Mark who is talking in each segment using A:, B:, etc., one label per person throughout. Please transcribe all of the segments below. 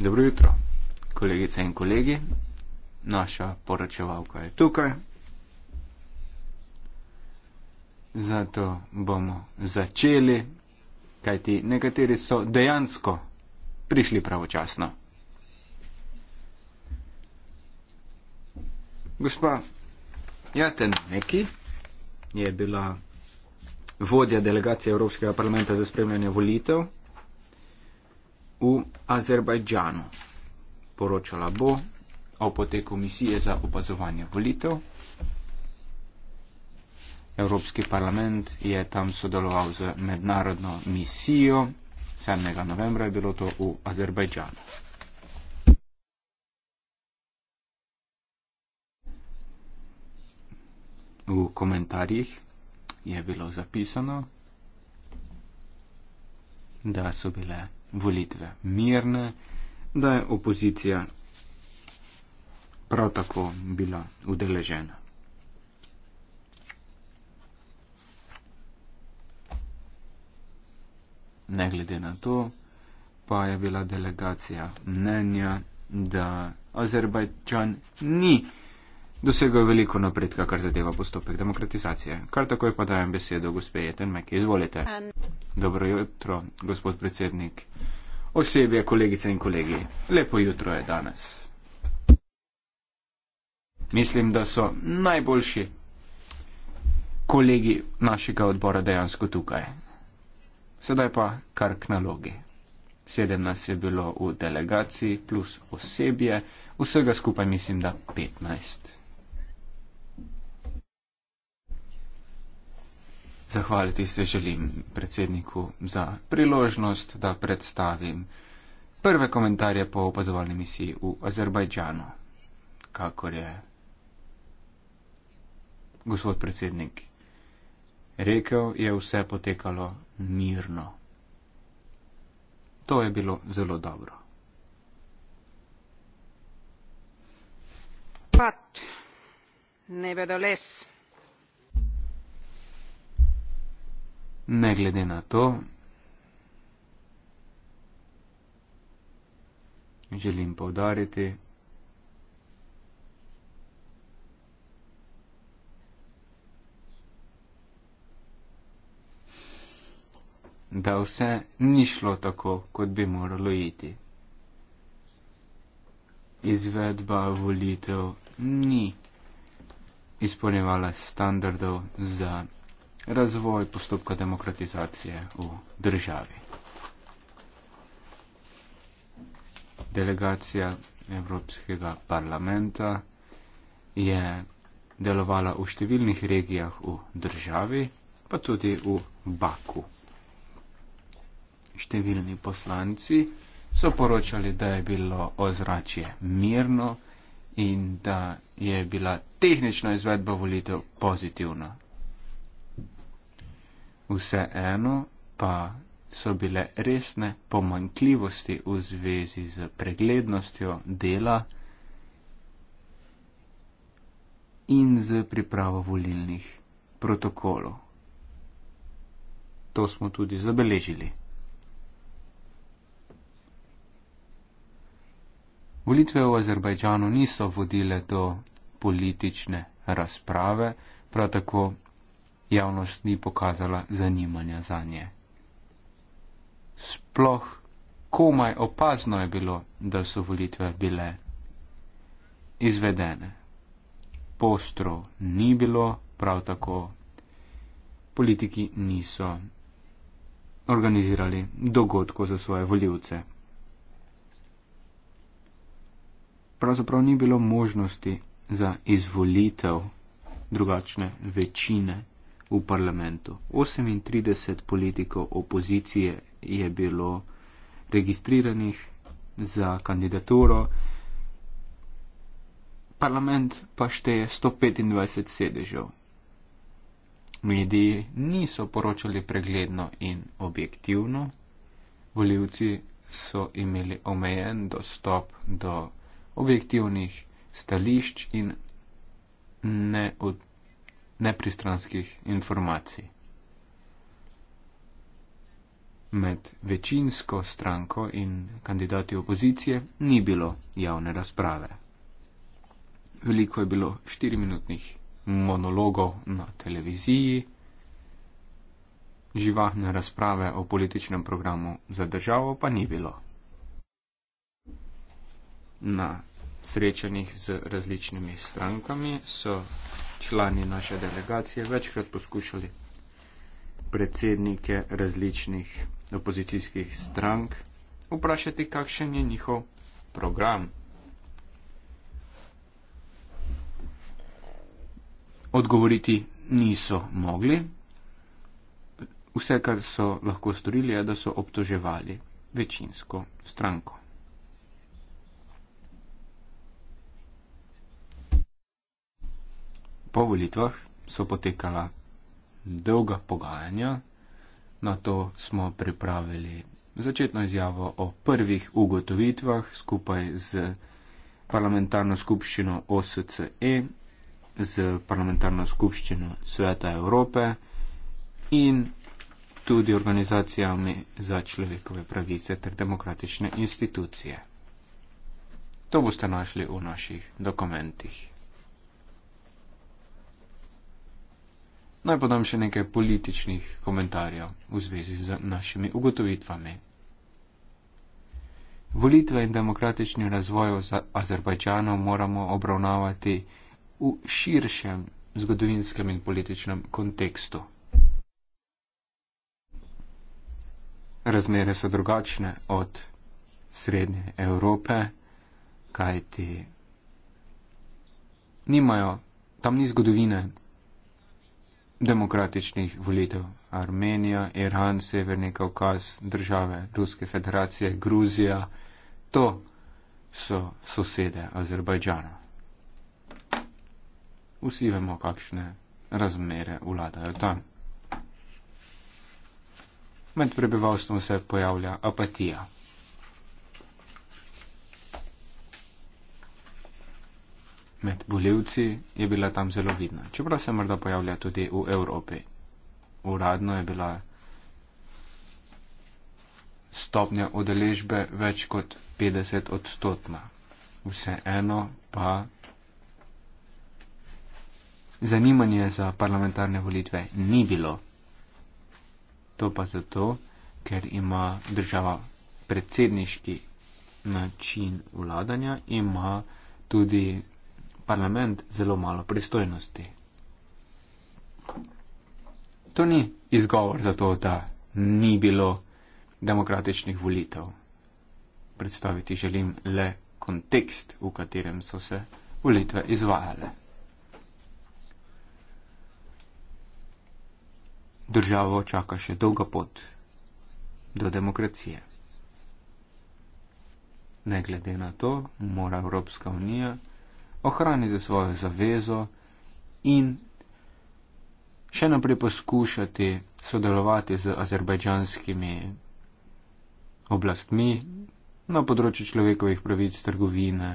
A: dobro jutro kolegice in kolegi naša poročevalka je tukaj zato bomo začeli kajti nekateri so dejansko prišli pravočasno gospa Jaten Neki je bila vodja delegacije Evropskega parlamenta za spremljanje volitev v Azerbajdžanu. Poročala bo o poteku misije za opazovanje volitev. Evropski parlament je tam sodeloval z mednarodno misijo. 7. novembra je bilo to v Azerbajdžanu. V komentarjih je bilo zapisano, da so bile volitve mirne, da je opozicija prav tako bila udeležena. Ne glede na to, pa je bila delegacija mnenja, da Azerbajdžan ni dosegel veliko napredka, kar zadeva postopek demokratizacije. Kar takoj pa dajem besedo gospe Jetenmek, izvolite. Dobro jutro, gospod predsednik, osebje, kolegice in kolegi. Lepo jutro je danes. Mislim, da so najboljši kolegi našega odbora dejansko tukaj. Sedaj pa kar k nalogi. Sedem nas je bilo v delegaciji plus osebje, vsega skupaj mislim, da 15. Zahvaliti se želim predsedniku za priložnost, da predstavim prve komentarje po opazovalni misiji v Azerbajdžanu, kakor je gospod predsednik rekel, je vse potekalo mirno. To je bilo zelo dobro.
B: Pat, nevedoles.
A: ne glede na to, želim povdariti, da vse ni šlo tako, kot bi moralo iti. Izvedba volitev ni izpolnjevala standardov za razvoj postopka demokratizacije v državi. Delegacija Evropskega parlamenta je delovala v številnih regijah v državi, pa tudi v Baku. Številni poslanci so poročali, da je bilo ozračje mirno in da je bila tehnična izvedba volitev pozitivna. Vseeno pa so bile resne pomankljivosti v zvezi z preglednostjo dela in z pripravo volilnih protokolov. To smo tudi zabeležili. Volitve v Azerbajdžanu niso vodile do politične razprave, prav tako javnost ni pokazala zanimanja za nje. Sploh komaj opazno je bilo, da so volitve bile izvedene. Postro ni bilo, prav tako politiki niso organizirali dogodko za svoje voljivce. Pravzaprav ni bilo možnosti za izvolitev drugačne večine v parlamentu. 38 politikov opozicije je bilo registriranih za kandidaturo, parlament pa šteje 125 sedežev. Mediji niso poročali pregledno in objektivno, voljivci so imeli omejen dostop do objektivnih stališč in neod, nepristranskih informacij. Med večinsko stranko in kandidati opozicije ni bilo javne razprave. Veliko je bilo štiriminutnih monologov na televiziji, živahne razprave o političnem programu za državo pa ni bilo. Na srečanjih z različnimi strankami so člani naše delegacije večkrat poskušali predsednike različnih opozicijskih strank vprašati, kakšen je njihov program. Odgovoriti niso mogli. Vse, kar so lahko storili, je, da so obtoževali večinsko stranko. po volitvah so potekala dolga pogajanja, na to smo pripravili začetno izjavo o prvih ugotovitvah skupaj z parlamentarno skupščino OSCE, z parlamentarno skupščino Sveta Evrope in tudi organizacijami za človekove pravice ter demokratične institucije. To boste našli v naših dokumentih. Naj podam še nekaj političnih komentarjev v zvezi z našimi ugotovitvami. Volitve in demokratični razvoj v Azerbajdžanu moramo obravnavati v širšem zgodovinskem in političnem kontekstu. Razmere so drugačne od srednje Evrope, kajti nimajo, tam ni zgodovine, demokratičnih volitev. Armenija, Iran, Severni Kaukaz, države Ruske federacije, Gruzija, to so sosede Azerbajdžana. Vsi vemo, kakšne razmere vladajo tam. Med prebivalstvom se pojavlja apatija. med boljevci je bila tam zelo vidna. Čeprav se morda pojavlja tudi v Evropi. Uradno je bila stopnja odeležbe več kot 50 odstotna. Vseeno pa zanimanje za parlamentarne volitve ni bilo. To pa zato, ker ima država predsedniški način vladanja, ima tudi parlament zelo malo pristojnosti. To ni izgovor za to, da ni bilo demokratičnih volitev. Predstaviti želim le kontekst, v katerem so se volitve izvajale. Državo čaka še dolga pot do demokracije. Ne glede na to, mora Evropska unija ohranite svojo zavezo in še naprej poskušate sodelovati z azerbajdžanskimi oblastmi na področju človekovih pravic, trgovine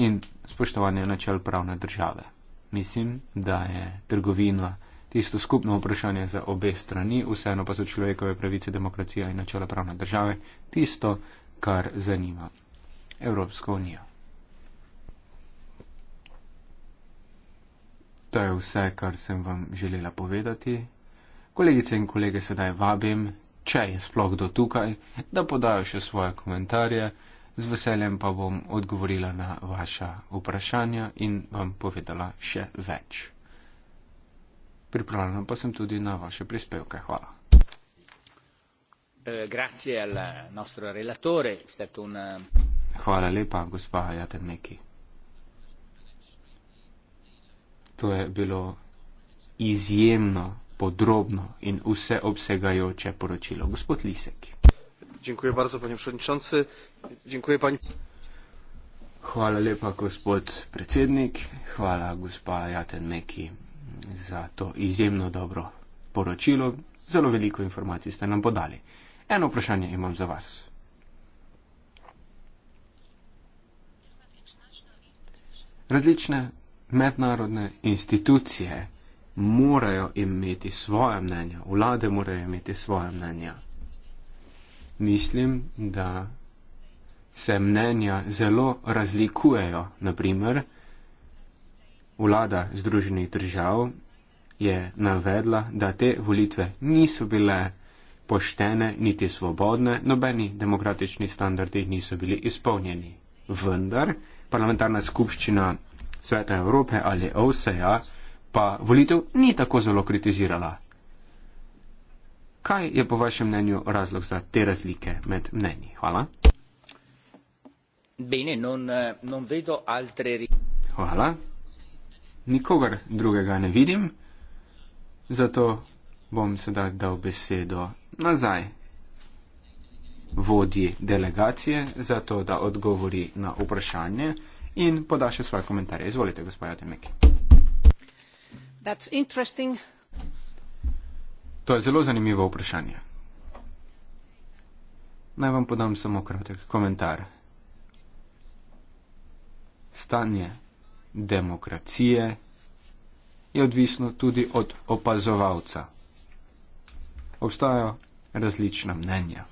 A: in spoštovanja načel pravne države. Mislim, da je trgovina tisto skupno vprašanje za obe strani, vseeno pa so človekove pravice, demokracija in načela pravne države tisto, kar zanima Evropsko unijo. To je vse, kar sem vam želela povedati. Kolegice in kolege sedaj vabim, če je sploh do tukaj, da podajo še svoje komentarje, z veseljem pa bom odgovorila na vaša vprašanja in vam povedala še več. Pripravljena pa sem tudi na vaše prispevke. Hvala.
C: Eh, eh,
A: Hvala lepa, gospa Jatemeki. To je bilo izjemno podrobno in vseobsegajoče poročilo. Gospod Lisek. Dziękuję bardzo, panie przewodniczący. Dziękuję pani. Hvala lepa, gospod predsednik. Hvala, gospa Jaten Meki, za to izjemno dobro poročilo. Zelo veliko informacij ste nam podali. Eno vprašanje imam za vas. Različne mednarodne institucije morajo imeti svoje mnenja, vlade morajo imeti svoje mnenja. Mislim, da se mnenja zelo razlikujejo. Naprimer, vlada Združenih držav je navedla, da te volitve niso bile poštene niti svobodne, nobeni demokratični standardi niso bili izpolnjeni. Vendar parlamentarna skupščina sveta Evrope ali OSEA, pa volitev ni tako zelo kritizirala. Kaj je po vašem mnenju razlog za te razlike med mnenji? Hvala.
C: Bene, non, non vedo altre...
A: Hvala. Nikogar drugega ne vidim, zato bom sedaj dal besedo nazaj vodji delegacije, zato da odgovori na vprašanje in poda še svoje komentarje. Izvolite, gospod Jatemek. To je zelo zanimivo vprašanje. Naj vam podam samo kratek komentar. Stanje demokracije je odvisno tudi od opazovalca. Obstajajo različna mnenja.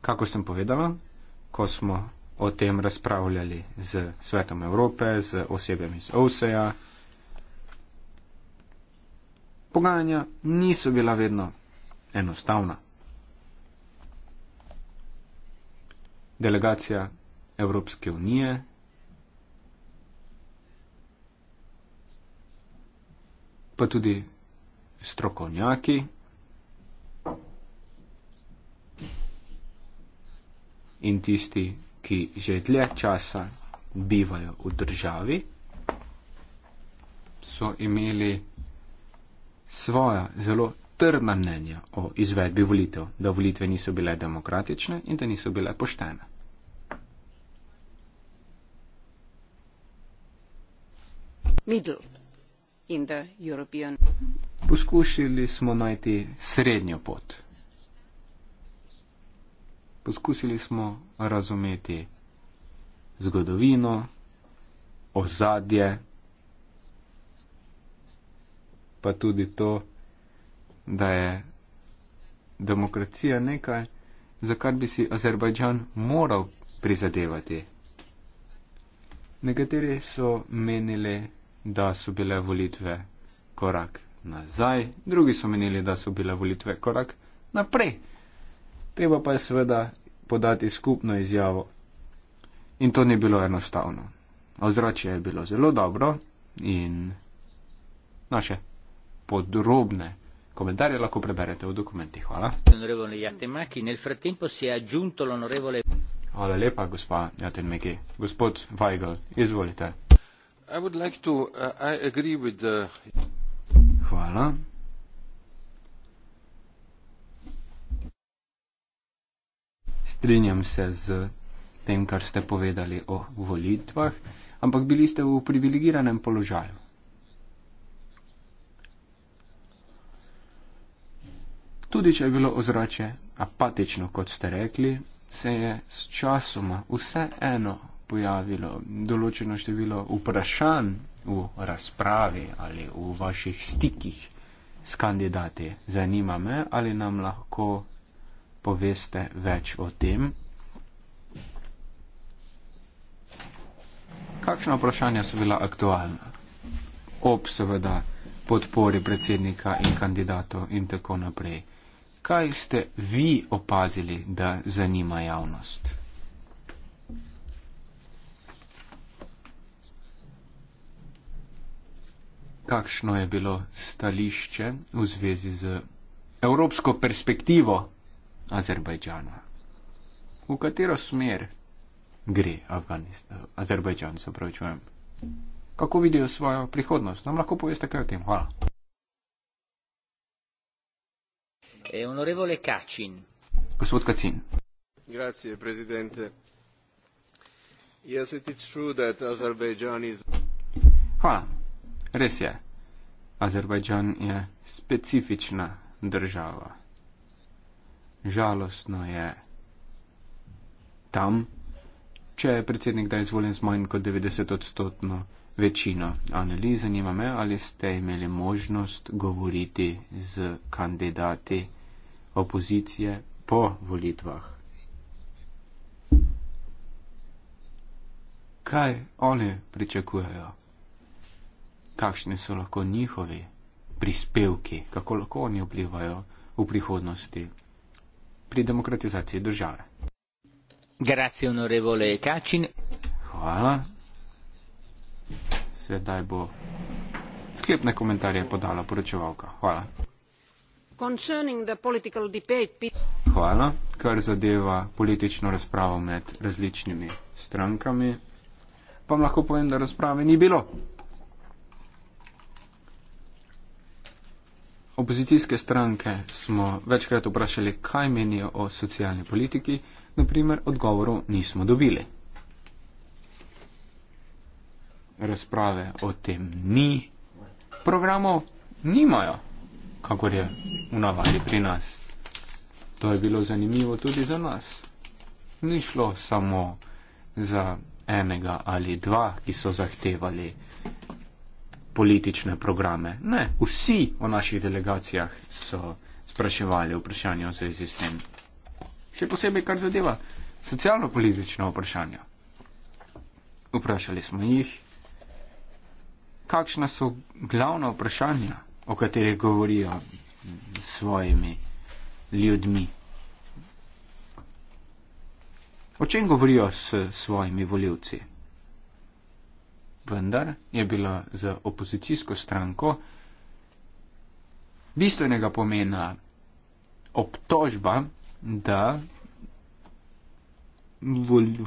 A: Kako sem povedala, ko smo o tem razpravljali z Svetom Evrope, z osebami iz OSEA. Pogajanja niso bila vedno enostavna. Delegacija Evropske unije pa tudi strokovnjaki in tisti, ki že dlje časa bivajo v državi, so imeli svoja zelo trdna mnenja o izvedbi volitev, da volitve niso bile demokratične in da niso bile poštene. Poskušali smo najti srednjo pot poskusili smo razumeti zgodovino, ozadje, pa tudi to, da je demokracija nekaj, za kar bi si Azerbajdžan moral prizadevati. Nekateri so menili, da so bile volitve korak nazaj, drugi so menili, da so bile volitve korak naprej treba pa je seveda podati skupno izjavo. In to ni bilo enostavno. Ozračje je bilo zelo dobro in naše podrobne. Commentare la copriverete o documenti, hola.
C: Onorevole Yatemaki, nel frattempo si è aggiunto l'onorevole...
A: Hola lepa, gospa Yatemaki. Gospod Weigel, izvolite.
B: I would like to... Uh, I agree with the...
A: Hola. strinjam se z tem, kar ste povedali o volitvah, ampak bili ste v privilegiranem položaju. Tudi če je bilo ozračje apatično, kot ste rekli, se je s časoma vseeno pojavilo določeno število vprašanj v razpravi ali v vaših stikih s kandidati. Zanima me, ali nam lahko poveste več o tem? Kakšna vprašanja so bila aktualna? Ob seveda podpori predsednika in kandidatov in tako naprej. Kaj ste vi opazili, da zanima javnost? Kakšno je bilo stališče v zvezi z evropsko perspektivo Azerbajdžana. V katero smer gre Azerbajdžan, se pravi, čujem? Kako vidijo svojo prihodnost? Nam lahko poveste kaj o tem? Hvala.
C: Eh, onorevole Kacin.
A: Gospod Kacin. Grazie, prezidente. Yes, ja it is true that Azerbaijan is... Hvala. Res je. Azerbajdžan je specifična država žalostno je tam, če je predsednik da izvoljen z manj kot 90 odstotno večino. Anneli, zanima me, eh, ali ste imeli možnost govoriti z kandidati opozicije po volitvah. Kaj oni pričakujejo? Kakšni so lahko njihovi prispevki, kako lahko oni vplivajo v prihodnosti? pri demokratizaciji države. Grazie, onorevole Kačin. Hvala. Sedaj bo sklepne komentarje podala poročevalka. Hvala. Hvala. Kar zadeva politično razpravo med različnimi strankami, pa vam lahko povem, da razprave ni bilo. opozicijske stranke smo večkrat vprašali, kaj menijo o socialni politiki, naprimer odgovoru nismo dobili. Razprave o tem ni, programov nimajo, kakor je v navadi pri nas. To je bilo zanimivo tudi za nas. Ni šlo samo za enega ali dva, ki so zahtevali politične programe. Ne, vsi v naših delegacijah so spraševali vprašanje v zvezi s tem. Še posebej, kar zadeva socialno-politično vprašanje. Vprašali smo jih, kakšna so glavna vprašanja, o katerih govorijo s svojimi ljudmi. O čem govorijo s svojimi voljivci? vendar je bila za opozicijsko stranko bistvenega pomena obtožba, da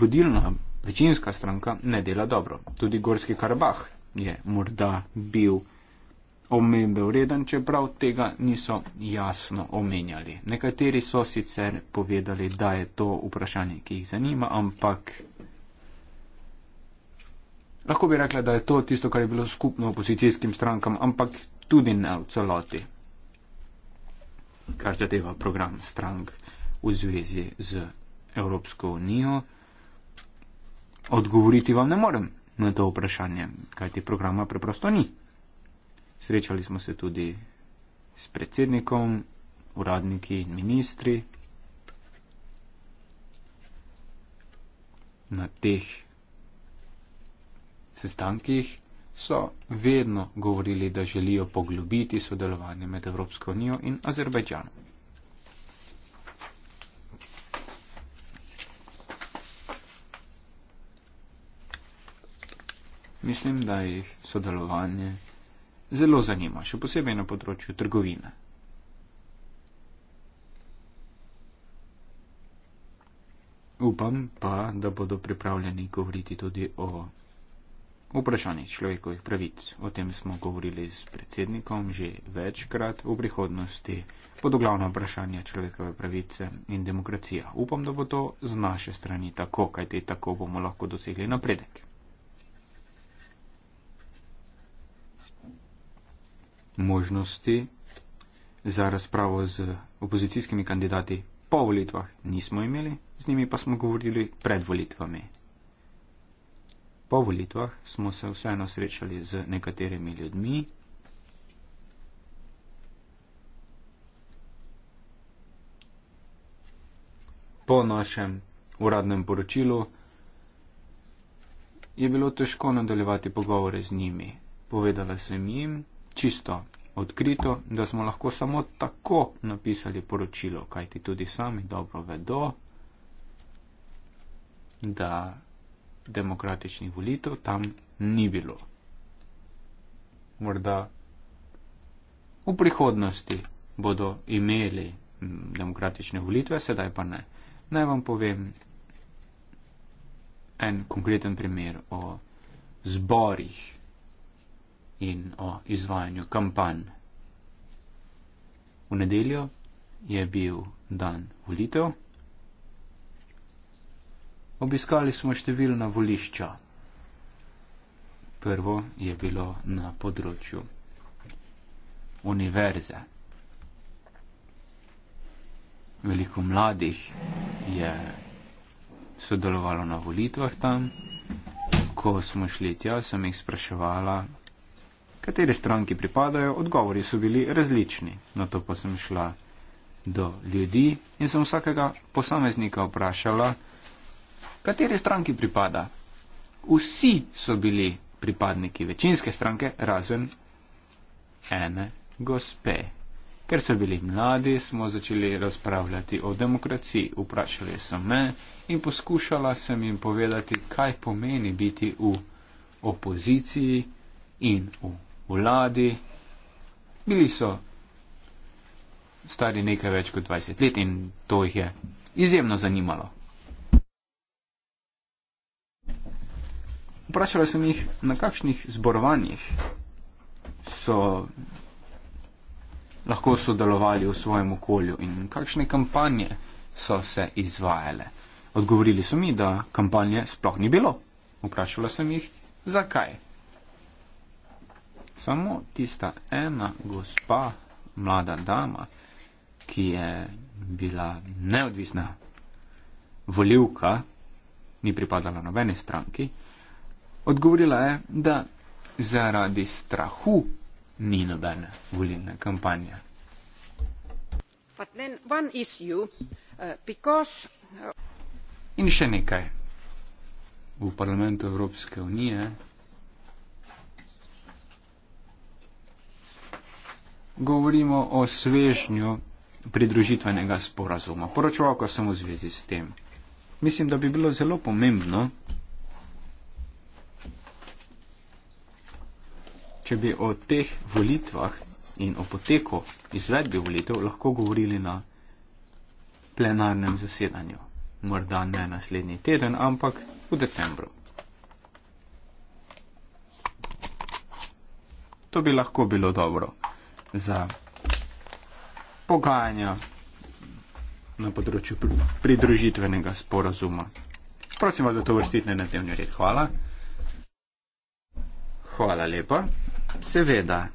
A: vodilna večinska stranka ne dela dobro. Tudi Gorski Karabah je morda bil omembe vreden, čeprav tega niso jasno omenjali. Nekateri so sicer povedali, da je to vprašanje, ki jih zanima, ampak Lahko bi rekla, da je to tisto, kar je bilo skupno opozicijskim strankam, ampak tudi ne v celoti, kar zadeva program strank v zvezi z Evropsko unijo. Odgovoriti vam ne morem na to vprašanje, kajti programa preprosto ni. Srečali smo se tudi s predsednikom, uradniki in ministri na teh sestankih so vedno govorili, da želijo poglobiti sodelovanje med Evropsko unijo in Azerbajdžanom. Mislim, da jih sodelovanje zelo zanima, še posebej na področju trgovine. Upam pa, da bodo pripravljeni govoriti tudi o vprašanje človekovih pravic. O tem smo govorili s predsednikom že večkrat v prihodnosti pod glavno vprašanje človekove pravice in demokracija. Upam, da bo to z naše strani tako, kajte tako bomo lahko dosegli napredek. Možnosti za razpravo z opozicijskimi kandidati po volitvah nismo imeli, z njimi pa smo govorili pred volitvami. Po volitvah smo se vseeno srečali z nekaterimi ljudmi. Po našem uradnem poročilu je bilo težko nadaljevati pogovore z njimi. Povedala sem jim čisto odkrito, da smo lahko samo tako napisali poročilo, kajti tudi sami dobro vedo, da demokratičnih volitev tam ni bilo. Morda v prihodnosti bodo imeli demokratične volitve, sedaj pa ne. Naj vam povem en konkreten primer o zborih in o izvajanju kampanj. V nedeljo je bil dan volitev. Obiskali smo številna volišča. Prvo je bilo na področju univerze. Veliko mladih je sodelovalo na volitvah tam. Ko smo šli tja, sem jih spraševala, kateri stranki pripadajo. Odgovori so bili različni. Na to pa sem šla do ljudi in sem vsakega posameznika vprašala, kateri stranki pripada. Vsi so bili pripadniki večinske stranke, razen ene gospe. Ker so bili mladi, smo začeli razpravljati o demokraciji, vprašali so me in poskušala sem jim povedati, kaj pomeni biti v opoziciji in v vladi. Bili so stari nekaj več kot 20 let in to jih je izjemno zanimalo. Vprašala sem jih, na kakšnih zborovanjih so lahko sodelovali v svojem okolju in kakšne kampanje so se izvajale. Odgovorili so mi, da kampanje sploh ni bilo. Vprašala sem jih, zakaj. Samo tista ena gospa, mlada dama, ki je bila neodvisna voljivka, ni pripadala nobeni stranki. Odgovorila je, da zaradi strahu ni nobene volilne kampanje.
D: Uh, uh,
A: In še nekaj. V parlamentu Evropske unije govorimo o svežnju pridružitvenega sporazuma. Poročevalko sem v zvezi s tem. Mislim, da bi bilo zelo pomembno, če bi o teh volitvah in o poteku izvedbi volitev lahko govorili na plenarnem zasedanju. Morda ne naslednji teden, ampak v decembru. To bi lahko bilo dobro za pogajanja na področju pridružitvenega sporazuma. Prosim vas, da to vrstite na dnevni red. Hvala. Hvala lepa. Seveda,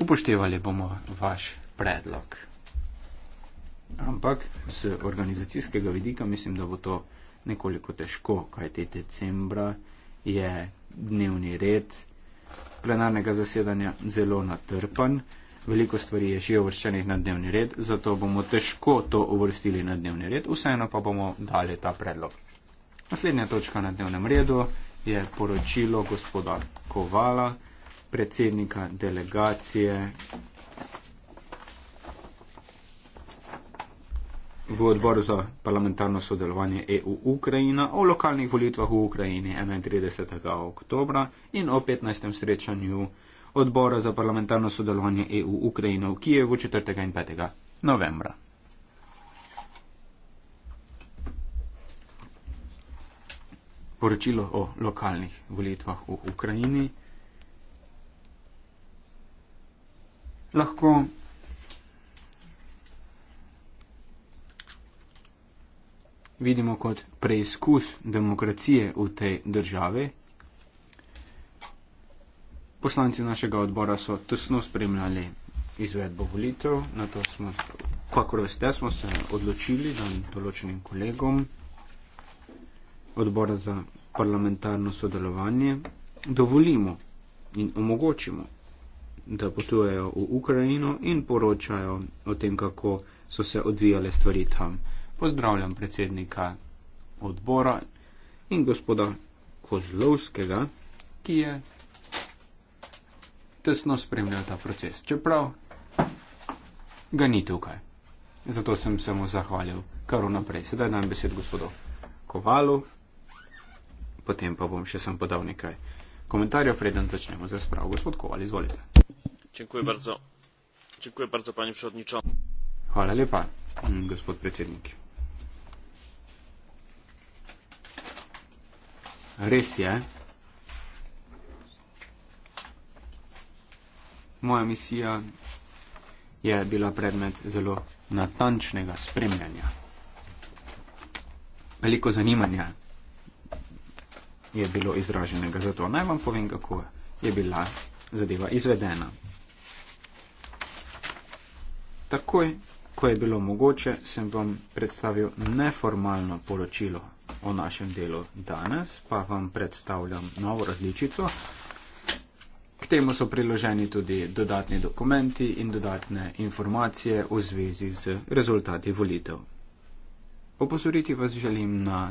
A: upoštevali bomo vaš predlog. Ampak z organizacijskega vidika mislim, da bo to nekoliko težko, kaj te decembra je dnevni red plenarnega zasedanja zelo natrpan. Veliko stvari je že uvrščenih na dnevni red, zato bomo težko to uvrstili na dnevni red, vseeno pa bomo dali ta predlog. Naslednja točka na dnevnem redu je poročilo gospoda Kovala, predsednika delegacije v odboru za parlamentarno sodelovanje EU Ukrajina o lokalnih volitvah v Ukrajini 31. oktobra in o 15. srečanju odbora za parlamentarno sodelovanje EU Ukrajina v Kijevu 4. in 5. novembra. poročilo o lokalnih volitvah v Ukrajini. Lahko vidimo kot preizkus demokracije v tej državi. Poslanci našega odbora so tesno spremljali izvedbo volitev, na to smo, kakor veste, smo se odločili, da določenim kolegom odbora za parlamentarno sodelovanje, dovolimo in omogočimo, da potujejo v Ukrajino in poročajo o tem, kako so se odvijale stvari tam. Pozdravljam predsednika odbora in gospoda Kozlovskega, ki je tesno spremljal ta proces, čeprav ga ni tukaj. Zato sem se mu zahvalil kar vnaprej. Sedaj dajem besed gospodu Kovalu potem pa bom še sem podal nekaj komentarjev, preden začnemo z razpravo. Gospod Koval, izvolite. Dziękuję bardzo. Dziękuję bardzo, panie przewodniczący. Hvala lepa, mm, gospod predsednik. Res je. Moja misija je bila predmet zelo natančnega spremljanja. Veliko zanimanja je bilo izraženega. Zato naj vam povem, kako je bila zadeva izvedena. Takoj, ko je bilo mogoče, sem vam predstavil neformalno poročilo o našem delu danes, pa vam predstavljam novo različico. K temu so priloženi tudi dodatni dokumenti in dodatne informacije v zvezi z rezultati volitev. Opozoriti vas želim na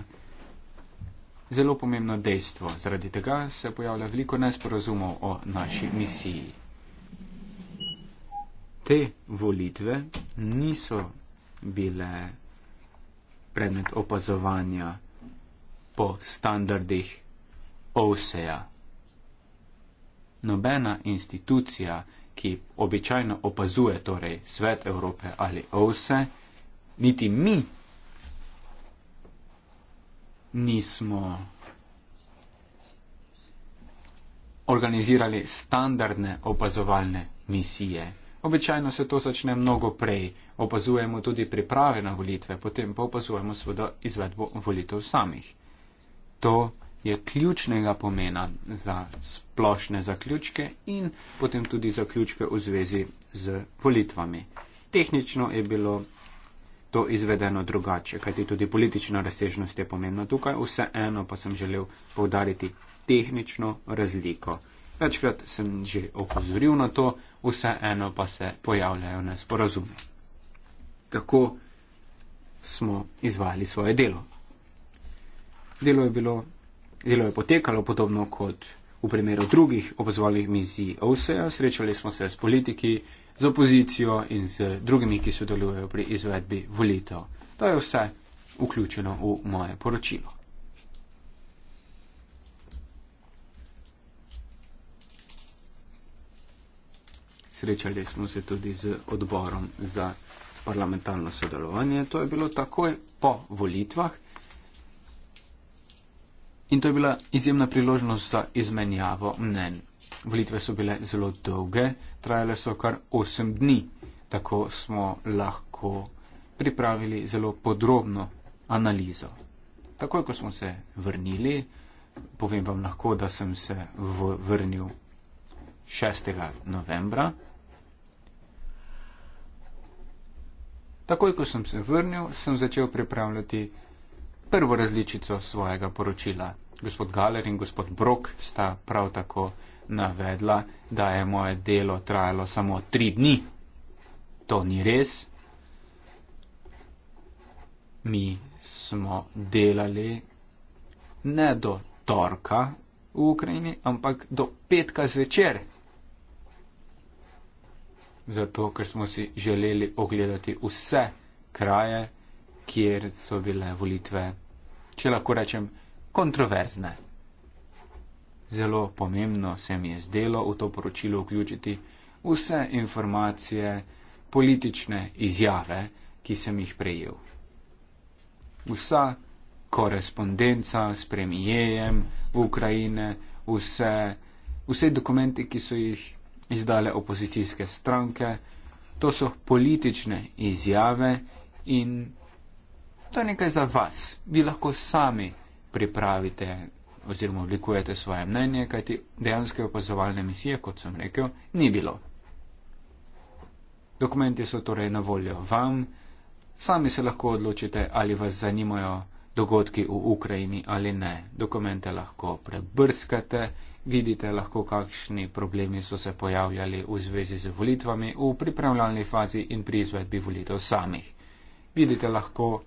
A: zelo pomembno dejstvo. Zaradi tega se pojavlja veliko nesporazumov o naši misiji. Te volitve niso bile predmet opazovanja po standardih OSEA. Nobena institucija, ki običajno opazuje torej Svet Evrope ali OSE, niti mi nismo organizirali standardne opazovalne misije. Običajno se to začne mnogo prej. Opazujemo tudi priprave na volitve, potem pa opazujemo seveda izvedbo volitev samih. To je ključnega pomena za splošne zaključke in potem tudi zaključke v zvezi z volitvami. Tehnično je bilo to izvedeno drugače, kajti tudi politična razsežnost je pomembna tukaj, vseeno pa sem želel povdariti tehnično razliko. Večkrat sem že opozoril na to, vseeno pa se pojavljajo nesporazume. Kako smo izvajali svoje delo? Delo je, bilo, delo je potekalo podobno kot v primeru drugih obzvalih mizij OSEA, srečali smo se s politiki, z opozicijo in z drugimi, ki sodelujejo pri izvedbi volitev. To je vse vključeno v moje poročilo. Srečali smo se tudi z odborom za parlamentarno sodelovanje. To je bilo takoj po volitvah in to je bila izjemna priložnost za izmenjavo mnen. Volitve so bile zelo dolge trajale so kar 8 dni, tako smo lahko pripravili zelo podrobno analizo. Takoj, ko smo se vrnili, povem vam lahko, da sem se vrnil 6. novembra. Takoj, ko sem se vrnil, sem začel pripravljati prvo različico svojega poročila. Gospod Galer in gospod Brok sta prav tako navedla, da je moje delo trajalo samo tri dni. To ni res. Mi smo delali ne do torka v Ukrajini, ampak do petka zvečer. Zato, ker smo si želeli ogledati vse kraje, kjer so bile volitve, če lahko rečem, kontroverzne zelo pomembno se mi je zdelo v to poročilo vključiti vse informacije, politične izjave, ki sem jih prejel. Vsa korespondenca s premijejem Ukrajine, vse, vse dokumenti, ki so jih izdale opozicijske stranke, to so politične izjave in to je nekaj za vas. Vi lahko sami pripravite oziroma oblikujete svoje mnenje, kajti dejanske opazovalne misije, kot sem rekel, ni bilo. Dokumenti so torej na voljo vam, sami se lahko odločite, ali vas zanimajo dogodki v Ukrajini ali ne. Dokumente lahko prebrskate, vidite lahko, kakšni problemi so se pojavljali v zvezi z volitvami v pripravljalni fazi in pri izvedbi volitev samih. Vidite lahko,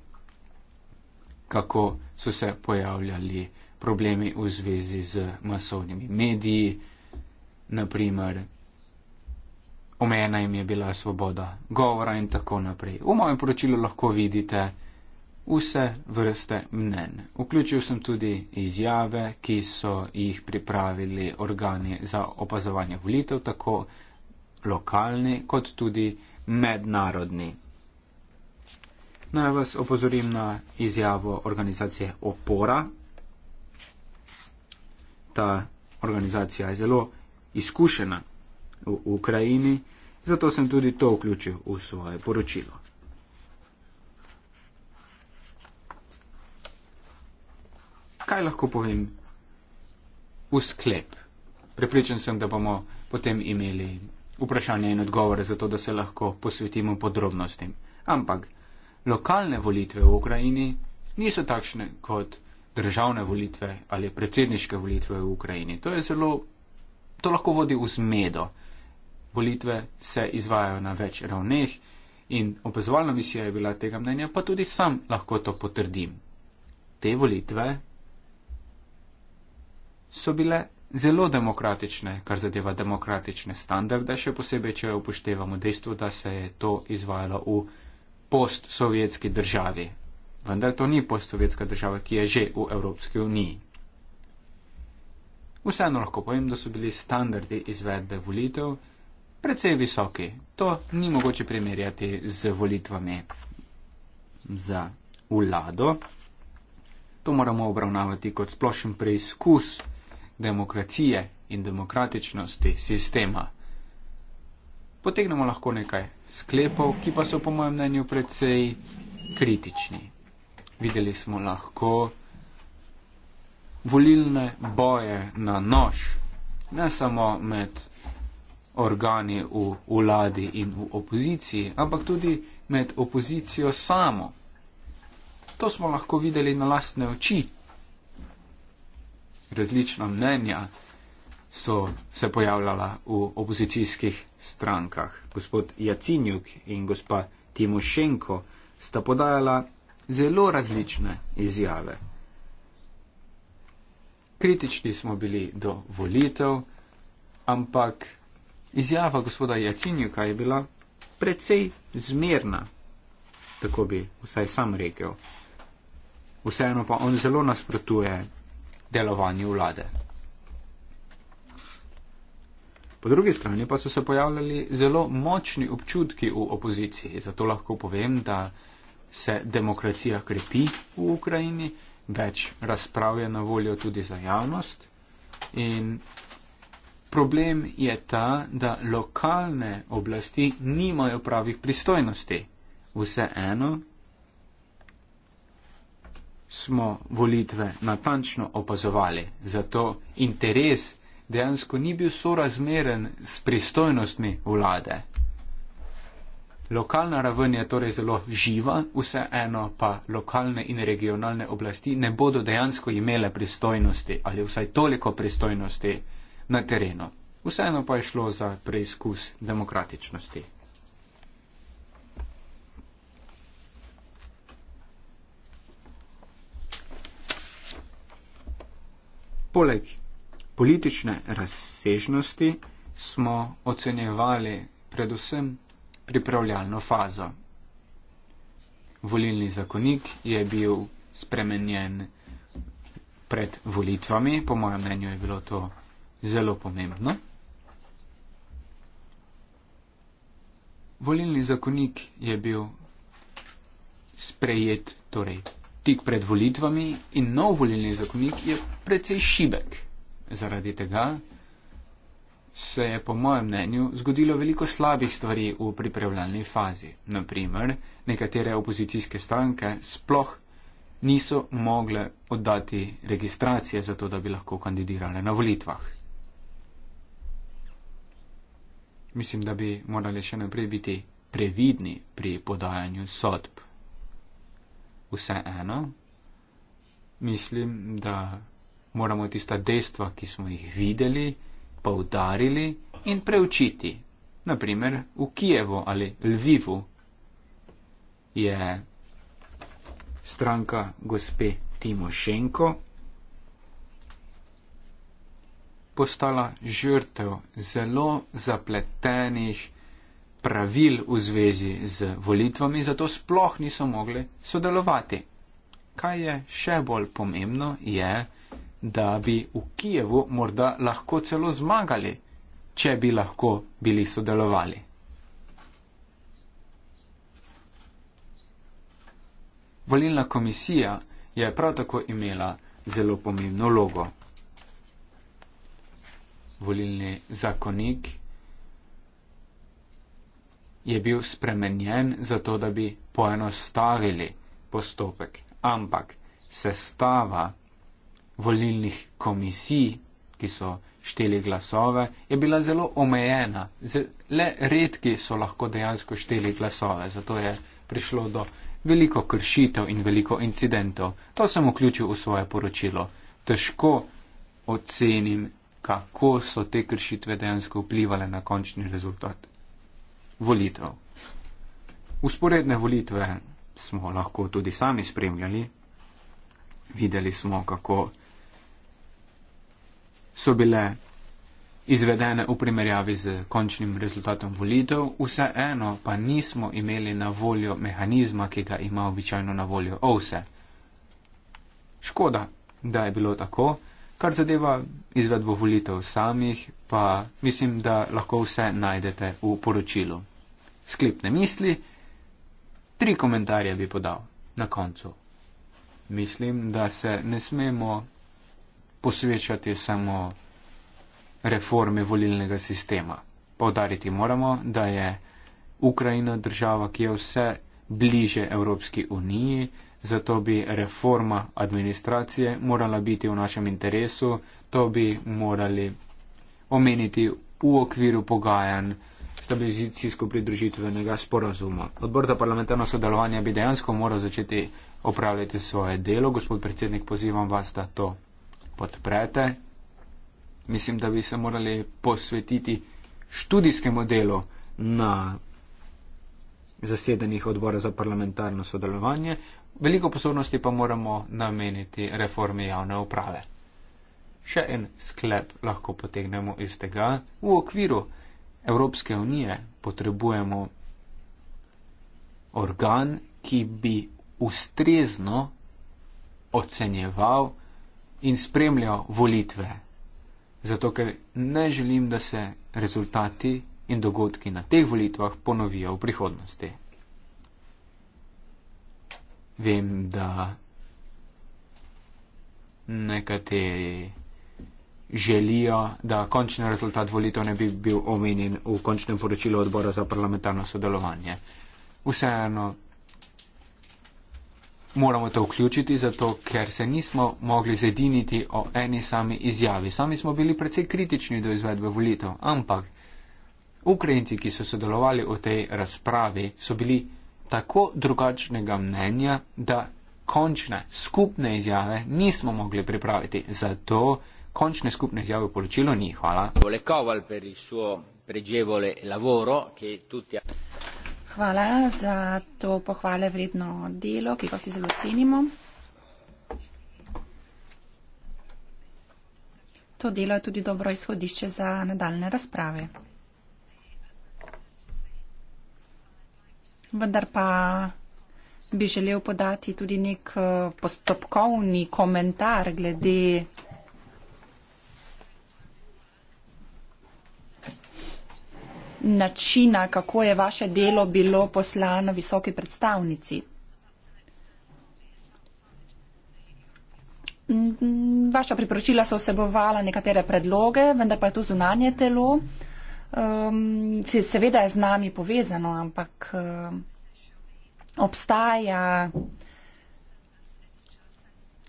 A: kako so se pojavljali uh, problemi v zvezi z masovnimi mediji, naprimer omena jim je bila svoboda govora in tako naprej. V mojem poročilu lahko vidite vse vrste mnen. Vključil sem tudi izjave, ki so jih pripravili organi za opazovanje volitev, tako lokalni kot tudi mednarodni. Naj vas opozorim na izjavo organizacije Opora, ta organizacija je zelo izkušena v Ukrajini, zato sem tudi to vključil v svoje poročilo. Kaj lahko povem v sklep? Prepričan sem, da bomo potem imeli vprašanje in odgovore, zato da se lahko posvetimo podrobnostim. Ampak lokalne volitve v Ukrajini niso takšne kot državne volitve ali predsedniške volitve v Ukrajini. To, zelo, to lahko vodi v zmedo. Volitve se izvajajo na več ravneh in opazovalna misija je bila tega mnenja, pa tudi sam lahko to potrdim. Te volitve so bile zelo demokratične, kar zadeva demokratične standarde, še posebej, če upoštevamo dejstvo, da se je to izvajalo v postsovjetski državi vendar to ni postsovjetska država, ki je že v Evropski uniji. Vseeno lahko povem, da so bili standardi izvedbe volitev precej visoki. To ni mogoče primerjati z volitvami za vlado. To moramo obravnavati kot splošen preizkus demokracije in demokratičnosti sistema. Potegnemo lahko nekaj sklepov, ki pa so po mojem mnenju precej kritični videli smo lahko volilne boje na nož, ne samo med organi v vladi in v opoziciji, ampak tudi med opozicijo samo. To smo lahko videli na lastne oči. Različna mnenja so se pojavljala v opozicijskih strankah. Gospod Jacinjuk in gospa Timošenko sta podajala zelo različne izjave. Kritični smo bili do volitev, ampak izjava gospoda Jacinjuka je bila precej zmerna, tako bi vsaj sam rekel. Vseeno pa on zelo nasprotuje delovanju vlade. Po drugi strani pa so se pojavljali zelo močni občutki v opoziciji, zato lahko povem, da se demokracija krepi v Ukrajini, več razprav je na voljo tudi za javnost. In problem je ta, da lokalne oblasti nimajo pravih pristojnosti. Vseeno smo volitve natančno opazovali, zato interes dejansko ni bil sorazmeren s pristojnostmi vlade. Lokalna raven je torej zelo živa, vseeno pa lokalne in regionalne oblasti ne bodo dejansko imele pristojnosti ali vsaj toliko pristojnosti na terenu. Vseeno pa je šlo za preizkus demokratičnosti. Poleg politične razsežnosti smo ocenjevali predvsem pripravljalno fazo. Volilni zakonik je bil spremenjen pred volitvami, po mojem mnenju je bilo to zelo pomembno. Volilni zakonik je bil sprejet torej, tik pred volitvami in nov volilni zakonik je precej šibek. Zaradi tega se je po mojem mnenju zgodilo veliko slabih stvari v pripravljalni fazi. Naprimer, nekatere opozicijske stranke sploh niso mogle oddati registracije za to, da bi lahko kandidirale na volitvah. Mislim, da bi morali še naprej biti previdni pri podajanju sodb. Vseeno, mislim, da moramo tista dejstva, ki smo jih videli, poudarili in preučiti. Naprimer v Kijevu ali Lvivu je stranka gospe Timošenko postala žrtev zelo zapletenih pravil v zvezi z volitvami, zato sploh niso mogli sodelovati. Kaj je še bolj pomembno, je, da da bi v Kijevu morda lahko celo zmagali, če bi lahko bili sodelovali. Volilna komisija je prav tako imela zelo pomembno logo. Volilni zakonik je bil spremenjen zato, da bi poenostavili postopek, ampak sestava volilnih komisij, ki so šteli glasove, je bila zelo omejena. Le redki so lahko dejansko šteli glasove, zato je prišlo do veliko kršitev in veliko incidentov. To sem vključil v svoje poročilo. Težko ocenim, kako so te kršitve dejansko vplivale na končni rezultat volitev. Usporedne volitve smo lahko tudi sami spremljali. Videli smo, kako so bile izvedene v primerjavi z končnim rezultatom volitev, vseeno pa nismo imeli na voljo mehanizma, ki ga ima običajno na voljo OVSE. Škoda, da je bilo tako, kar zadeva izvedbo volitev samih, pa mislim, da lahko vse najdete v poročilu. Sklepne misli, tri komentarje bi podal na koncu. Mislim, da se ne smemo posvečati samo reforme volilnega sistema. Povdariti moramo, da je Ukrajina država, ki je vse bliže Evropski uniji, zato bi reforma administracije morala biti v našem interesu, to bi morali omeniti v okviru pogajanj stabilizacijsko pridružitvenega sporazuma. Odbor za parlamentarno sodelovanje bi dejansko moral začeti opravljati svoje delo. Gospod predsednik, pozivam vas, da to podprete. Mislim, da bi se morali posvetiti študijskemu delu na zasedanjih odbora za parlamentarno sodelovanje, veliko pozornosti pa moramo nameniti reformi javne uprave. Še en sklep lahko potegnemo iz tega. V okviru Evropske unije potrebujemo organ, ki bi ustrezno ocenjeval in spremlja volitve. Zato, ker ne želim, da se rezultati in dogodki na teh volitvah ponovijo v prihodnosti. Vem, da nekateri želijo, da končni rezultat volitev ne bi bil omenjen v končnem poročilu odbora za parlamentarno sodelovanje. Vseeno moramo to vključiti, zato ker se nismo mogli zediniti o eni sami izjavi. Sami smo bili precej kritični do izvedbe volitev, ampak Ukrajinci, ki so sodelovali v tej razpravi, so bili tako drugačnega mnenja, da končne skupne izjave nismo mogli pripraviti. Zato končne skupne izjave v poročilu ni. Hvala.
D: Hvala za to pohvale vredno delo, ki ga vsi zelo cenimo. To delo je tudi dobro izhodišče za nadaljne razprave. Vendar pa bi želel podati tudi nek eh, postopkovni komentar glede načina, kako je vaše delo bilo poslano visoki predstavnici? Vaša priporočila so vsebovala nekatere predloge, vendar pa je to zunanje telo. Um, seveda je z nami povezano, ampak um, obstaja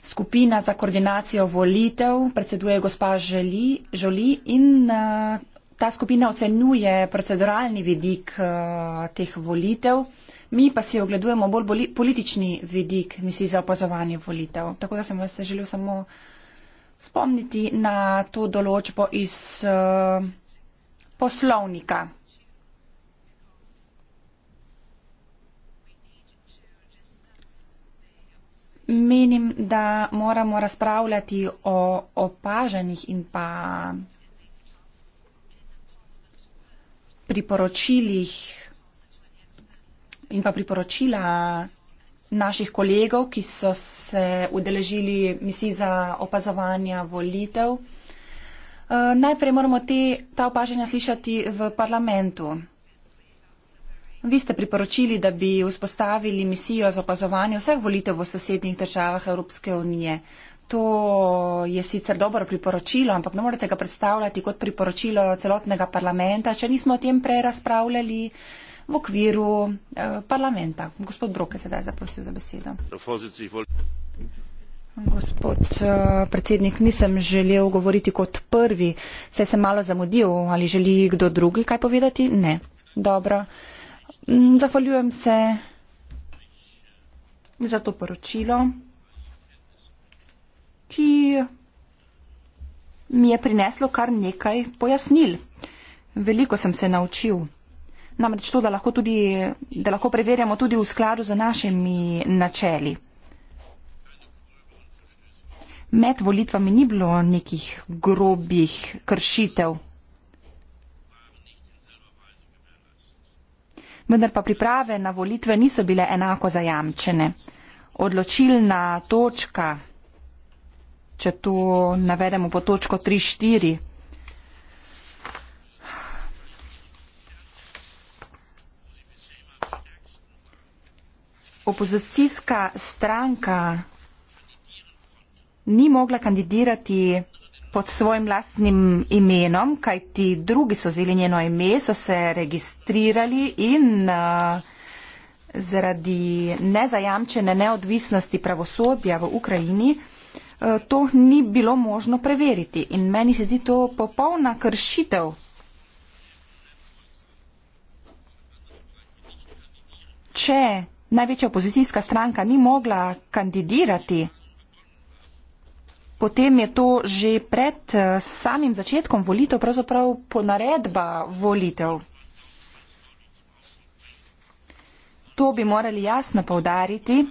D: skupina za koordinacijo volitev, predseduje gospa Želi, Želi in uh, ta skupina ocenjuje proceduralni vidik uh, teh volitev, mi pa si ogledujemo bolj boli, politični vidik misli za opazovanje volitev. Tako da sem vas želel samo spomniti na to določbo iz uh, poslovnika. Menim, da moramo razpravljati o opaženih in pa priporočilih in pa priporočila naših kolegov, ki so se udeležili misij za opazovanja volitev. Eh, najprej moramo te, ta opažanja slišati v parlamentu. Vi ste priporočili, da bi vzpostavili misijo za opazovanje vseh volitev v sosednjih državah Evropske unije. To je sicer dobro priporočilo, ampak ne morete ga predstavljati kot priporočilo celotnega parlamenta, če nismo o tem prej razpravljali v okviru eh, parlamenta. Gospod Brok je sedaj zaprosil za besedo. Gospod eh, predsednik, nisem želel govoriti kot prvi, saj sem malo zamudil. Ali želi kdo drugi kaj povedati? Ne. Dobro. Mm, zahvaljujem se za to poročilo ki mi je prineslo kar nekaj pojasnil. Veliko sem se naučil. Namreč to, da lahko, tudi, da lahko preverjamo tudi v skladu z našimi načeli. Med volitvami ni bilo nekih grobih kršitev. Vendar pa priprave na volitve niso bile enako zajamčene. Odločilna točka če tu navedemo po točko 3-4. Opozicijska stranka ni mogla kandidirati pod svojim lastnim imenom, kaj ti drugi so vzeli njeno ime, so se registrirali in uh, zaradi nezajamčene neodvisnosti pravosodja v Ukrajini. Eh, to ni bilo možno preveriti in meni se zdi to popolna kršitev. Če največja opozicijska stranka ni mogla kandidirati, potem je to že pred eh, samim začetkom volitev, pravzaprav po naredba volitev. To bi morali jasno povdariti.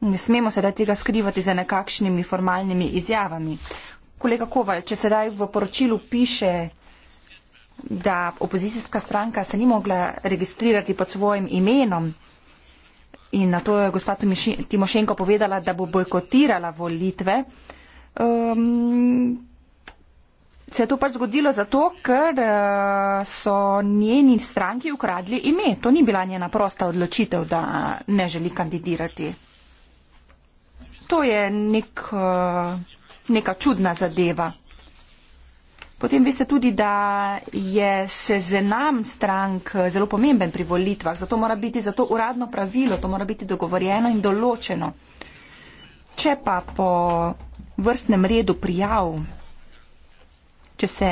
D: Ne smemo sedaj tega skrivati za nekakšnimi formalnimi izjavami. Kolega Koval, če sedaj v poročilu piše, da opozicijska stranka se ni mogla registrirati pod svojim imenom in na to je gospa Timošenko povedala, da bo bojkotirala volitve, um, se je to pač zgodilo zato, ker uh, so njeni stranki ukradli ime. To ni bila njena prosta odločitev, da ne želi kandidirati to je nek, eh, neka čudna zadeva. Potem veste tudi, da je seznam strank eh, zelo pomemben pri volitvah, zato mora biti za to uradno pravilo, to mora biti dogovorjeno in določeno. Če pa po vrstnem redu prijav, če se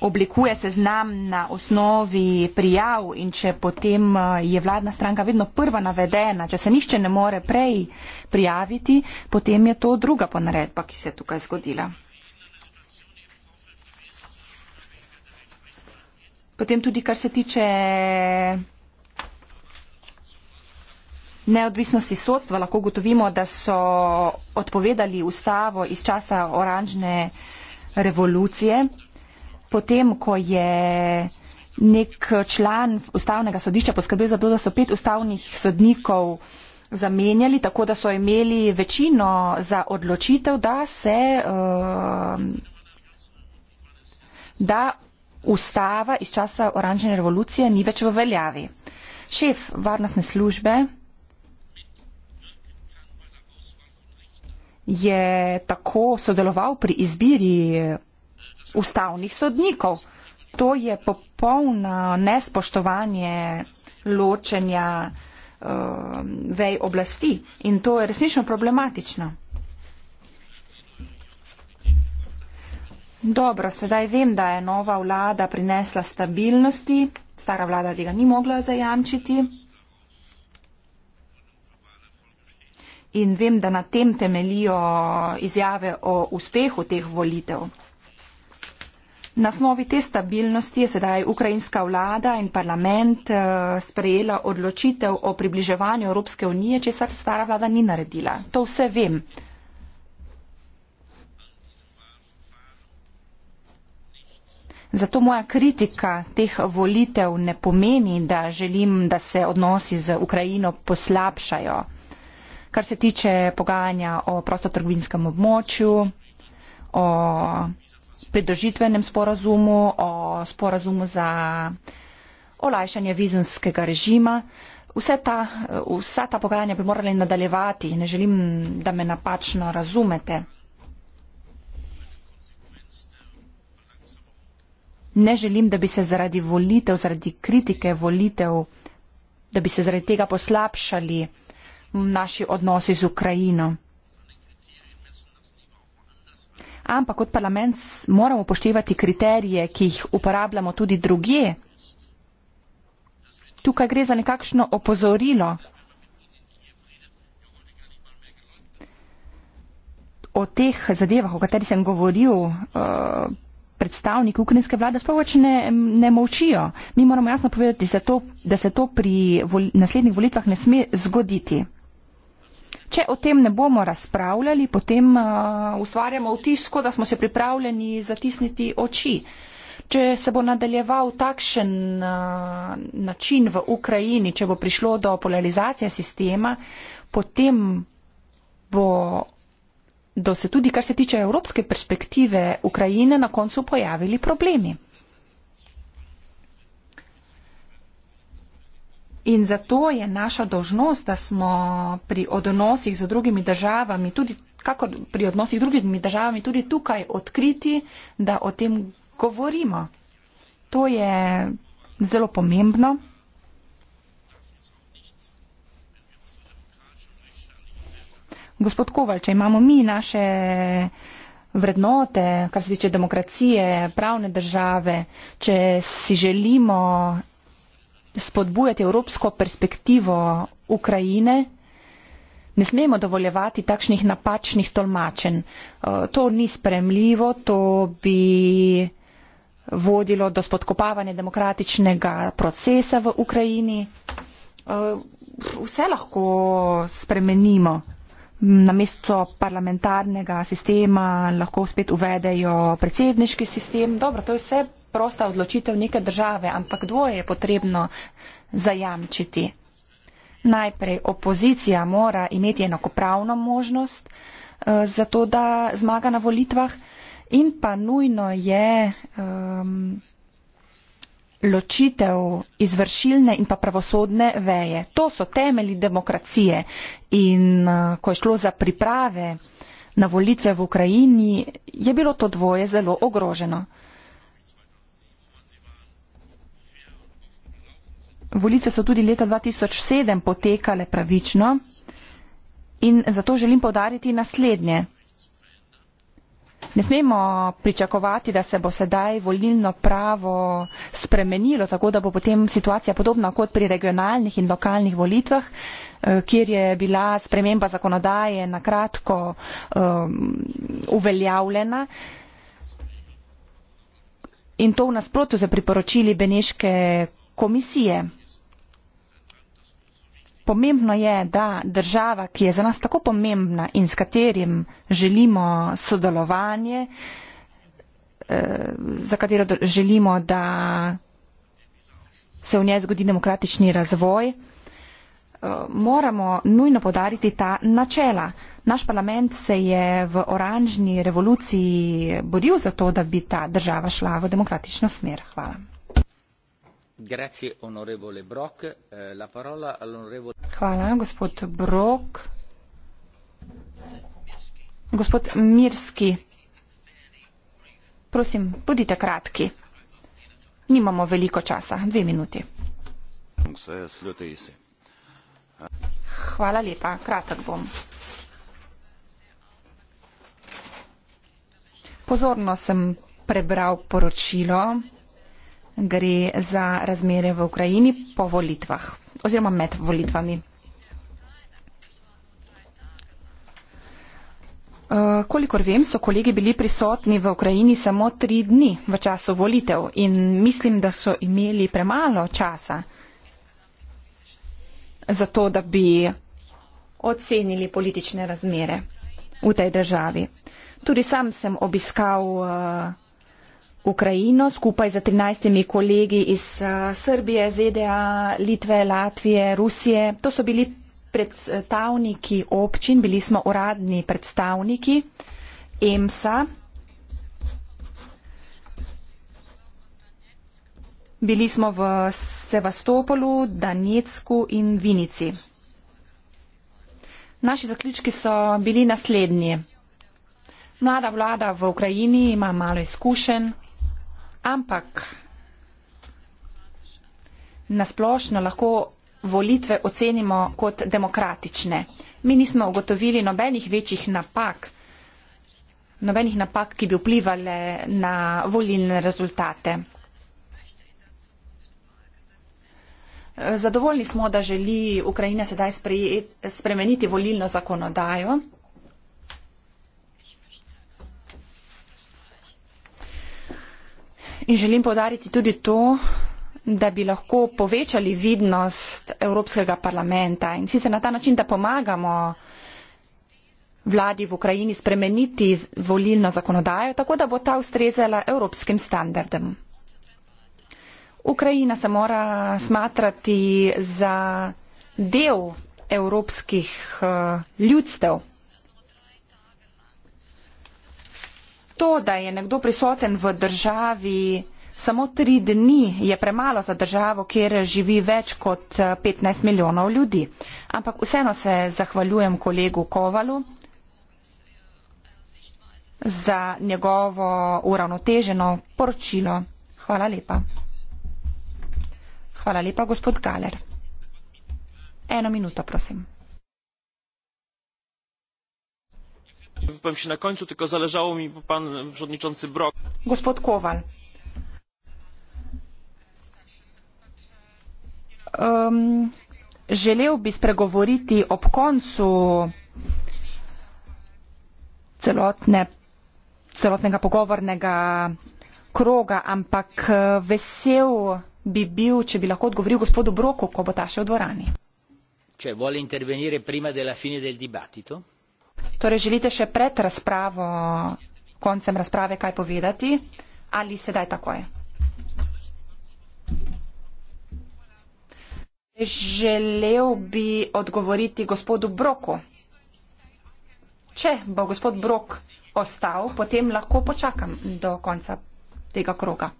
D: oblikuje seznam na osnovi prijav in če potem eh, je vladna stranka vedno prva navedena, če se nišče ne more prej prijaviti, potem je to druga ponaredba, ki se je tukaj zgodila. Potem tudi, kar se tiče neodvisnosti sodstva, lahko gotovimo, da so odpovedali ustavo iz časa oranžne revolucije potem, ko je nek član ustavnega sodišča poskrbel za to, da so pet ustavnih sodnikov zamenjali, tako da so imeli večino za odločitev, da se. Uh, da ustava iz časa oranžne revolucije ni več v veljavi. Šef varnostne službe je tako sodeloval pri izbiri ustavnih sodnikov. To je popolno nespoštovanje ločenja uh, vej oblasti in to je resnično problematično. Dobro, sedaj vem, da je nova vlada prinesla stabilnosti, stara vlada tega ni mogla zajamčiti. In vem, da na tem temelijo izjave o uspehu teh volitev. Na osnovi te stabilnosti je sedaj ukrajinska vlada in parlament eh, sprejela odločitev o približevanju Evropske unije, česar stara vlada ni naredila. To vse vem. Zato moja kritika teh volitev ne pomeni, da želim, da se odnosi z Ukrajino poslabšajo. Kar se tiče pogajanja o prostotrgovinskem območju, o pridržitvenem sporazumu, o sporazumu za olajšanje vizumskega režima. Vse ta, vsa ta pogajanja bi morali nadaljevati. Ne želim, da me napačno razumete. Ne želim, da bi se zaradi volitev, zaradi kritike volitev, da bi se zaradi tega poslabšali naši odnosi z Ukrajino ampak kot parlament moramo upoštevati kriterije, ki jih uporabljamo tudi druge. Tukaj gre za nekakšno opozorilo o teh zadevah, o katerih sem govoril. Uh, predstavniki ukrajinske vlade sploh več ne, ne molčijo. Mi moramo jasno povedati, da se to pri vol, naslednjih volitvah ne sme zgoditi če o tem ne bomo razpravljali, potem uh, ustvarjamo vtisko, da smo se pripravljeni zatisniti oči. Če se bo nadaljeval takšen uh, način v Ukrajini, če bo prišlo do polarizacije sistema, potem bo do se tudi, kar se tiče evropske perspektive Ukrajine, na koncu pojavili problemi. In zato je naša dožnost, da smo pri odnosih z drugimi državami, tudi kako pri odnosih z drugimi državami, tudi tukaj odkriti, da o tem govorimo. To je zelo pomembno. Gospod Koval, če imamo mi naše vrednote, kar se tiče demokracije, pravne države, če si želimo spodbujati evropsko perspektivo Ukrajine. Ne smemo dovoljevati takšnih napačnih tolmačen. Eh, to ni spremljivo, to bi vodilo do spodkopavanja demokratičnega procesa v Ukrajini. Eh, vse lahko spremenimo. Na mesto parlamentarnega sistema lahko spet uvedejo predsedniški sistem. Dobro, to je vse prosta odločitev neke države, ampak dvoje je potrebno zajamčiti. Najprej opozicija mora imeti enakopravno možnost uh, za to, da zmaga na volitvah in pa nujno je um, ločitev izvršilne in pa pravosodne veje. To so temeli demokracije in uh, ko je šlo za priprave na volitve v Ukrajini, je bilo to dvoje zelo ogroženo. Volitve so tudi leta 2007 potekale pravično in zato želim povdariti naslednje. Ne smemo pričakovati, da se bo sedaj volilno pravo spremenilo, tako da bo potem situacija podobna kot pri regionalnih in lokalnih volitvah, eh, kjer je bila sprememba zakonodaje na kratko um, uveljavljena. In to v nasprotju z priporočili Beneške komisije. Pomembno je, da država, ki je za nas tako pomembna in s katerim želimo sodelovanje, eh, za katero želimo, da se v njej zgodi demokratični razvoj, eh, moramo nujno podariti ta načela. Naš parlament se je v oranžni revoluciji boril za to, da bi ta država šla v demokratično smer. Hvala.
C: Eh, Hvala,
D: gospod Brok. Gospod Mirski, prosim, budite kratki. Nimamo veliko časa, dve minuti. Hvala lepa, kratek bom. Pozorno sem prebral poročilo gre za razmere v Ukrajini po volitvah oziroma med volitvami. Eh, kolikor vem, so kolegi bili prisotni v Ukrajini samo tri dni v času volitev in mislim, da so imeli premalo časa za to, da bi ocenili politične razmere v tej državi. Tudi sam sem obiskal uh, Ukrajino skupaj za 13 kolegi iz eh, Srbije, ZDA, Litve, Latvije, Rusije. To so bili predstavniki občin, bili smo uradni predstavniki EMSA. Bili smo v Sevastopolu, Danetsku in Vinici. Naši zaključki so bili naslednji. Mlada vlada v Ukrajini ima malo izkušenj, Ampak nasplošno lahko volitve ocenimo kot demokratične. Mi nismo ugotovili nobenih večjih napak, nobenih napak, ki bi vplivali na volilne rezultate. Zadovoljni smo, da želi Ukrajina sedaj spremeniti volilno zakonodajo. In želim povdariti tudi to, da bi lahko povečali vidnost Evropskega parlamenta in sicer na ta način, da pomagamo vladi v Ukrajini spremeniti volilno zakonodajo, tako da bo ta ustrezala evropskim standardem. Ukrajina se mora smatrati za del evropskih uh, ljudstev. to, da je nekdo prisoten v državi samo tri dni, je premalo za državo, kjer živi več kot 15 eh, milijonov ljudi. Ampak vseeno se zahvaljujem kolegu Kovalu za njegovo uravnoteženo poročilo. Hvala lepa. Hvala lepa, gospod Galer. Eno minuto, prosim. wypowiem się na końcu tylko zależało
A: mi bo pan przewodniczący brok
D: Um, želel bi spregovoriti ob koncu celotne, celotnega pogovornega kroga, ampak eh, vesel bi bil, če bi lahko odgovoril gospodu Broku, ko bo ta še v dvorani.
C: Če vole intervenire prima della fine del dibatito.
D: Torej, želite še pred razpravo, koncem razprave, kaj povedati ali sedaj takoj? Želel bi odgovoriti gospodu Broku. Če bo gospod Brok ostal, potem lahko počakam do konca tega kroga.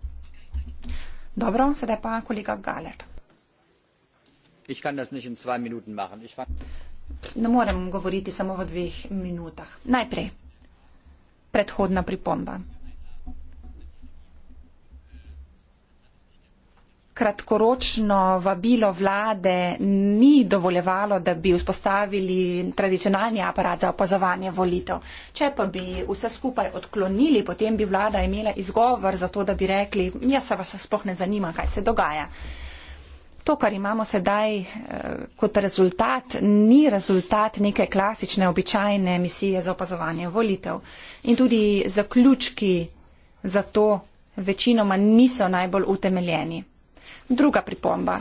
D: Dobro, sedaj pa kolega Galer ne morem govoriti samo v dveh minutah. Najprej, predhodna pripomba. Kratkoročno vabilo vlade ni dovoljevalo, da bi vzpostavili tradicionalni aparat za opazovanje volitev. Če pa bi vse skupaj odklonili, potem bi vlada imela izgovor za to, da bi rekli, jaz se vas spohne zanima, kaj se dogaja. To, kar imamo sedaj eh, kot rezultat, ni rezultat neke klasične, običajne misije za opazovanje volitev. In tudi zaključki za to večinoma niso najbolj utemeljeni. Druga pripomba.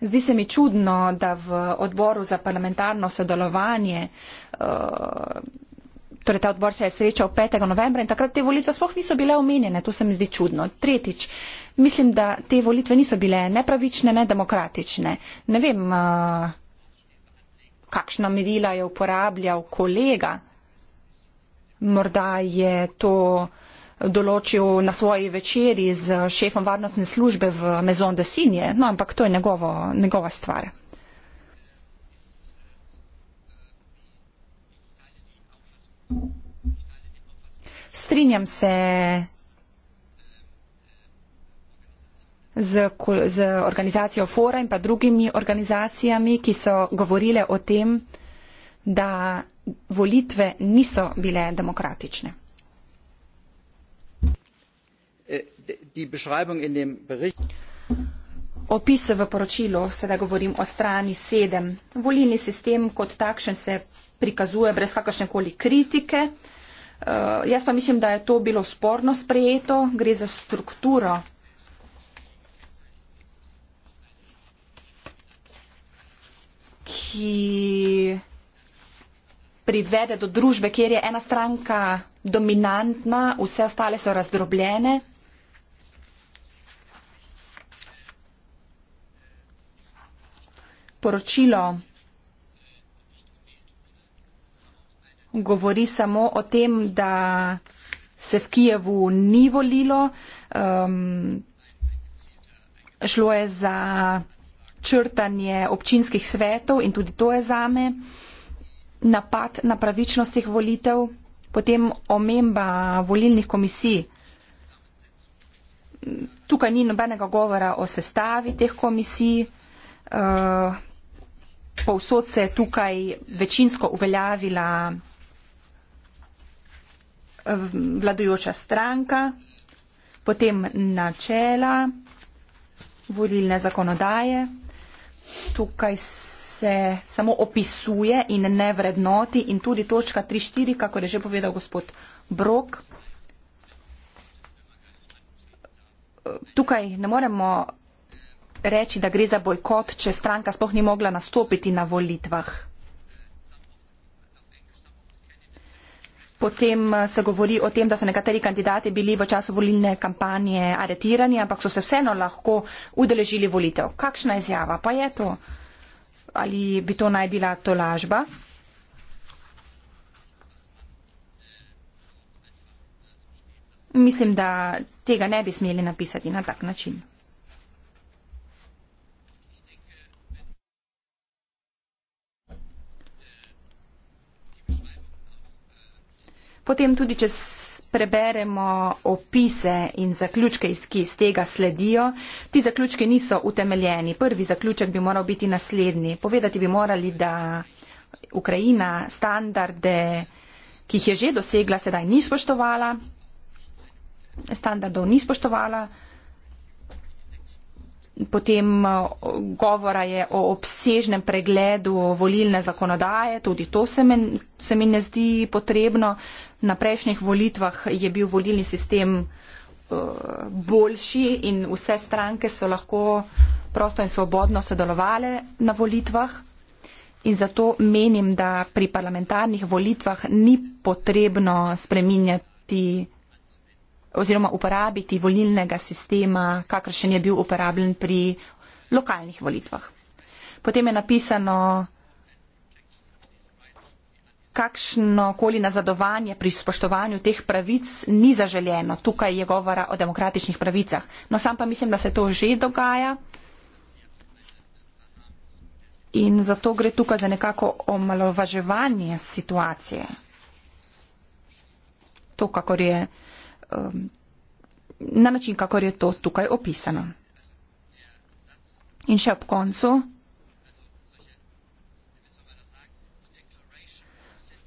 D: Zdi se mi čudno, da v odboru za parlamentarno sodelovanje eh, torej ta odbor se je srečal 5. novembra in takrat te volitve sploh niso bile omenjene, to se mi zdi čudno. Tretjič, mislim, da te volitve niso bile nepravične, nedemokratične. Ne vem, uh, kakšna merila je uporabljal kolega. Morda je to določil na svoji večeri z šefom varnostne službe v Maison de Sinje, no ampak to je njegovo, njegova stvar. Strinjam se z, z organizacijo Fora in pa drugimi organizacijami, ki so govorile o tem, da volitve niso bile demokratične. Eh, Opis v poročilu, sedaj govorim o strani 7. Volilni sistem kot takšen se prikazuje brez kakršne koli kritike. Eh, jaz pa mislim, da je to bilo sporno sprejeto, gre za strukturo. ki privede do družbe, kjer je ena stranka dominantna, vse ostale so razdrobljene. Poročilo govori samo o tem, da se v Kijevu ni volilo. Um, šlo je za črtanje občinskih svetov in tudi to je zame napad na pravičnost teh volitev, potem omemba volilnih komisij. Tukaj ni nobenega govora o sestavi teh komisij. Uh, povsod se je tukaj večinsko uveljavila vladujoča stranka, potem načela volilne zakonodaje. Tukaj se samo opisuje in ne vrednoti in tudi točka 3.4, kako je že povedal gospod Brok. Tukaj ne moremo reči, da gre za bojkot, če stranka sploh ni mogla nastopiti na volitvah. Potem eh, se govori o tem, da so nekateri kandidati bili v času volilne kampanje aretirani, ampak so se vseeno lahko udeležili volitev. Kakšna izjava pa je to? Ali bi to naj bila to lažba? Mislim, da tega ne bi smeli napisati na tak način. Potem tudi, če preberemo opise in zaključke, ki iz tega sledijo, ti zaključki niso utemeljeni. Prvi zaključek bi moral biti naslednji. Povedati bi morali, da Ukrajina standarde, ki jih je že dosegla, sedaj ni spoštovala. Standardov ni spoštovala. Potem eh, govora je o obsežnem pregledu volilne zakonodaje, tudi to se mi, se mi ne zdi potrebno. Na prejšnjih volitvah je bil volilni sistem eh, boljši in vse stranke so lahko prosto in svobodno sodelovali na volitvah. In zato menim, da pri parlamentarnih volitvah ni potrebno spreminjati oziroma uporabiti volilnega sistema, kakršen je bil uporabljen pri lokalnih volitvah. Potem je napisano, kakšno koli nazadovanje pri spoštovanju teh pravic ni zaželjeno. Tukaj je govora o demokratičnih pravicah. No, sam pa mislim, da se to že dogaja. In zato gre tukaj za nekako omalovaževanje situacije. To, kako je um, na način, kako je to tukaj opisano. In še ob koncu,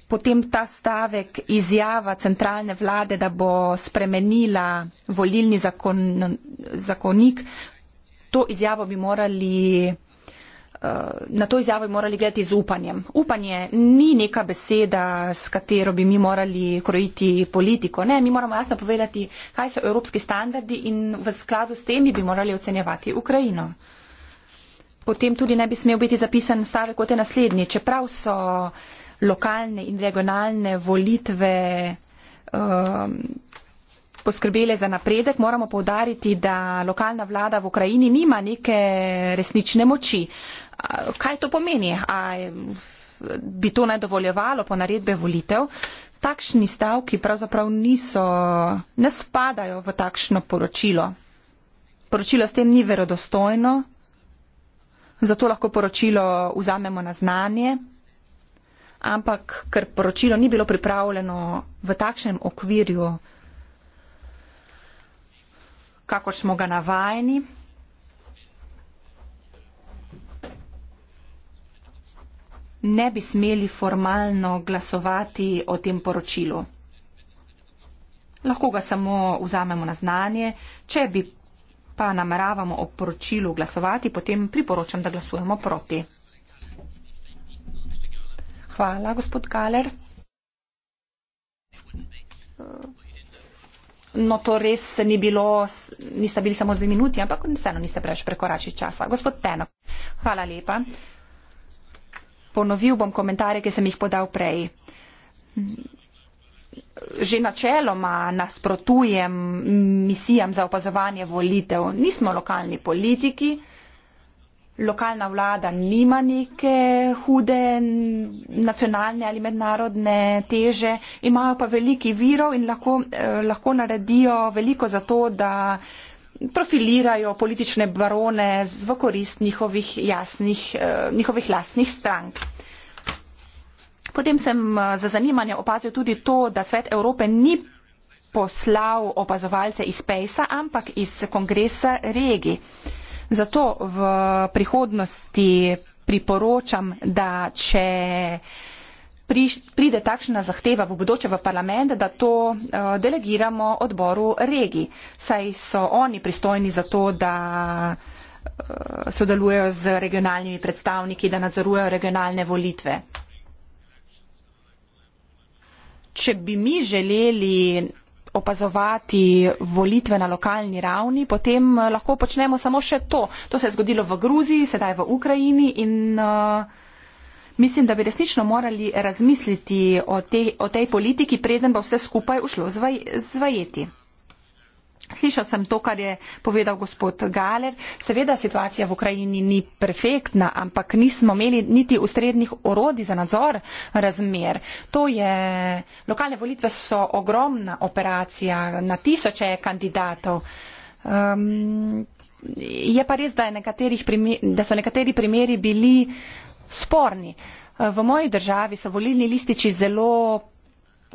D: potem ta stavek izjava centralne vlade, da bo spremenila volilni zakon, zakonik, to izjavo bi morali. Eh, na to izjavo bi morali gledati z upanjem. Upanje ni neka beseda, s katero bi mi morali krojiti politiko. Ne, mi moramo jasno povedati, kaj so evropski standardi in v skladu s tem bi morali ocenjevati Ukrajino. Potem tudi ne bi smel biti zapisan stavek kot je naslednji. Čeprav so lokalne in regionalne volitve um, poskrbele za napredek, moramo povdariti, da lokalna vlada v Ukrajini nima neke resnične moči. Uh, kaj to pomeni? A bi to najdovoljevalo po naredbe volitev? Takšni stavki pravzaprav niso, ne spadajo v takšno poročilo. Poročilo s tem ni verodostojno, zato lahko poročilo vzamemo na znanje, ampak ker poročilo ni bilo pripravljeno v takšnem okvirju, kakor smo ga navajeni, ne bi smeli formalno glasovati o tem poročilu. Lahko ga samo vzamemo na znanje. Če bi pa nameravamo o poročilu glasovati, potem priporočam, da glasujemo proti. Hvala, gospod Kaler. No, to res ni bilo, nista bili samo dve minuti, ampak vseeno niste preveč prekoračili časa. Gospod Tenok. Hvala lepa ponovil bom komentarje, ki sem jih podal prej. Že načeloma nasprotujem misijam za opazovanje volitev. Nismo lokalni politiki, lokalna vlada nima neke hude nacionalne ali mednarodne teže, imajo pa veliki virov in lahko, eh, lahko naredijo veliko za to, da eh, profilirajo politične barone v korist njihovih, jasnih, eh, njihovih lastnih strank. Potem sem eh, za zanimanje opazil tudi to, da svet Evrope ni poslal opazovalce iz PESA, ampak iz kongresa regij. Zato v prihodnosti priporočam, da če pride takšna zahteva v bodoče v parlament, da to eh, delegiramo odboru regij, saj so oni pristojni za to, da eh, sodelujejo z regionalnimi predstavniki, da nadzorujejo regionalne volitve. Če bi mi želeli opazovati volitve na lokalni ravni, potem eh, lahko počnemo samo še to. To se je zgodilo v Gruziji, sedaj v Ukrajini in uh, mislim, da bi resnično morali razmisliti o tej, o tej politiki, preden bo vse skupaj ušlo zvaj, zvajeti. Slišal sem to, kar je povedal gospod Galer. Seveda situacija v Ukrajini ni perfektna, ampak nismo imeli niti ustrednih orodij za nadzor razmer. To je, lokalne volitve so ogromna operacija, na tisoče kandidatov. Um, je pa res, da, primer, da so nekateri primeri bili uh, sporni. Eh, v moji državi so volilni lističi zelo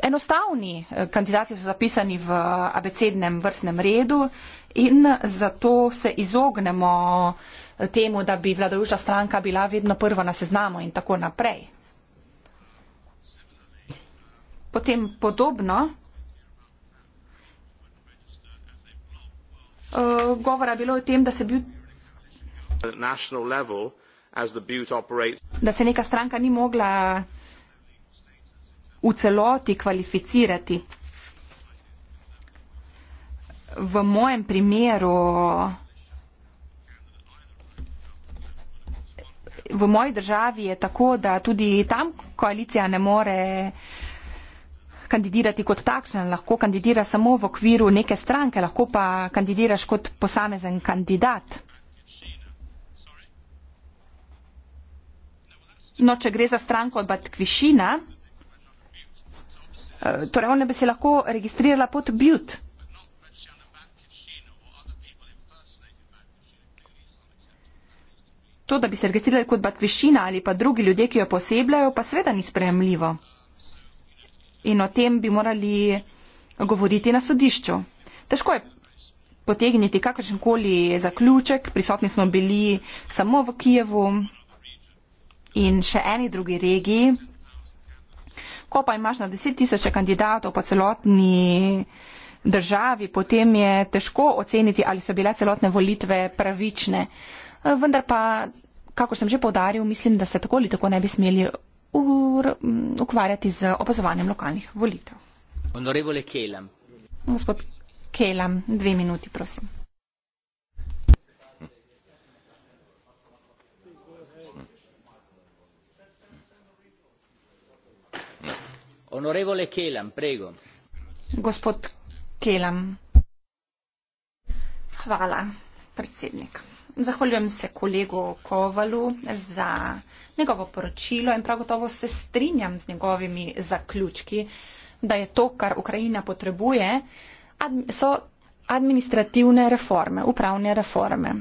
D: enostavni, eh, kandidati so zapisani v abecednem vrstnem redu in zato se izognemo eh, temu, da bi vladajuča stranka bila vedno prva na seznamu in tako naprej. Potem podobno. Govora je bilo o tem, da se bil da se neka stranka ni mogla v celoti kvalificirati. V mojem primeru, v moji državi je tako, da tudi tam koalicija ne more kandidirati kot takšen, lahko kandidira samo v okviru neke stranke, lahko pa kandidiraš kot posamezen kandidat. No, če gre za stranko Batkvišina, eh, torej ona bi se lahko registrirala pod Bjut. To, da bi se registrirali kot Batkvišina ali pa drugi ljudje, ki jo posebljajo, pa sveda ni sprejemljivo. In o tem bi morali govoriti na sodišču. Težko je potegniti kakršenkoli zaključek, prisotni smo bili samo v Kijevu in še eni drugi regiji. Ko pa imaš na deset tisoče kandidatov po celotni državi, potem je težko oceniti, ali so bile celotne volitve pravične. Vendar pa, kako sem že povdaril, mislim, da se tako ali tako ne bi smeli ukvarjati z opazovanjem lokalnih volitev.
C: Honorevole Kelam.
D: Gospod Kelam, dve minuti, prosim. gospod kelam hvala predsednik zahvaljujem se kolegu kovalu za njegovo poročilo in prav gotovo se strinjam z njegovimi zaključki da je to kar ukrajina potrebuje so administrativne reforme upravne reforme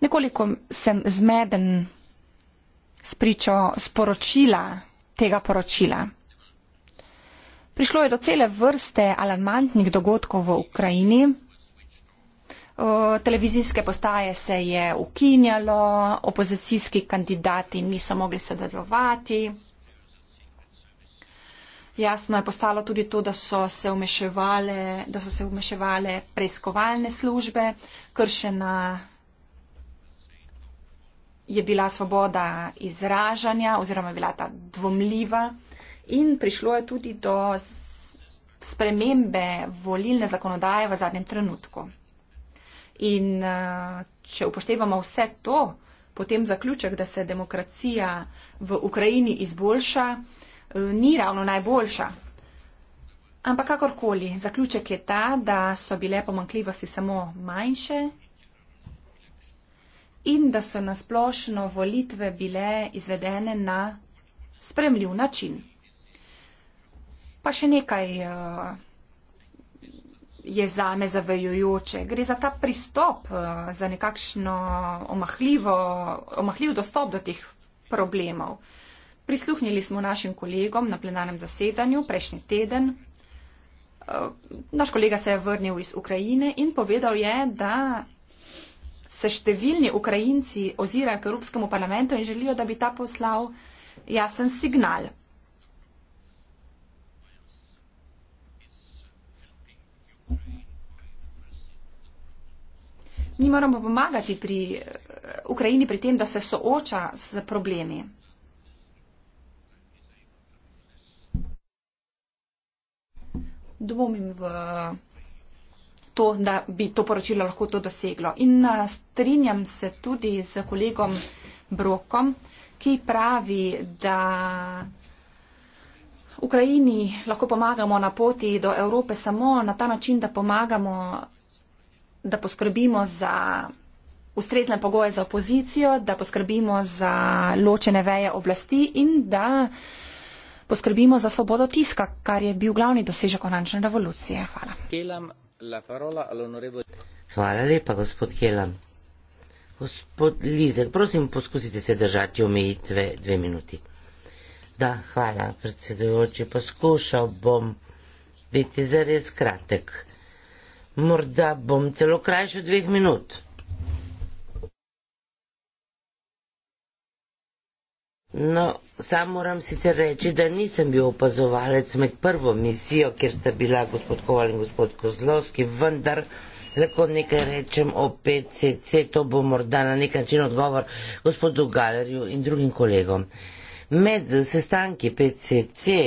D: nekoliko sem zmeden spričo sporočila tega poročila. Prišlo je do cele vrste alarmantnih dogodkov v Ukrajini. Televizijske postaje se je ukinjalo, opozicijski kandidati niso mogli sodelovati. Jasno je postalo tudi to, da so se umeševale, da so se umeševale preiskovalne službe, kršena je bila svoboda izražanja oziroma bila ta dvomljiva in prišlo je tudi do spremembe volilne zakonodaje v zadnjem trenutku. In eh, če upoštevamo vse to, potem zaključek, da se demokracija v Ukrajini izboljša, eh, ni ravno najboljša. Ampak kakorkoli, zaključek je ta, da so bile pomankljivosti samo manjše in da so nasplošno volitve bile izvedene na spremljiv način. Pa še nekaj eh, je zame zavejojoče. Gre za ta pristop, eh, za nekakšno omahljiv dostop do teh problemov. Prisluhnili smo našim kolegom na plenarnem zasedanju prejšnji teden. Eh, naš kolega se je vrnil iz Ukrajine in povedal je, da se številni Ukrajinci ozirajo k Evropskemu parlamentu in želijo, da bi ta poslal jasen signal. Mi moramo pomagati pri eh, Ukrajini pri tem, da se sooča s problemi. Dvomim v to, da bi to poročilo lahko to doseglo. In strinjam se tudi z kolegom Brokom, ki pravi, da Ukrajini lahko pomagamo na poti do Evrope samo na ta način, da pomagamo, da poskrbimo za ustrezne pogoje za opozicijo, da poskrbimo za ločene veje oblasti in da poskrbimo za svobodo tiska, kar je bil glavni dosežek oranžne revolucije.
C: Hvala.
B: Hvala lepa, gospod Helan. Gospod Lizek, prosim, poskusite se držati omejitve dve minuti. Da, hvala, predsedujoči. Poskušal bom biti zares kratek. Morda bom celo krajši od dveh minut. No, sam moram sicer reči, da nisem bil opazovalec med prvo misijo, kjer sta bila gospod Koval in gospod Kozlovski, vendar lahko nekaj rečem o PCC, to bo morda na nek način odgovor gospodu Galerju in drugim kolegom. Med sestanki PCC,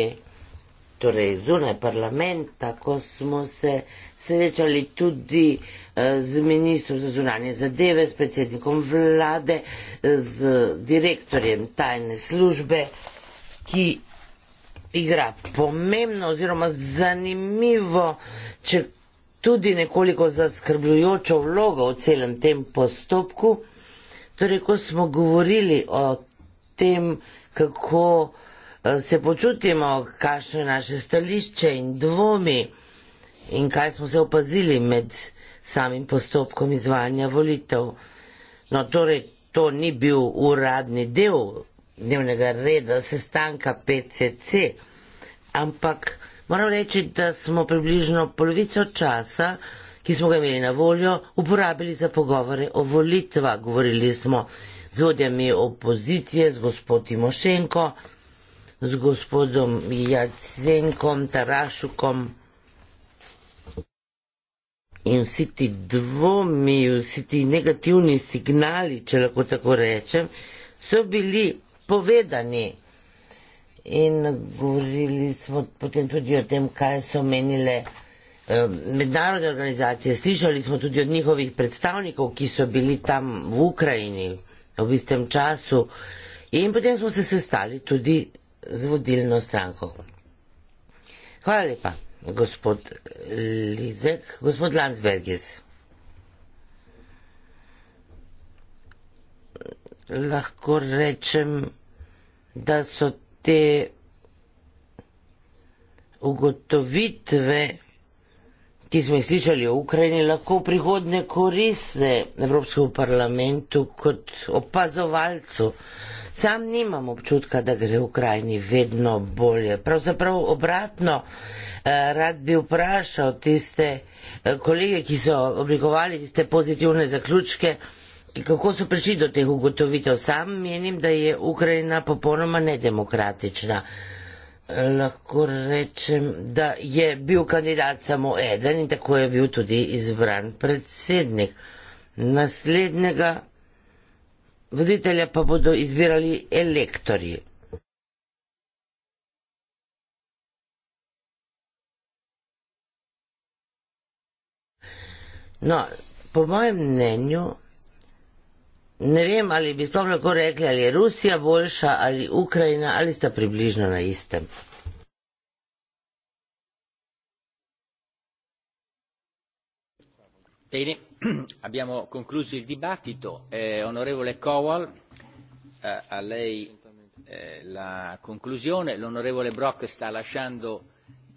B: torej zunaj parlamenta, ko smo se srečali tudi eh, z ministrom za zunanje zadeve, s predsednikom vlade, eh, z direktorjem tajne službe, ki igra pomembno oziroma zanimivo, če tudi nekoliko zaskrbljujočo vlogo v celem tem postopku. Torej, ko smo govorili o tem, kako eh, se počutimo, kakšno je naše stališče in dvomi, in kaj smo se opazili med samim postopkom izvajanja volitev. No, torej, to ni bil uradni del dnevnega reda sestanka PCC, ampak moram reči, da smo približno polovico časa, ki smo ga imeli na voljo, uporabili za pogovore o volitvah. Govorili smo z vodjami opozicije, z gospod Timošenko, z gospodom Jacenkom, Tarašukom in vsi ti dvomi, vsi ti negativni signali, če lahko tako rečem, so bili povedani. In govorili smo potem tudi o tem, kaj so menile eh, mednarodne organizacije. Slišali smo tudi od njihovih predstavnikov, ki so bili tam v Ukrajini v istem času. In potem smo se sestali tudi z vodilno stranko. Hvala lepa gospod Lizek, gospod Landsbergis. Lahko rečem, da so te ugotovitve ki smo jih slišali o Ukrajini, lahko v prihodnje koristne Evropskemu parlamentu kot opazovalcu. Sam nimam občutka, da gre v Ukrajini vedno bolje. Pravzaprav obratno, eh, rad bi vprašal tiste eh, kolege, ki so oblikovali tiste pozitivne zaključke, kako so prišli do teh ugotovitev. Sam menim, da je Ukrajina popolnoma nedemokratična lahko rečem, da je bil kandidat samo eden in tako je bil tudi izbran predsednik. Naslednjega voditelja pa bodo izbirali elektorji. No, po mojem mnenju ne vem, ali bi sploh lahko rekli, ali je Rusija boljša ali Ukrajina ali sta približno na istem.
C: Bene, abbiamo concluso il dibattito. Eh, onorevole Kowal, eh, a lei eh, la conclusione. L'onorevole Brock sta lasciando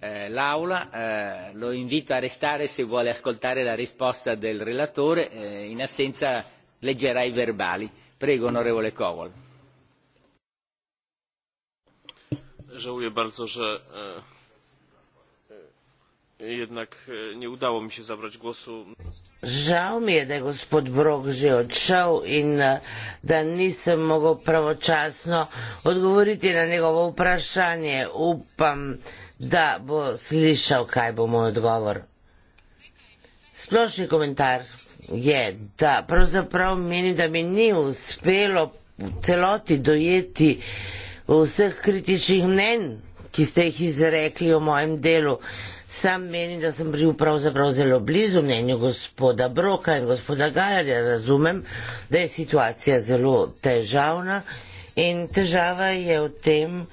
C: eh, l'aula. Eh, lo invito a restare se vuole ascoltare la risposta del relatore. Eh, in assenza leggerà i verbali. Prego, onorevole Kowal.
A: Żałuję bardzo, że e, e, jednak e, nie udało mi się zabrać głosu.
B: Żał mi, że gospod Brok że odszedł i że nie mogłem prawoczasno odpowiedzieć na jego pytanie. Upam, że bo słyszał, kaj był mój odpowiedź. Splošni komentar je, da pravzaprav menim, da mi ni uspelo v celoti dojeti vseh kritičnih mnenj, ki ste jih izrekli o mojem delu. Sam menim, da sem bil pravzaprav zelo blizu mnenju gospoda Broka in gospoda Gajarja. Razumem, da je situacija zelo težavna in težava je v tem,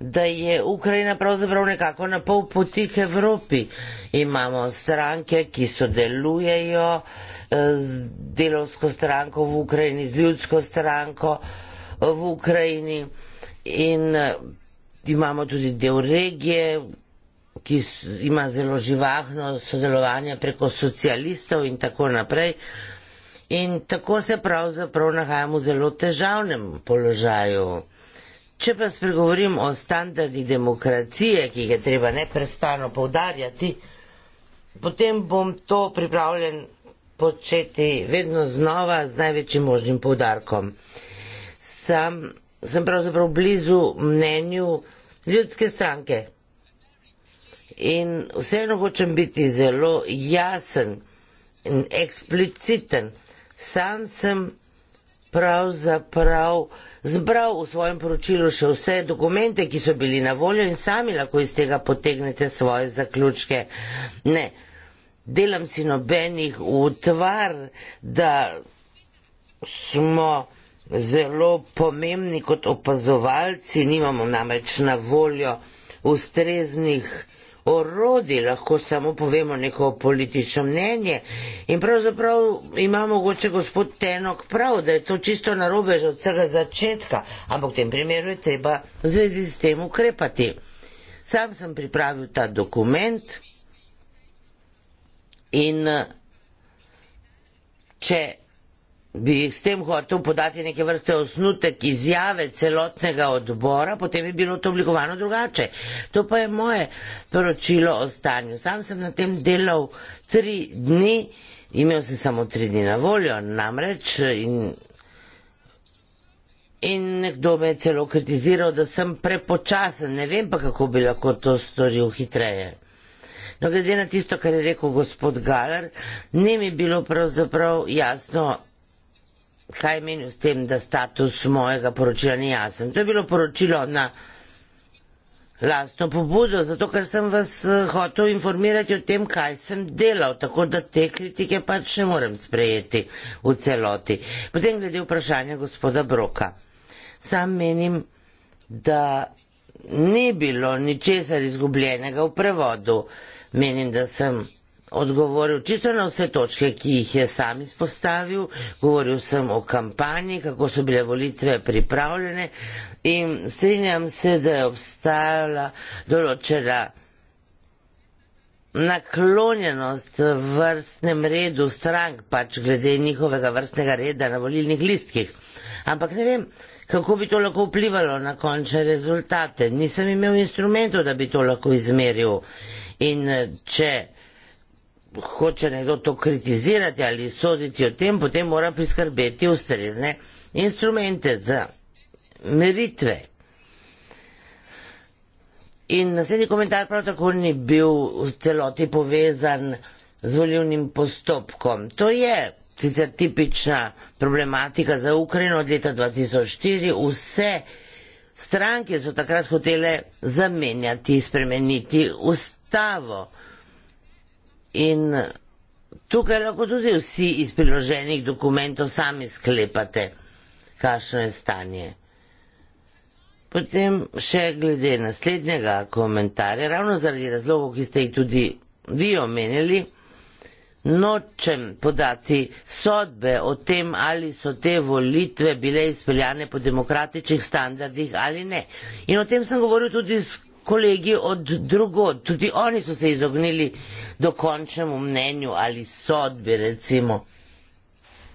B: da je Ukrajina pravzaprav nekako na pol poti k Evropi. Imamo stranke, ki sodelujejo, z delovsko stranko v Ukrajini, z ljudsko stranko eh, v Ukrajini in eh, imamo tudi del regije, ki ima zelo živahno sodelovanje preko socialistov in tako naprej. In tako se pravzaprav nahajamo v zelo težavnem položaju. Če pa spregovorim o standardi demokracije, ki jih je treba neprestano povdarjati, potem bom to pripravljen početi vedno znova z največjim možnim poudarkom. Sam sem pravzaprav blizu mnenju ljudske stranke in vseeno hočem biti zelo jasen in ekspliciten. Sam sem pravzaprav zbral v svojem poročilu še vse dokumente, ki so bili na voljo in sami lahko iz tega potegnete svoje zaključke. Ne delam si nobenih utvar, da smo zelo pomembni kot opazovalci, nimamo namreč na voljo ustreznih orodi, lahko samo povemo neko politično mnenje. In pravzaprav ima mogoče gospod Tenok prav, da je to čisto narobe že od vsega začetka, ampak v tem primeru je treba v zvezi s tem ukrepati. Sam sem pripravil ta dokument, In eh, če bi s tem hotel podati neke vrste osnutek izjave celotnega odbora, potem bi bilo to oblikovano drugače. To pa je moje poročilo o stanju. Sam sem na tem delal tri dni, imel sem samo tri dni na voljo, namreč in, in nekdo me je celo kritiziral, da sem prepočasen, ne vem pa, kako bi lahko to storil hitreje. No, glede na tisto, kar je rekel gospod Galar, ni mi bilo pravzaprav jasno, kaj meni s tem, da status mojega poročila ni jasen. To je bilo poročilo na lastno pobudo, zato ker sem vas eh, hotel informirati o tem, kaj sem delal, tako da te kritike pač ne morem sprejeti v celoti. Potem glede vprašanja gospoda Broka. Sam menim, da ni bilo ničesar izgubljenega v prevodu menim, da sem odgovoril čisto na vse točke, ki jih je sam izpostavil. Govoril sem o kampanji, kako so bile volitve pripravljene in strinjam se, da je obstajala določena naklonjenost vrstnem redu strank, pač glede njihovega vrstnega reda na volilnih listkih. Ampak ne vem, kako bi to lahko vplivalo na končne rezultate. Nisem imel instrumentov, da bi to lahko izmeril. In eh, če hoče nekdo to kritizirati ali soditi o tem, potem mora priskrbeti ustrezne instrumente za meritve. In naslednji komentar prav tako ni bil v celoti povezan z volivnim postopkom. To je sicer tipična problematika za Ukrajino od leta 2004. Vse stranke so takrat hotele zamenjati, spremeniti ustrezne ustavo. In tukaj lahko tudi vsi iz priloženih dokumentov sami sklepate, kakšno je stanje. Potem še glede naslednjega komentarja, ravno zaradi razlogov, ki ste jih tudi vi omenili, nočem podati sodbe o tem, ali so te volitve bile izpeljane po demokratičnih standardih ali ne. In o tem sem govoril tudi s kolegi od drugo, tudi oni so se izognili dokončnemu mnenju ali sodbi, recimo.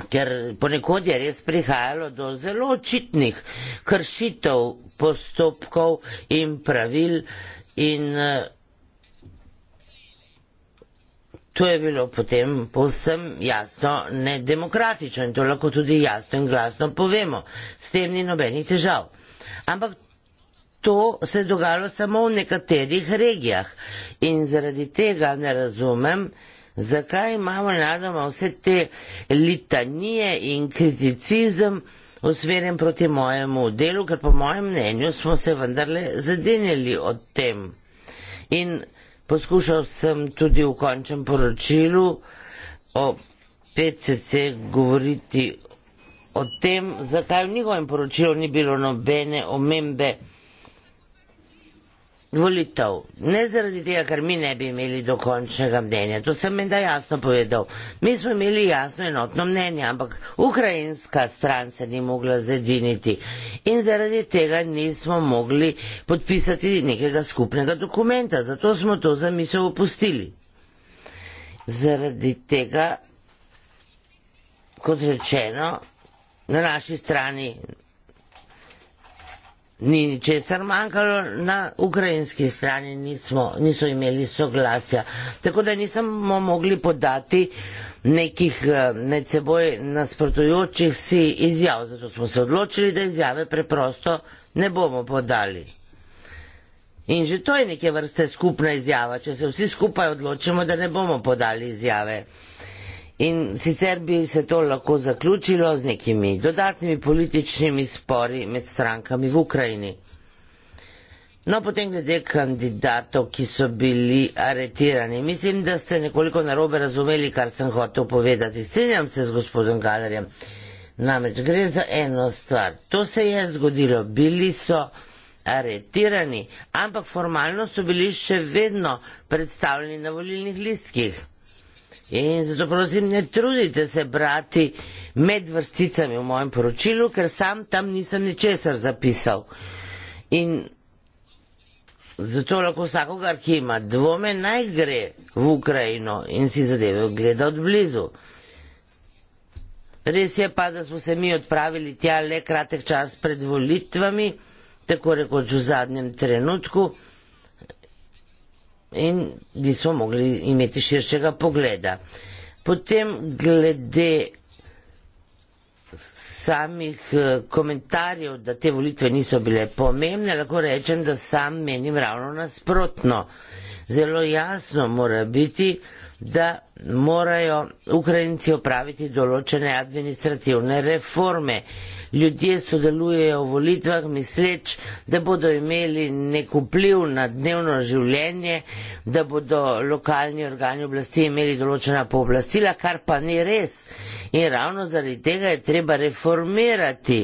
B: Ker ponekod je res prihajalo do zelo očitnih kršitev postopkov in pravil in eh, To je bilo potem povsem jasno nedemokratično in to lahko tudi jasno in glasno povemo. S tem ni nobenih težav. Ampak to se je dogajalo samo v nekaterih regijah. In zaradi tega ne razumem, zakaj imamo nadoma vse te litanije in kriticizem usmerjen proti mojemu delu, ker po mojem mnenju smo se vendarle zadenjali od tem. In poskušal sem tudi v končnem poročilu o PCC govoriti o tem, zakaj v njihovem poročilu ni bilo nobene omembe volitev. Ne zaradi tega, ker mi ne bi imeli dokončnega mnenja. To sem menda jasno povedal. Mi smo imeli jasno enotno mnenje, ampak ukrajinska stran se ni mogla zediniti. In zaradi tega nismo mogli podpisati nekega skupnega dokumenta. Zato smo to zamisel opustili. Zaradi tega, kot rečeno, na naši strani ni ničesar manjkalo, na ukrajinski strani nismo, niso imeli soglasja. Tako da nismo mogli podati nekih eh, med seboj nasprotujočih si izjav. Zato smo se odločili, da izjave preprosto ne bomo podali. In že to je neke vrste skupna izjava, če se vsi skupaj odločimo, da ne bomo podali izjave. In sicer bi se to lahko zaključilo z nekimi dodatnimi političnimi spori med strankami v Ukrajini. No, potem glede kandidatov, ki so bili aretirani. Mislim, da ste nekoliko narobe razumeli, kar sem hotel povedati. Strinjam se z gospodom Galerjem. Namreč gre za eno stvar. To se je zgodilo. Bili so aretirani, ampak formalno so bili še vedno predstavljeni na volilnih listkih. In zato prosim, ne trudite se brati med vrsticami v mojem poročilu, ker sam tam nisem ničesar zapisal. In zato lahko vsakogar, ki ima dvome, naj gre v Ukrajino in si zadeve ogleda od blizu. Res je pa, da smo se mi odpravili tja le kratek čas pred volitvami, tako rekoč v zadnjem trenutku in nismo mogli imeti širšega pogleda. Potem glede samih eh, komentarjev, da te volitve niso bile pomembne, lahko rečem, da sam menim ravno nasprotno. Zelo jasno mora biti, da morajo Ukrajinci opraviti določene administrativne reforme ljudje sodelujejo v volitvah, misleč, da bodo imeli nek vpliv na dnevno življenje, da bodo lokalni organi oblasti imeli določena pooblastila, kar pa ni res. In ravno zaradi tega je treba reformirati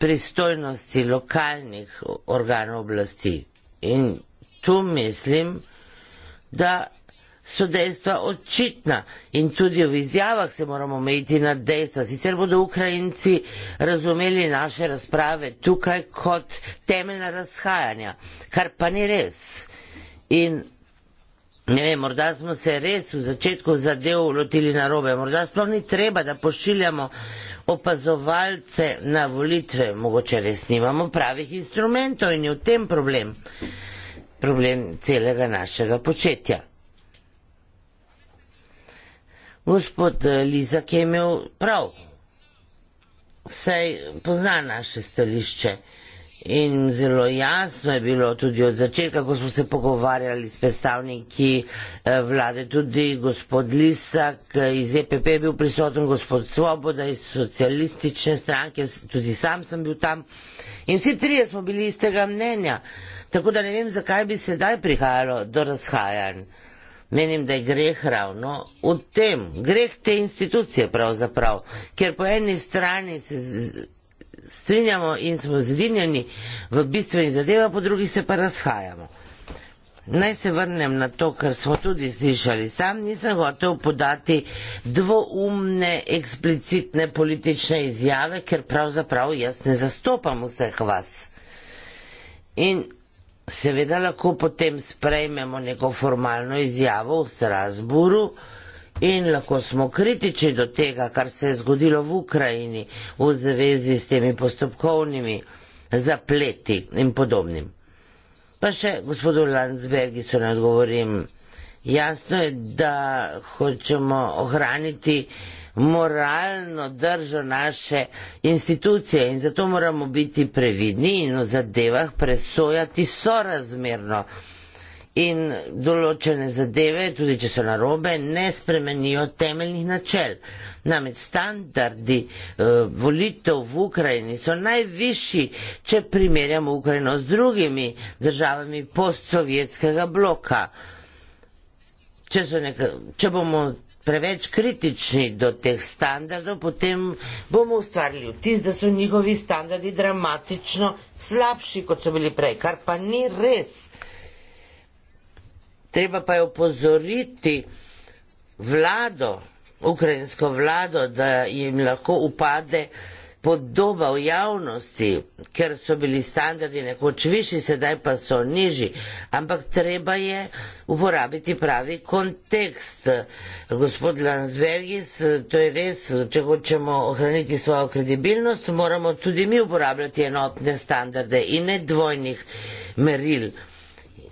B: pristojnosti lokalnih organov oblasti. In tu mislim, da so dejstva očitna in tudi v izjavah se moramo omejiti na dejstva. Sicer bodo Ukrajinci razumeli naše razprave tukaj kot temeljna razhajanja, kar pa ni res. In ne vem, morda smo se res v začetku zadev lotili na robe, morda sploh ni treba, da pošiljamo opazovalce na volitve, mogoče res nimamo pravih instrumentov in je v tem problem, problem celega našega početja gospod eh, Lizak je imel prav. Saj pozna naše stališče in zelo jasno je bilo tudi od začetka, ko smo se pogovarjali s predstavniki eh, vlade, tudi gospod Lisak eh, iz EPP je bil prisoten, gospod Svoboda iz socialistične stranke, tudi sam sem bil tam in vsi trije smo bili istega mnenja. Tako da ne vem, zakaj bi sedaj prihajalo do razhajanj menim, da je greh ravno v tem, greh te institucije pravzaprav, ker po eni strani se strinjamo in smo zedinjeni v bistveni zadeva, po drugi se pa razhajamo. Naj se vrnem na to, kar smo tudi slišali. Sam nisem hotel podati dvoumne, eksplicitne politične izjave, ker pravzaprav jaz ne zastopam vseh vas. In seveda lahko potem sprejmemo neko formalno izjavo v Strasburu in lahko smo kritični do tega, kar se je zgodilo v Ukrajini v zvezi s temi postopkovnimi zapleti in podobnim. Pa še gospodu Landsbergi so ne odgovorim. Jasno je, da hočemo ohraniti moralno držo naše institucije in zato moramo biti previdni in v zadevah presojati sorazmerno. In določene zadeve, tudi če so narobe, ne spremenijo temeljnih načel. Namreč standardi eh, volitev v Ukrajini so najvišji, če primerjamo Ukrajino z drugimi državami postsovjetskega bloka. Če, neka, če bomo preveč kritični do teh standardov, potem bomo ustvarili vtis, da so njihovi standardi dramatično slabši, kot so bili prej, kar pa ni res. Treba pa je upozoriti vlado, ukrajinsko vlado, da jim lahko upade podoba v javnosti, ker so bili standardi nekoč višji, sedaj pa so nižji. Ampak treba je uporabiti pravi kontekst. Gospod Lansbergis, to je res, če hočemo ohraniti svojo kredibilnost, moramo tudi mi uporabljati enotne standarde in ne dvojnih meril.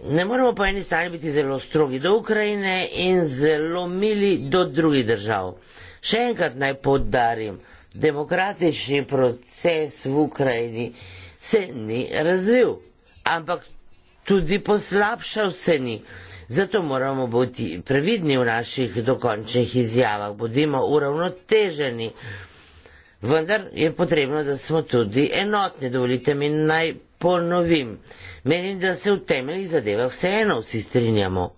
B: Ne moramo po eni strani biti zelo strogi do Ukrajine in zelo mili do drugih držav. Še enkrat naj podarim, demokratični proces v Ukrajini se ni razvil, ampak tudi poslabšal se ni. Zato moramo biti previdni v naših dokončnih izjavah, bodimo uravnoteženi. Vendar je potrebno, da smo tudi enotni. Dovolite mi naj ponovim. Menim, da se v temeljih zadevah vseeno vsi strinjamo.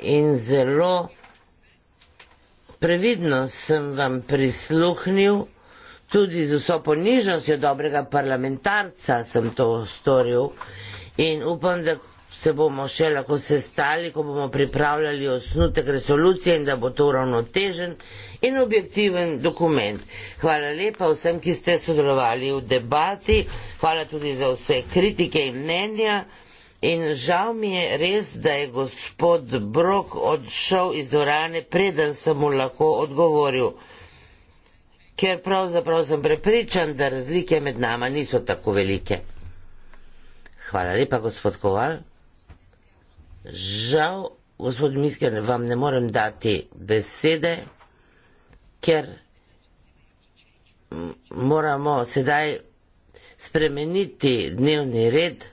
B: In zelo Previdno sem vam prisluhnil, tudi z vso ponižnostjo dobrega parlamentarca sem to storil in upam, da se bomo še lahko sestali, ko bomo pripravljali osnutek resolucije in da bo to ravnotežen in objektiven dokument. Hvala lepa vsem, ki ste sodelovali v debati, hvala tudi za vse kritike in mnenja. In žal mi je res, da je gospod Brok odšel iz dvorane, preden sem mu lahko odgovoril. Ker pravzaprav sem prepričan, da razlike med nama niso tako velike. Hvala lepa, gospod Koval. Žal, gospod Misker, vam ne morem dati besede, ker moramo sedaj spremeniti dnevni red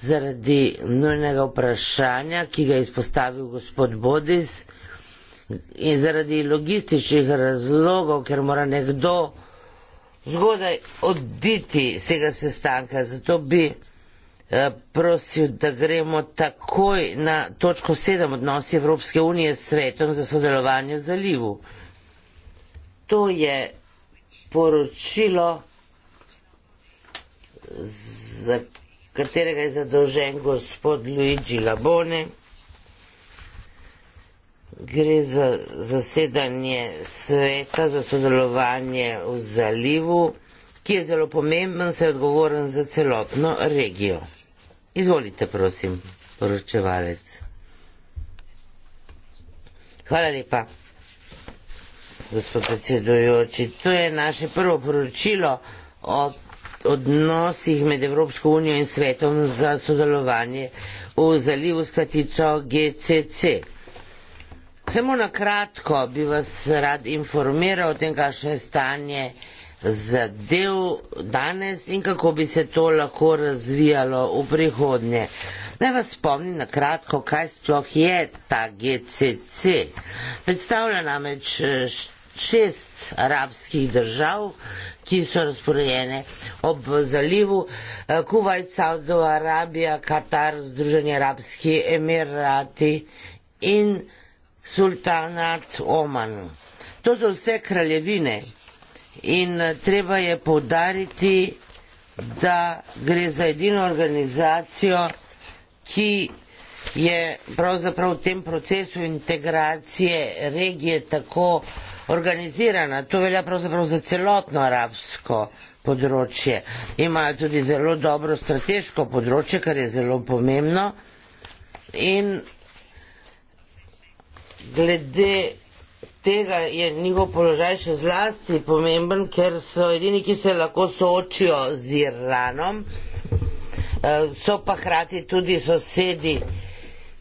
B: zaradi nujnega vprašanja, ki ga je izpostavil gospod Bodis in zaradi logističnih razlogov, ker mora nekdo zgodaj oditi z tega sestanka. Zato bi eh, prosil, da gremo takoj na točko sedem odnosi Evropske unije s svetom za sodelovanje v zalivu. To je poročilo, za katerega je zadolžen gospod Luigi Labone. Gre za zasedanje sveta, za sodelovanje v zalivu, ki je zelo pomemben, se je odgovoren za celotno regijo. Izvolite, prosim, poročevalec. Hvala lepa, gospod predsedujoči. To je naše prvo poročilo od odnosih med Evropsko unijo in svetom za sodelovanje v zalivu s katico GCC. Samo na kratko bi vas rad informiral o tem, kakšno je stanje zadev danes in kako bi se to lahko razvijalo v prihodnje. Naj vas spomnim na kratko, kaj sploh je ta GCC. Predstavlja namreč eh, šest arabskih držav, ki so razporejene ob zalivu. Eh, Kuwait, Saudova Arabija, Katar, Združeni arabski emirati in sultanat Oman. To so vse kraljevine in eh, treba je povdariti, da gre za edino organizacijo, ki je pravzaprav v tem procesu integracije regije tako uh, organizirana, to velja pravzaprav za celotno arabsko področje. Imajo tudi zelo dobro strateško področje, kar je zelo pomembno. In glede tega je njihov položaj še zlasti pomemben, ker so edini, ki se lahko soočijo z Iranom, eh, so pa hkrati tudi sosedi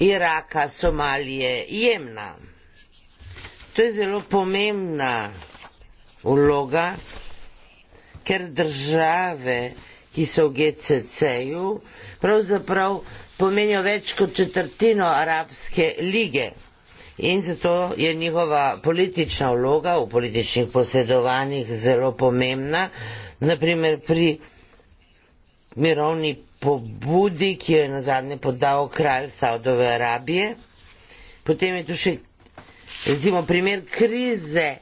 B: Iraka, Somalije, Jemna. To je zelo pomembna vloga, ker države, ki so v GCC-ju, pravzaprav pomenijo več kot četrtino arabske lige. In zato je njihova politična vloga v političnih posedovanjih zelo pomembna. Naprimer pri mirovni pobudi, ki jo je na zadnje podal kralj Saudove Arabije. Potem je tu še recimo primer krize,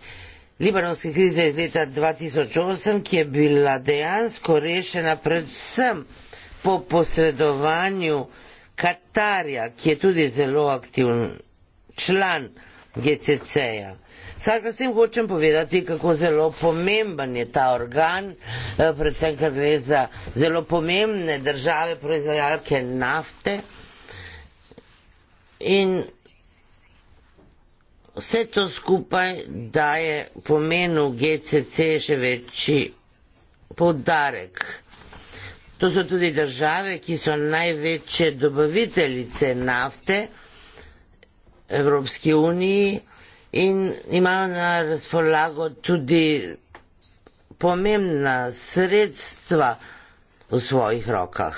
B: libanonske krize iz leta 2008, ki je bila dejansko rešena predvsem po posredovanju Katarja, ki je tudi zelo aktivn član GCC-ja. Vsak s tem hočem povedati, kako zelo pomemben je ta organ, eh, predvsem, ker gre za zelo pomembne države proizvajalke nafte. In Vse to skupaj daje pomenu GCC še večji poudarek. To so tudi države, ki so največje dobaviteljice nafte Evropski uniji in imajo na razpolago tudi pomembna sredstva v svojih rokah.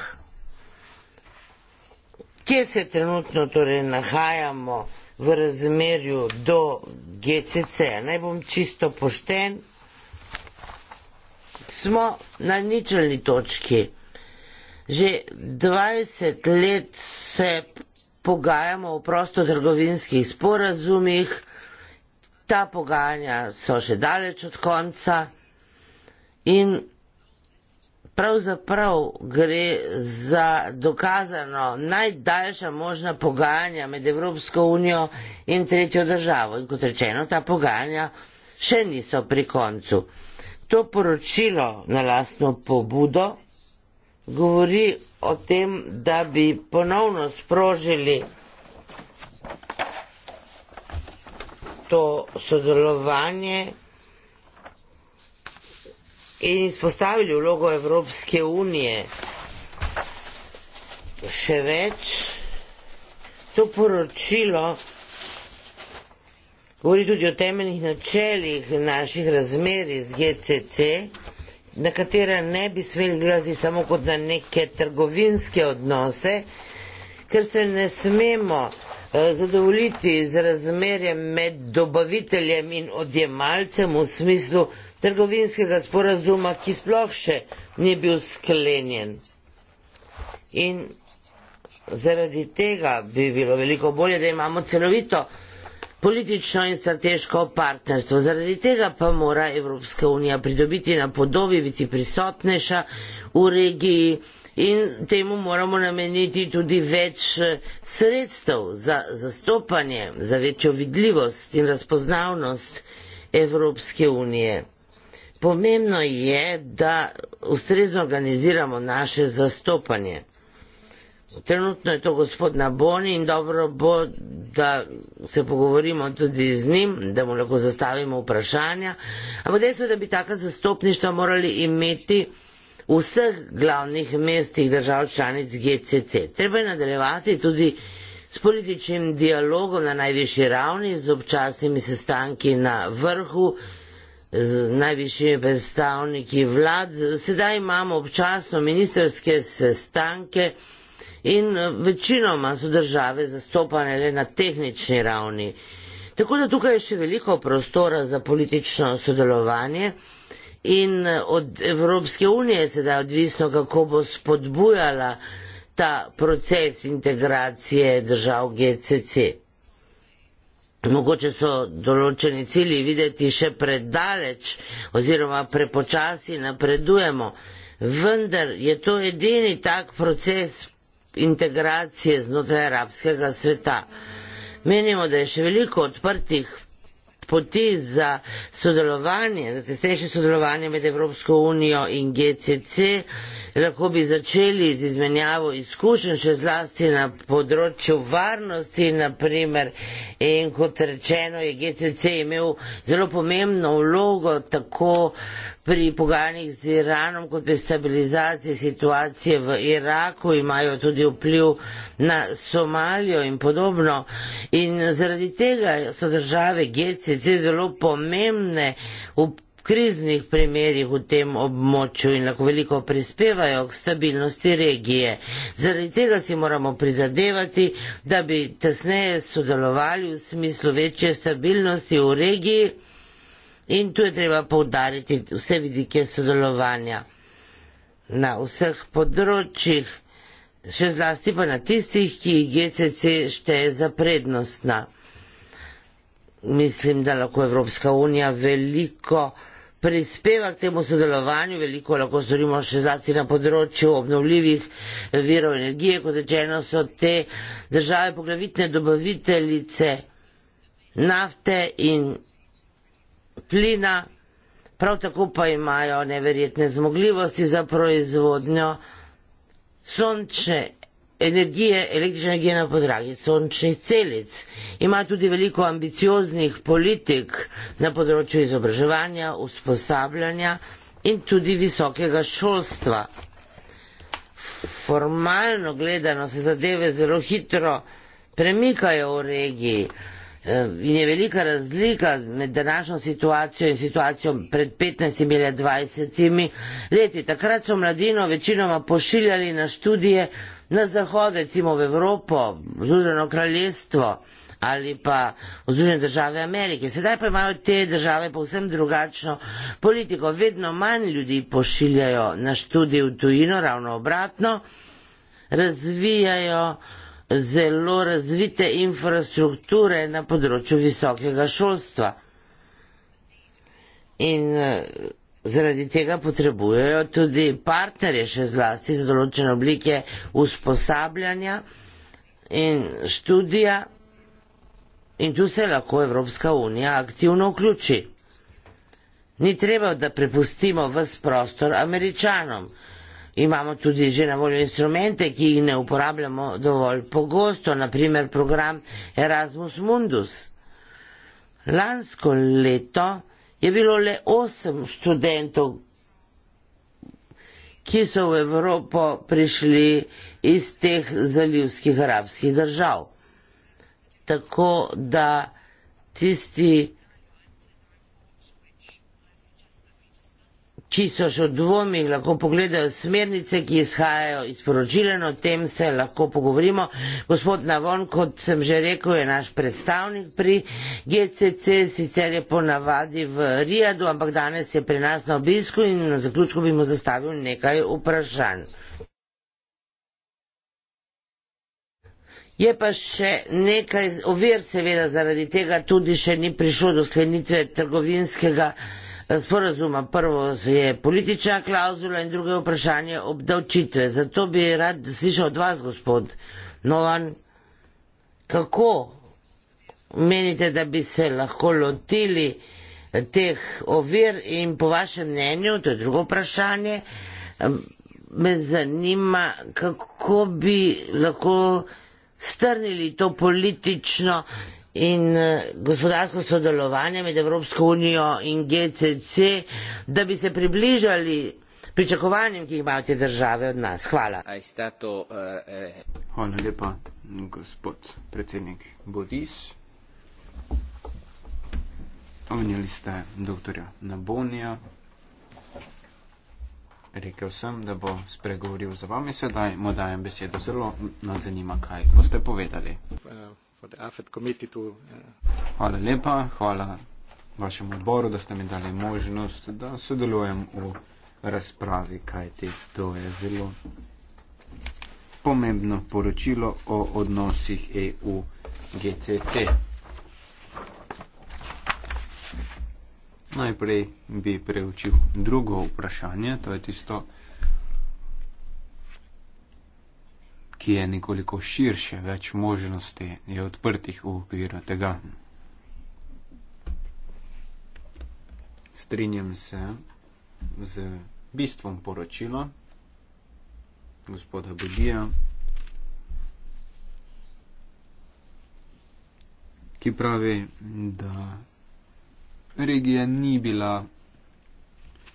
B: Kje se trenutno torej nahajamo? v razmerju do GCC, naj bom čisto pošten, smo na ničelni točki. Že 20 let se pogajamo o prostotrgovinskih sporazumih, ta pogajanja so še daleč od konca in pravzaprav gre za dokazano najdaljša možna pogajanja med Evropsko unijo in tretjo državo. In kot rečeno, ta pogajanja še niso pri koncu. To poročilo na lastno pobudo govori o tem, da bi ponovno sprožili to sodelovanje in izpostavili vlogo Evropske unije. Še več, to poročilo govori tudi o temeljnih načelih naših razmeri z GCC, na katera ne bi smeli gledati samo kot na neke trgovinske odnose, ker se ne smemo eh, zadovoljiti z razmerjem med dobaviteljem in odjemalcem v smislu, trgovinskega sporazuma, ki sploh še ni bil sklenjen. In zaradi tega bi bilo veliko bolje, da imamo celovito politično in strateško partnerstvo. Zaradi tega pa mora Evropska unija pridobiti na podobi, biti prisotnejša v regiji in temu moramo nameniti tudi več eh, sredstev za zastopanje, za večjo vidljivost in razpoznavnost Evropske unije. Pomembno je, da ustrezno organiziramo naše zastopanje. Trenutno je to gospod Naboni in dobro bo, da se pogovorimo tudi z njim, da mu lahko zastavimo vprašanja. Ampak dejstvo, da bi taka zastopništva morali imeti v vseh glavnih mestih držav članic GCC. Treba je nadaljevati tudi s političnim dialogom na najvišji ravni, z občasnimi sestanki na vrhu, z najvišjimi predstavniki vlad. Sedaj imamo občasno ministerske sestanke in eh, večinoma so države zastopane le na tehnični ravni. Tako da tukaj je še veliko prostora za politično sodelovanje in eh, od Evropske unije je sedaj odvisno, kako bo spodbujala ta proces integracije držav GCC. Mogoče so določeni cilji videti še predaleč oziroma prepočasi napredujemo, vendar je to edini tak proces integracije znotraj arabskega sveta. Menimo, da je še veliko odprtih poti za sodelovanje, za tesnejše sodelovanje med Evropsko unijo in GCC lahko bi začeli z izmenjavo izkušenj, še zlasti na področju varnosti, naprimer. In kot rečeno, je GCC imel zelo pomembno vlogo tako pri pogajanjih z Iranom, kot pri stabilizaciji situacije v Iraku, imajo tudi vpliv na Somalijo in podobno. In zaradi tega so države GCC zelo pomembne v kriznih primerjih v tem območju in lahko veliko prispevajo k stabilnosti regije. Zaradi tega si moramo prizadevati, da bi tesneje sodelovali v smislu večje stabilnosti v regiji in tu je treba povdariti vse vidike sodelovanja na vseh področjih, še zlasti pa na tistih, ki jih GCC šteje za prednostna. Mislim, da lahko Evropska unija veliko prispeva k temu sodelovanju, veliko lahko storimo še zlasti na področju obnovljivih virov energije, kot rečeno so te države poglavitne dobaviteljice nafte in plina, prav tako pa imajo neverjetne zmogljivosti za proizvodnjo sončne energije, električne energije na podlagi sončnih celic. Ima tudi veliko ambicioznih politik na področju izobraževanja, usposabljanja in tudi visokega šolstva. Formalno gledano se zadeve zelo hitro premikajo v regiji eh, in je velika razlika med današnjo situacijo in situacijo pred 15 ali 20 leti. Takrat so mladino večinoma pošiljali na študije na zahod, recimo v Evropo, v Združeno kraljestvo ali pa v Združene države Amerike. Sedaj pa imajo te države povsem drugačno politiko. Vedno manj ljudi pošiljajo na študij v tujino, ravno obratno, razvijajo zelo razvite infrastrukture na področju visokega šolstva. In Zaradi tega potrebujejo tudi partnerje, še zlasti za določene oblike usposabljanja in študija. In tu se lahko Evropska unija aktivno vključi. Ni treba, da prepustimo vse prostor američanom. Imamo tudi že na voljo instrumente, ki jih ne uporabljamo dovolj pogosto, naprimer program Erasmus Mundus. Lansko leto je bilo le osem študentov, ki so v Evropo prišli iz teh zalivskih arabskih držav. Tako da tisti, ki ki so še v dvomih, lahko pogledajo smernice, ki izhajajo iz poročila, no, o tem se lahko pogovorimo. Gospod Navon, kot sem že rekel, je naš predstavnik pri GCC, sicer je po navadi v Rijadu, ampak danes je pri nas na obisku in na zaključku bi mu zastavil nekaj vprašanj. Je pa še nekaj ovir, seveda zaradi tega tudi še ni prišlo do sklenitve trgovinskega sporazuma. Prvo je politična klauzula in drugo je vprašanje obdavčitve. Zato bi rad slišal od vas, gospod Novan, kako menite, da bi se lahko lotili teh ovir in po vašem mnenju, to je drugo vprašanje, me zanima, kako bi lahko strnili to politično in eh, gospodarsko sodelovanje med Evropsko unijo in GCC, da bi se približali pričakovanjem, ki jih imajo te države od nas. Hvala.
A: Stato, uh, eh. Hvala lepa, gospod predsednik Bodis. Omenjali ste doktorja Nabonija rekel sem, da bo spregovoril za vami, sedaj mu dajem besedo. Zelo nas zanima, kaj boste povedali.
E: Eh,
A: hvala lepa, hvala vašemu odboru, da ste mi dali možnost, da sodelujem v razpravi, kajti to je zelo pomembno poročilo o odnosih EU-GCC. Najprej bi preučil drugo vprašanje, to je tisto, ki je nekoliko širše, več možnosti je odprtih v okviru tega. Strinjam se z bistvom poročila gospoda Budija, ki pravi, da regija ni bila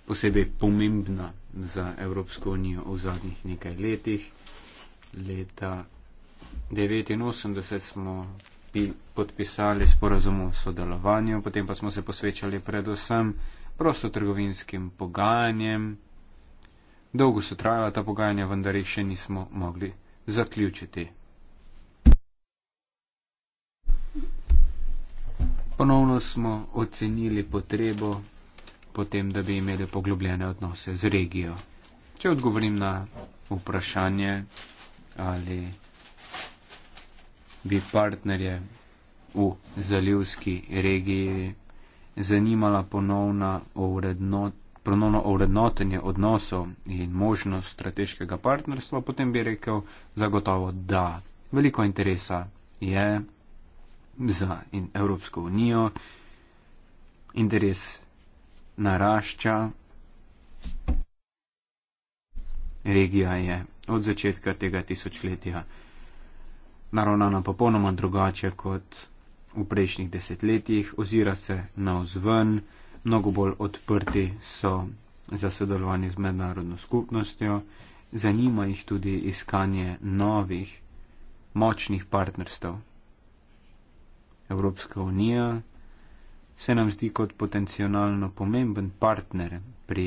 A: posebej pomembna za Evropsko unijo v zadnjih nekaj letih. Leta 1989 smo podpisali sporazum o sodelovanju, potem pa smo se posvečali predvsem prostotrgovinskim pogajanjem. Dolgo so trajala ta pogajanja, vendar jih še nismo mogli zaključiti. Ponovno smo ocenili potrebo potem, da bi imeli poglobljene odnose z regijo. Če odgovorim na vprašanje, ali bi partnerje v zalivski regiji zanimala ponovno urednotenje odnosov in možnost strateškega partnerstva, potem bi rekel zagotovo da. Veliko interesa je za Evropsko unijo. Interes narašča. Regija je od začetka tega tisočletja naravnana popolnoma drugače kot v prejšnjih desetletjih, ozira se navzven, mnogo bolj odprti so za sodelovanje z mednarodno skupnostjo, zanima jih tudi iskanje novih, močnih partnerstv. Evropska unija se nam zdi kot potencijalno pomemben partner pri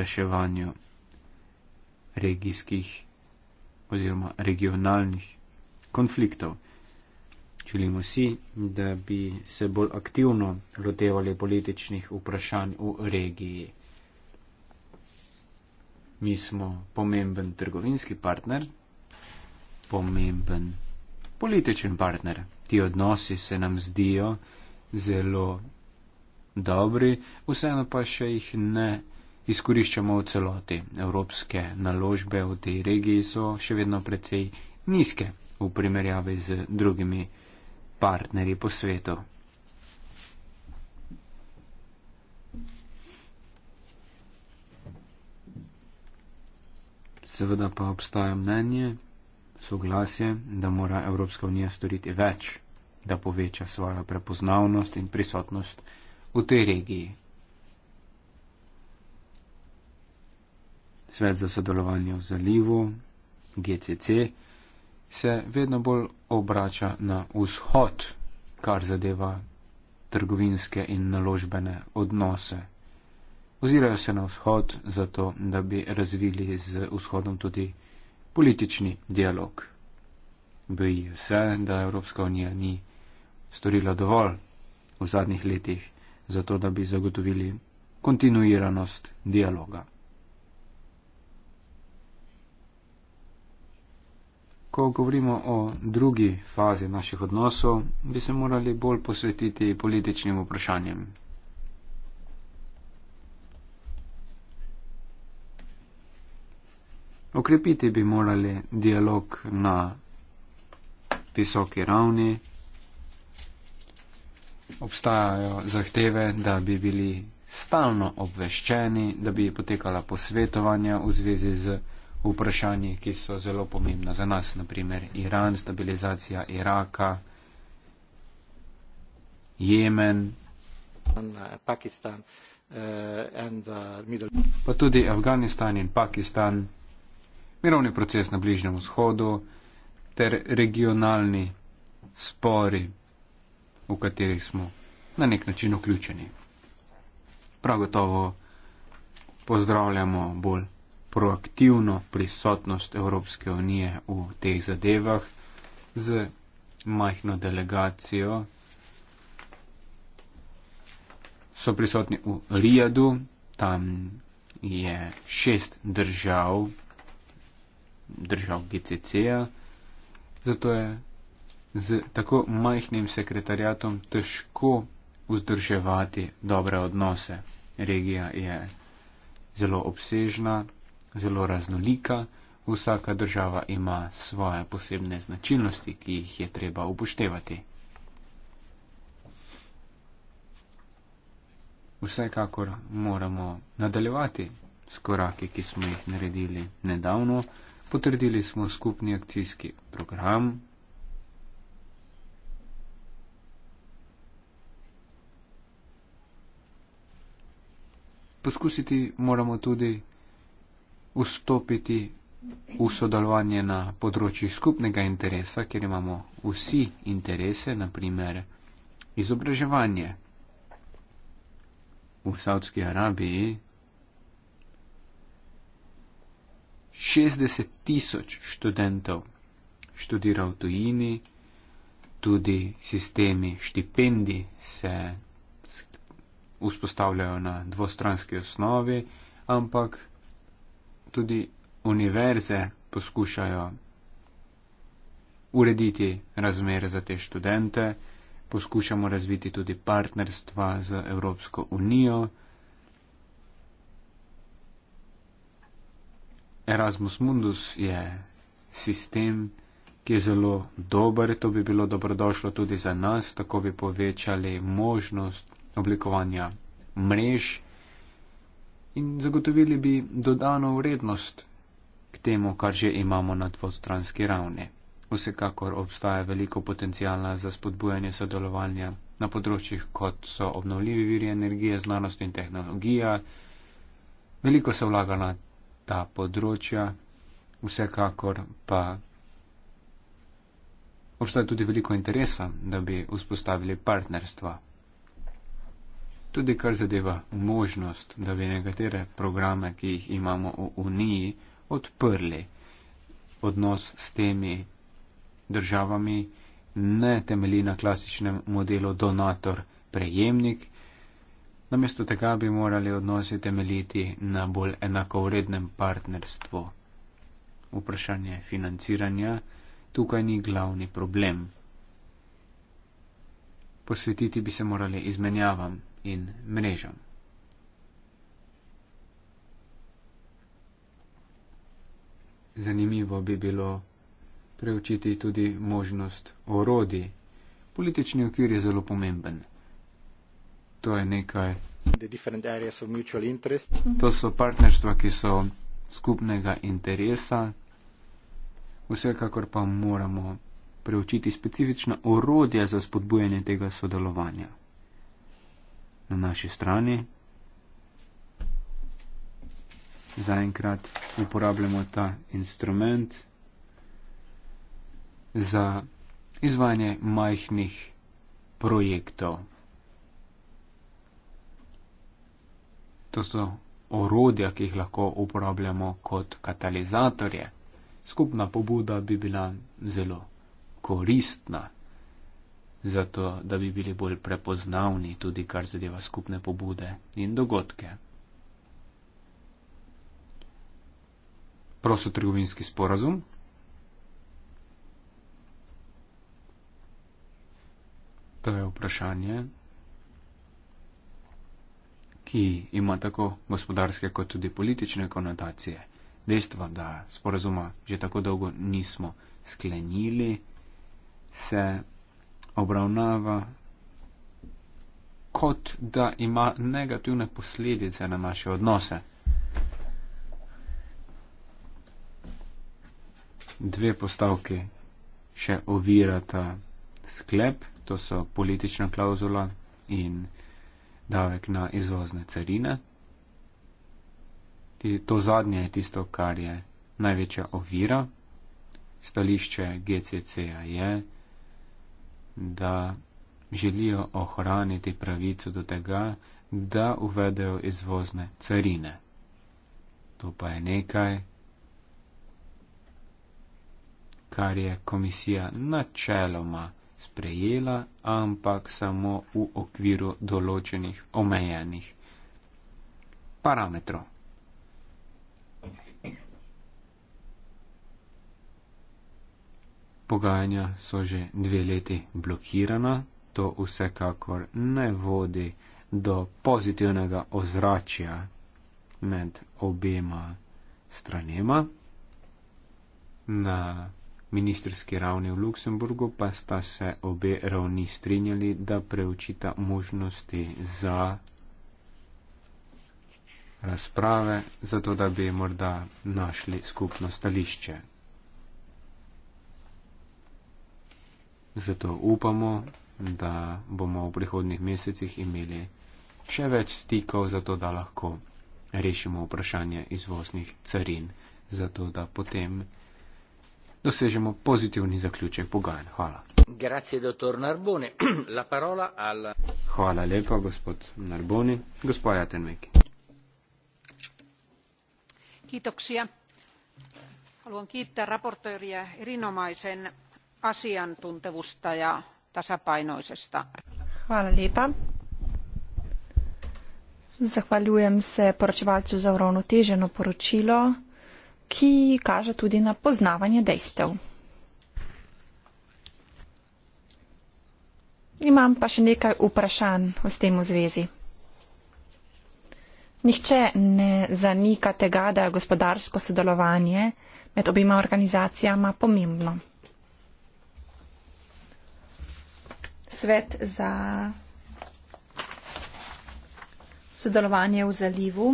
A: reševanju regijskih oziroma regionalnih konfliktov. Želimo si, da bi se bolj aktivno lotevali političnih vprašanj v regiji. Mi smo pomemben trgovinski partner, pomemben političen partner. Ti odnosi se nam zdijo zelo dobri, vseeno pa še jih ne izkoriščamo v celoti. Evropske naložbe v tej regiji so še vedno precej nizke v primerjavi z drugimi partnerji po svetu. Seveda pa obstaja mnenje, soglasje, da mora Evropska unija storiti več, da poveča svojo prepoznavnost in prisotnost v tej regiji. Svet za sodelovanje v zalivu, GCC, se vedno bolj obrača na vzhod, kar zadeva trgovinske in naložbene odnose. Ozirajo se na vzhod, zato da bi razvili z vzhodom tudi politični dialog. Boji se, da Evropska unija ni storila dovolj v zadnjih letih, zato da bi zagotovili kontinuiranost dialoga. Ko govorimo o drugi fazi naših odnosov, bi se morali bolj posvetiti političnim vprašanjem, Okrepiti bi morali dialog na visoki ravni. Obstajajo zahteve, da bi bili stalno obveščeni, da bi potekala posvetovanja v zvezi z vprašanji, ki so zelo pomembna za nas, naprimer Iran, stabilizacija Iraka, Jemen,
E: eh, eh,
A: pa tudi Afganistan in Pakistan mirovni proces na Bližnjem vzhodu ter regionalni spori, v katerih smo na nek način vključeni. Prav gotovo pozdravljamo bolj proaktivno prisotnost Evropske unije v teh zadevah z majhno delegacijo. So prisotni v Rijadu, tam je šest držav, držav GCC-ja, zato je z tako majhnim sekretarjatom težko vzdrževati dobre odnose. Regija je zelo obsežna, zelo raznolika, vsaka država ima svoje posebne značilnosti, ki jih je treba upoštevati. Vsekakor moramo nadaljevati s koraki, ki smo jih naredili nedavno. Potrdili smo skupni akcijski program. Poskusiti moramo tudi vstopiti v sodelovanje na področjih skupnega interesa, kjer imamo vsi interese, naprimer izobraževanje. V Saudski Arabiji 60 tisoč študentov študira v tujini, tudi sistemi štipendij se vzpostavljajo na dvostranski osnovi, ampak tudi univerze poskušajo urediti razmere za te študente, poskušamo razviti tudi partnerstva z Evropsko unijo, Erasmus Mundus je sistem, ki je zelo dober, to bi bilo dobrodošlo tudi za nas, tako bi povečali možnost oblikovanja mrež in zagotovili bi dodano vrednost k temu, kar že imamo na dvostranski ravni. Vsekakor obstaja veliko potencijala za spodbujanje sodelovanja na področjih, kot so obnovljivi viri energije, znanost in tehnologija. Veliko se vlaga na ta področja, vsekakor pa obstaja tudi veliko interesa, da bi vzpostavili partnerstva. Tudi kar zadeva možnost, da bi nekatere programe, ki jih imamo v Uniji, odprli odnos s temi državami, ne temelji na klasičnem modelu donator-prejemnik, Namesto tega bi morali odnose temeljiti na bolj enakovrednem partnerstvu. Vprašanje financiranja tukaj ni glavni problem. Posvetiti bi se morali izmenjavam in mrežam. Zanimivo bi bilo preučiti tudi možnost orodi. Politični okvir je zelo pomemben to je nekaj. To so partnerstva, ki so skupnega interesa. Vsekakor pa moramo preučiti specifična orodja za spodbujanje tega sodelovanja na naši strani. Zaenkrat uporabljamo ta instrument za izvajanje majhnih projektov. To so orodja, ki jih lahko uporabljamo kot katalizatorje. Skupna pobuda bi bila zelo koristna, zato da bi bili bolj prepoznavni tudi, kar zadeva skupne pobude in dogodke. Prostotrgovinski sporazum. To je vprašanje, ki ima tako gospodarske kot tudi politične konotacije. Dejstvo, da sporazuma že tako dolgo nismo sklenili, se obravnava kot da ima negativne posledice na naše odnose. Dve postavki še ovirata sklep, to so politična klauzula in davek na izvozne carine. To zadnje je tisto, kar je največja ovira. Stališče GCC-a je, da želijo ohraniti pravico do tega, da uvedejo izvozne carine. To pa je nekaj, kar je komisija načeloma sprejela, ampak samo v okviru določenih omejenih parametrov. Pogajanja so že dve leti blokirana, to vsekakor ne vodi do pozitivnega ozračja med obema stranema. Na ministerski ravni v Luksemburgu pa sta se obe ravni strinjali, da preučita možnosti za razprave, zato da bi morda našli skupno stališče. Zato upamo, da bomo v prihodnih mesecih imeli še več stikov, zato da lahko rešimo vprašanje izvoznih carin, zato da potem dosežemo pozitivni zaključek pogajanj. Hvala.
C: Grazie, dottor Narboni. La parola al...
A: Hvala lepa, gospod Narboni. Gospod Jatenmeki.
D: Kiitoksia. Haluan kiittää raportööriä erinomaisen asiantuntevusta ja tasapainoisesta. Hvala lepa. Zahvaljujem se poročevalcu za uravnoteženo poročilo ki kaže tudi na poznavanje dejstev. Imam pa še nekaj vprašanj v tem v zvezi. Nihče ne zanika tega, da je gospodarsko sodelovanje med obima organizacijama pomembno. Svet za sodelovanje v zalivu.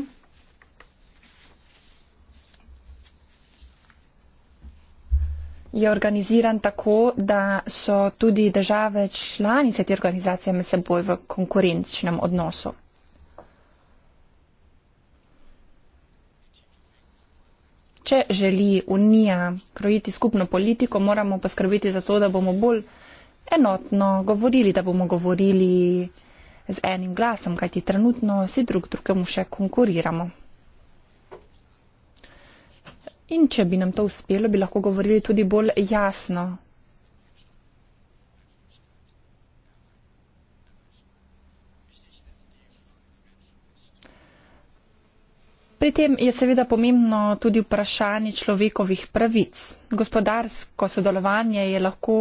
D: je organiziran tako, da so tudi države članice te organizacije med seboj v konkurenčnem odnosu. Če želi Unija krojiti skupno politiko, moramo poskrbeti za to, da bomo bolj enotno govorili, da bomo govorili z enim glasom, kajti trenutno si drug drugemu še konkuriramo. In če bi nam to uspelo, bi lahko govorili tudi bolj jasno. Pri tem je seveda pomembno tudi vprašanje človekovih pravic. Gospodarsko sodelovanje je lahko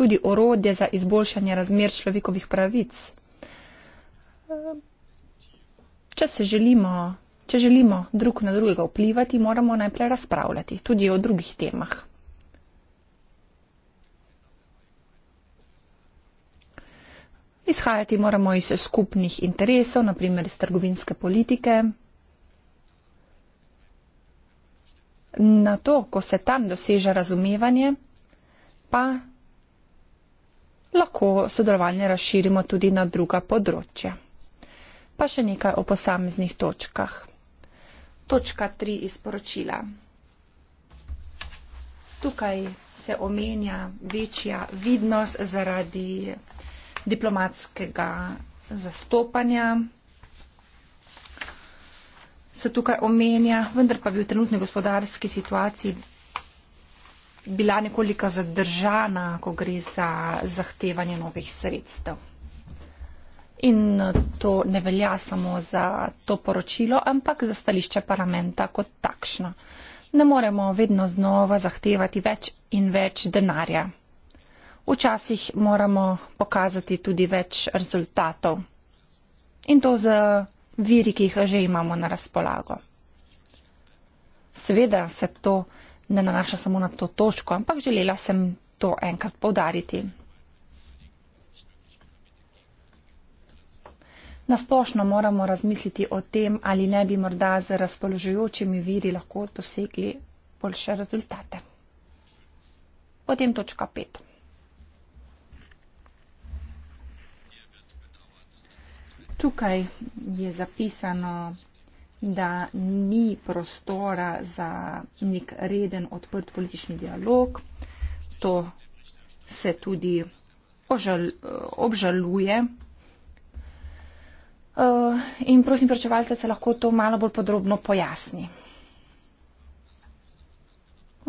D: tudi orodje za izboljšanje razmer človekovih pravic. Če se želimo Če želimo drug na drugega vplivati, moramo najprej razpravljati tudi o drugih temah. Izhajati moramo iz skupnih interesov, naprimer iz trgovinske politike. Na to, ko se tam doseže razumevanje, pa lahko sodelovanje razširimo tudi na druga področja. Pa še nekaj o posameznih točkah točka tri izporočila. Tukaj se omenja večja vidnost zaradi diplomatskega zastopanja. Se tukaj omenja, vendar pa bi v trenutni gospodarski situaciji bila nekoliko zadržana, ko gre za zahtevanje novih sredstev. In eh, to ne velja samo za to poročilo, ampak za stališče parlamenta kot takšno. Ne moremo vedno znova zahtevati več in več denarja. Včasih moramo pokazati tudi več rezultatov in to z viri, ki jih že imamo na razpolago. Seveda se to ne nanaša samo na to točko, ampak želela sem to enkrat povdariti. Nasplošno moramo razmisliti o tem, ali ne bi morda z razpoložujočimi viri lahko dosegli boljše rezultate. Potem točka pet. Tukaj je zapisano, da ni prostora za nek reden odprt politični dialog. To se tudi obžaluje. Eh, in prosim, prečevalce, se lahko to malo bolj podrobno pojasni.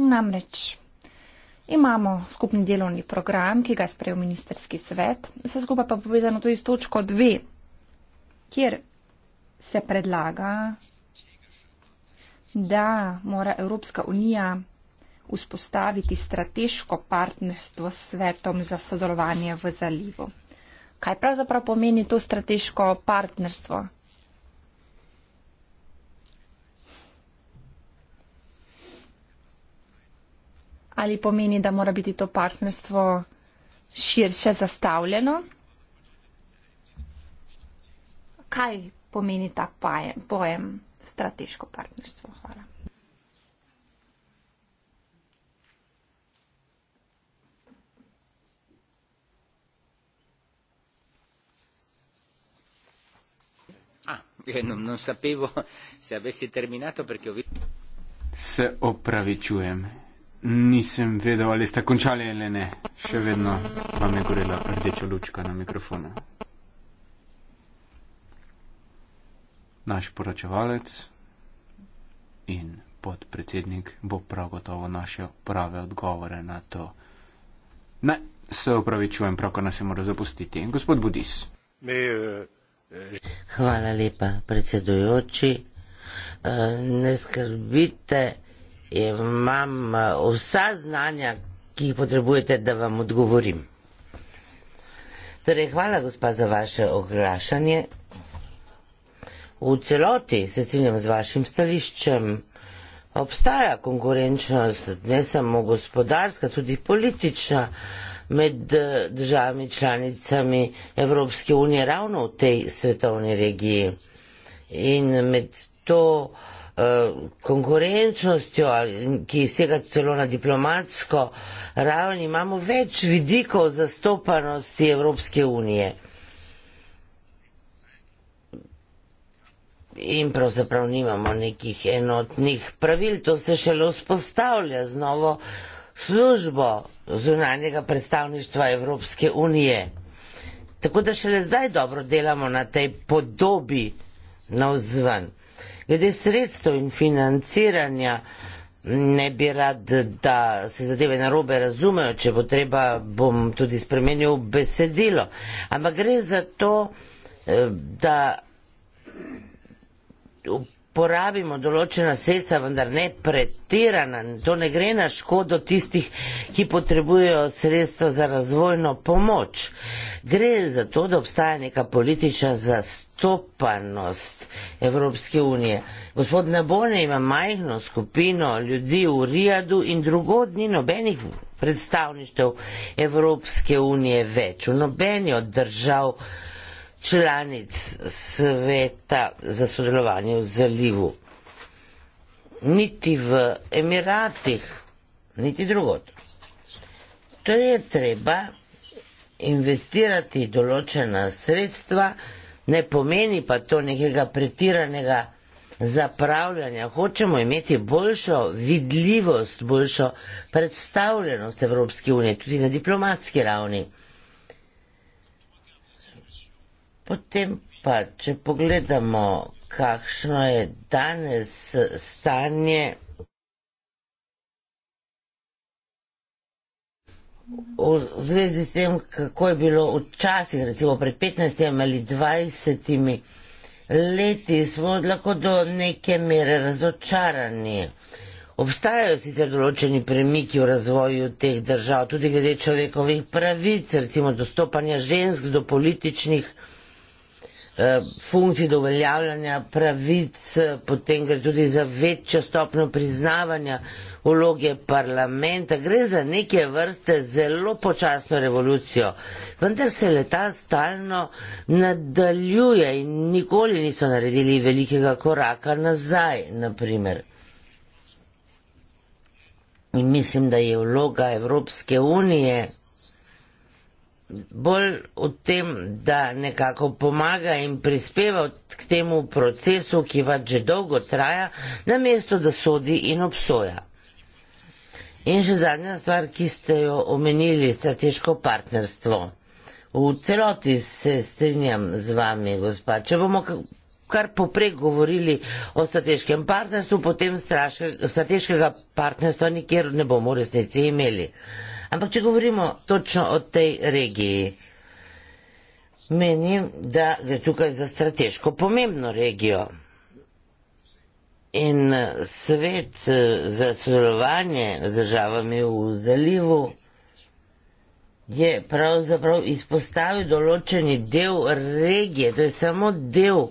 D: Namreč imamo skupni delovni program, ki ga je sprejel ministerski svet, vse skupaj pa povezano tudi s točko 2, kjer se predlaga, da mora Evropska unija vzpostaviti strateško partnerstvo s svetom za sodelovanje v zalivu. Kaj pravzaprav pomeni to strateško partnerstvo? Ali pomeni, da mora biti to partnerstvo širše zastavljeno? Kaj pomeni ta pojem strateško partnerstvo? Hvala.
C: Non sapevo se avessi terminato perché ho visto...
A: Se opravičujem. Nisem vedel, ali ste končali ali ne. Še vedno vam je gorela rdeča lučka na mikrofonu. Naš poročevalec in podpredsednik bo prav gotovo našel prave
B: odgovore na to. Ne,
A: se opravičujem, pravko nas je moral zapustiti. Gospod
B: Budis. Me, uh... Hvala lepa, predsedujoči. Eh, ne skrbite, imam eh, vsa znanja, ki jih potrebujete, da vam odgovorim. Torej, hvala, gospa, za vaše oglašanje. V celoti se strinjam z vašim stališčem. Obstaja konkurenčnost, ne samo gospodarska, tudi politična med eh, državami članicami Evropske unije ravno v tej svetovni regiji in med to eh, konkurenčnostjo, ki sega celo na diplomatsko raven, imamo več vidikov zastopanosti Evropske unije. In pravzaprav nimamo nekih enotnih pravil, to se šele vzpostavlja z novo službo zunanjega predstavništva Evropske unije. Tako da šele zdaj dobro delamo na tej podobi navzven. Glede sredstev in financiranja ne bi rad, da se zadeve narobe razumejo, če bo treba, bom tudi spremenil besedilo. Ampak gre za to, eh, da porabimo določena sredstva, vendar ne pretirana. To ne gre na škodo tistih, ki potrebujejo sredstva za razvojno pomoč. Gre za to, da obstaja neka politična zastopanost Evropske unije. Gospod Nabone ima majhno skupino ljudi v Rijadu in drugod ni nobenih predstavništev Evropske unije več. V nobeni od držav članic sveta za sodelovanje v zalivu. Niti v Emiratih, niti drugod. To je treba investirati določena sredstva, ne pomeni pa to nekega pretiranega zapravljanja. Hočemo imeti boljšo vidljivost, boljšo predstavljenost Evropske unije, tudi na diplomatski ravni. Potem pa, če pogledamo, kakšno je danes stanje v zvezi s tem, kako je bilo včasih, recimo pred 15 ali 20 leti, smo lahko do neke mere razočarani. Obstajajo sicer določeni premiki v razvoju teh držav, tudi glede človekovih pravic, recimo dostopanja žensk do političnih. Eh, funkcij do uveljavljanja pravic, eh, potem gre tudi za večjo stopno priznavanja vloge parlamenta. Gre za neke vrste zelo počasno revolucijo, vendar se leta stalno nadaljuje in nikoli niso naredili velikega koraka nazaj, naprimer. In mislim, da je vloga Evropske unije bolj v tem, da nekako pomaga in prispeva k temu procesu, ki pač že dolgo traja, namesto da sodi in obsoja. In še zadnja stvar, ki ste jo omenili, strateško partnerstvo. V celoti se strinjam z vami, gospa. Če bomo kar poprej govorili o strateškem partnerstvu, potem strateškega partnerstva nikjer ne bomo v resnici imeli. Uh, Ampak če govorimo točno o tej regiji, menim, da gre tukaj za strateško pomembno regijo. In eh, svet eh, za sodelovanje z državami v zalivu je pravzaprav izpostavil določeni del regije, to je samo del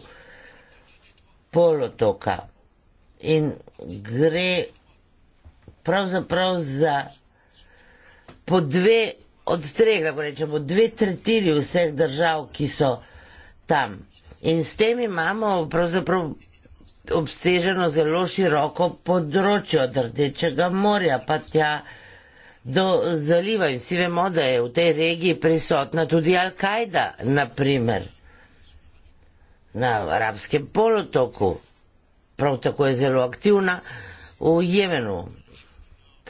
B: polotoka. In gre pravzaprav za po dve od treh, lahko rečemo, dve tretjini vseh držav, ki so tam. In s tem imamo pravzaprav obseženo zelo široko področje od Rdečega morja pa tja do zaliva. In vsi vemo, da je v tej regiji prisotna tudi Al-Kaida, naprimer, na arabskem polotoku. Prav tako je zelo aktivna v Jemenu,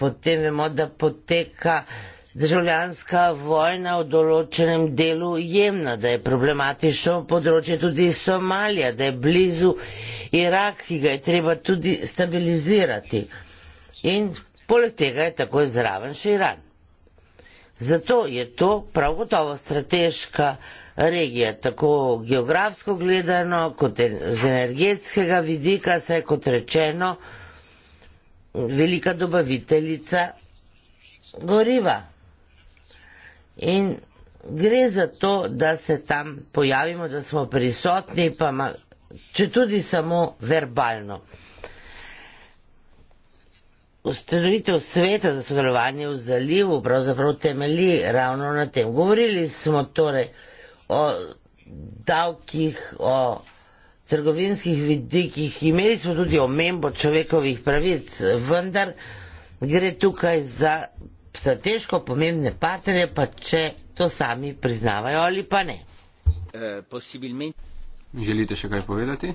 B: potem vemo, da poteka državljanska vojna v določenem delu Jemna, da je problematično področje tudi Somalija, da je blizu Irak, ki ga je treba tudi stabilizirati. In poleg tega je tako zraven še Iran. Zato je to prav gotovo strateška regija, tako geografsko gledano, kot z energetskega vidika, saj kot rečeno, velika dobaviteljica goriva. In gre za to, da se tam pojavimo, da smo prisotni, pa ma, če tudi samo verbalno. Ustanovitev sveta za sodelovanje v zalivu pravzaprav temelji ravno na tem. Govorili smo torej o davkih, o trgovinskih vidikih, imeli smo tudi omembo človekovih pravic, vendar gre tukaj za strateško pomembne partnerje, pa če to sami priznavajo ali pa ne.
A: Želite še kaj povedati?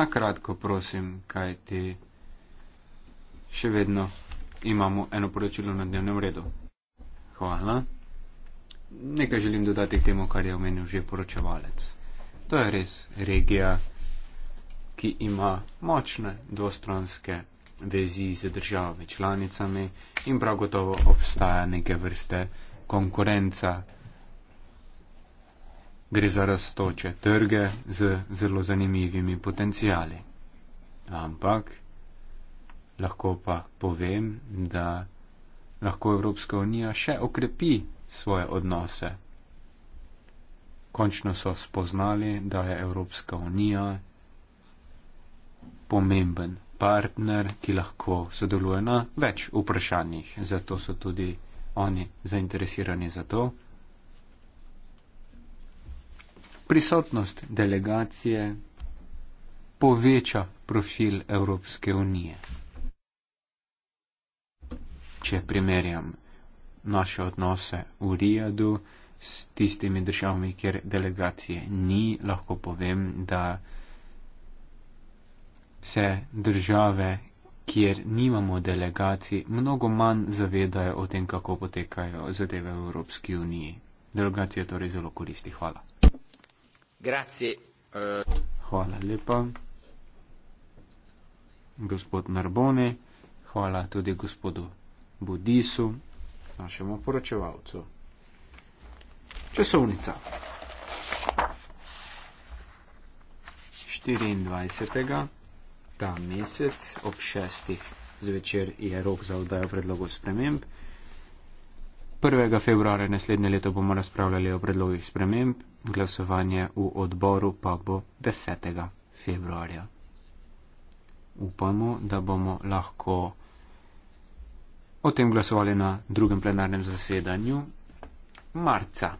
A: Na kratko, prosim, kaj ti še vedno imamo eno poročilo na dnevnem redu. Hvala. Nekaj želim dodati k temu, kar je omenil že poročevalec. To je res regija, ki ima močne dvostranske vezi z državami članicami in prav gotovo obstaja neke vrste konkurenca. Gre za raztoče trge z zelo zanimivimi potencijali. Ampak lahko pa povem, da lahko Evropska unija še okrepi svoje odnose končno so spoznali, da je Evropska unija pomemben partner, ki lahko sodeluje na več vprašanjih. Zato so tudi oni zainteresirani za to. Prisotnost delegacije poveča profil Evropske unije. Če primerjam naše odnose v Rijadu, s tistimi državami, kjer delegacije ni, lahko povem, da se države, kjer nimamo delegacij, mnogo manj zavedajo o tem, kako potekajo zadeve v Evropski uniji. Delegacija torej zelo koristi. Hvala.
C: Grazie. Eh.
A: Hvala lepa. Gospod Narbone, hvala tudi gospodu Budisu, našemu poročevalcu časovnica. 24. ta mesec ob 6. zvečer je rok za oddajo predlogov sprememb. 1. februarja naslednje leto bomo razpravljali o predlogih sprememb, glasovanje v odboru pa bo 10. februarja. Upamo, da bomo lahko o tem glasovali na drugem plenarnem zasedanju marca.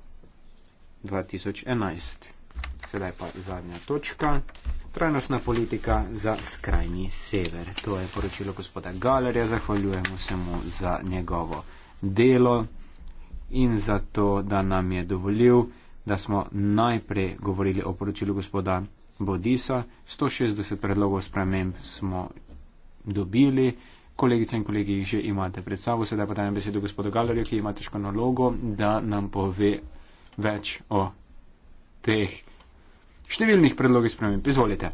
A: 2011. Sedaj pa zadnja točka. Trajnostna politika za skrajni sever. To je poročilo gospoda Galerja. Zahvaljujemo se mu za njegovo delo in za to, da nam je dovolil, da smo najprej govorili o poročilu gospoda Bodisa. 160 predlogov sprememb smo dobili. Kolegice in kolegi, jih že imate pred sabo. Sedaj pa dajem besedo gospodu Galerju, ki ima težko nalogo, da nam pove več o teh številnih predlogih sprememb. Izvolite.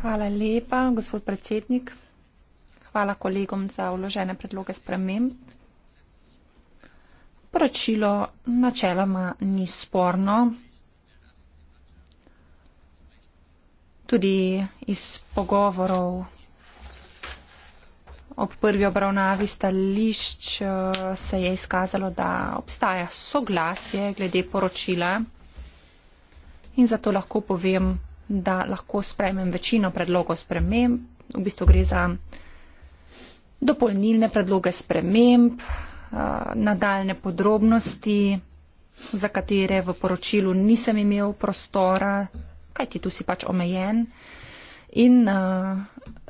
D: Hvala lepa, gospod predsednik. Hvala kolegom za uložene predloge sprememb. Poročilo načeloma ni sporno. Tudi iz pogovorov ob prvi obravnavi stališč eh, se je izkazalo, da obstaja soglasje glede poročila in zato lahko povem, da lahko sprejmem večino predlogov sprememb. V bistvu gre za dopolnilne predloge sprememb, eh, nadaljne podrobnosti, za katere v poročilu nisem imel prostora, kajti tu si pač omejen. In uh,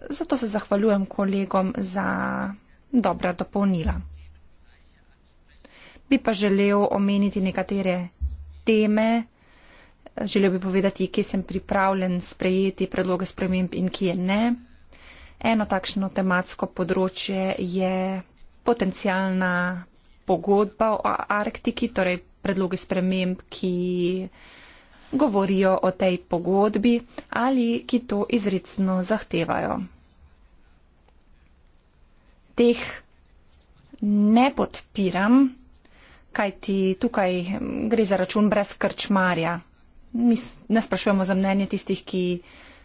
D: zato se zahvaljujem kolegom za dobra dopolnila. Bi pa želel omeniti nekatere teme, želel bi povedati, kje sem pripravljen sprejeti predloge sprememb in kje ne. Eno takšno tematsko področje je potencijalna pogodba o Arktiki, torej predloge sprememb, ki govorijo o tej pogodbi ali ki to izrecno zahtevajo. Teh ne podpiram, kaj ti tukaj gre za račun brez krčmarja. Mi ne sprašujemo za mnenje tistih, ki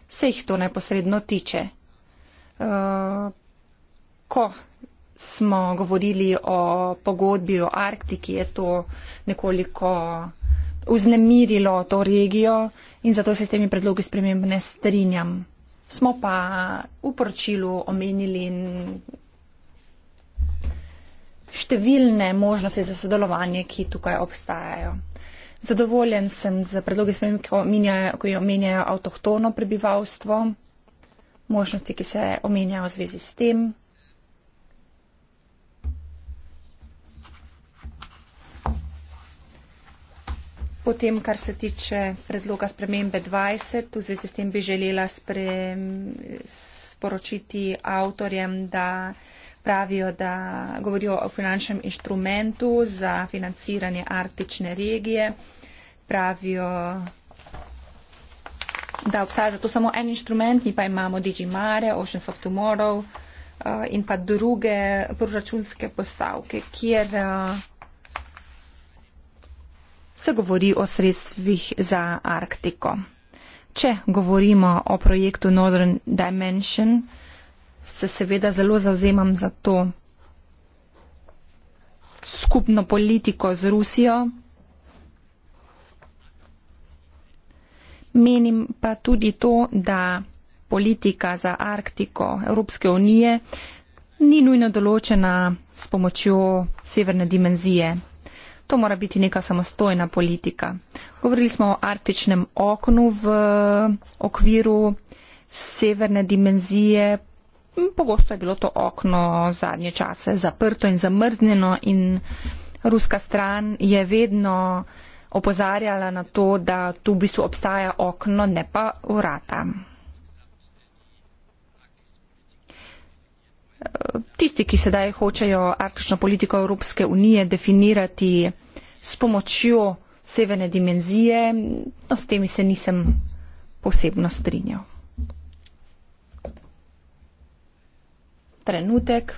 D: se jih to neposredno tiče. Uh, ko smo govorili o pogodbi o Arktiki, je to nekoliko vznemirilo to regijo in zato se s temi predlogi sprememb ne strinjam. Smo pa v poročilu omenili številne možnosti za sodelovanje, ki tukaj obstajajo. Zadovoljen sem z predlogi sprememb, ki omenjajo avtohtono prebivalstvo, možnosti, ki se omenjajo v zvezi s tem. Potem, kar se tiče predloga spremembe 20, v zvezi s tem bi želela sporočiti avtorjem, da pravijo, da govorijo o finančnem inštrumentu za financiranje arktične regije. Pravijo, da obstaja za to samo en inštrument, mi pa imamo Digimare, Oceans of Tomorrow eh, in pa druge proračunske postavke, kjer. Eh, se govori o sredstvih za Arktiko. Če govorimo o projektu Northern Dimension, se seveda zelo zauzemam za to skupno politiko z Rusijo. Menim pa tudi to, da politika za Arktiko Evropske unije ni nujno določena s pomočjo severne dimenzije to mora biti neka samostojna politika. Govorili smo o arktičnem oknu v okviru severne dimenzije. Pogosto je bilo to okno zadnje čase zaprto in zamrznjeno in ruska stran je vedno opozarjala na to, da tu v bistvu obstaja okno, ne pa vrata. tisti, ki sedaj hočejo arktično politiko Evropske unije definirati s pomočjo severne dimenzije, no, s temi se nisem posebno strinjal. Trenutek.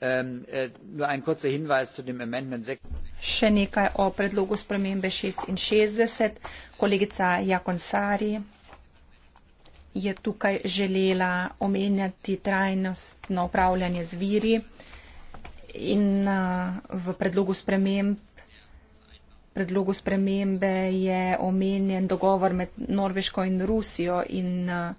E: Ehm, eh,
D: Še nekaj o predlogu spremembe 66. Kolegica Jakonsari je tukaj želela omenjati trajnostno upravljanje z viri in uh, v predlogu sprememb predlogu spremembe je omenjen dogovor med Norveško in Rusijo in uh,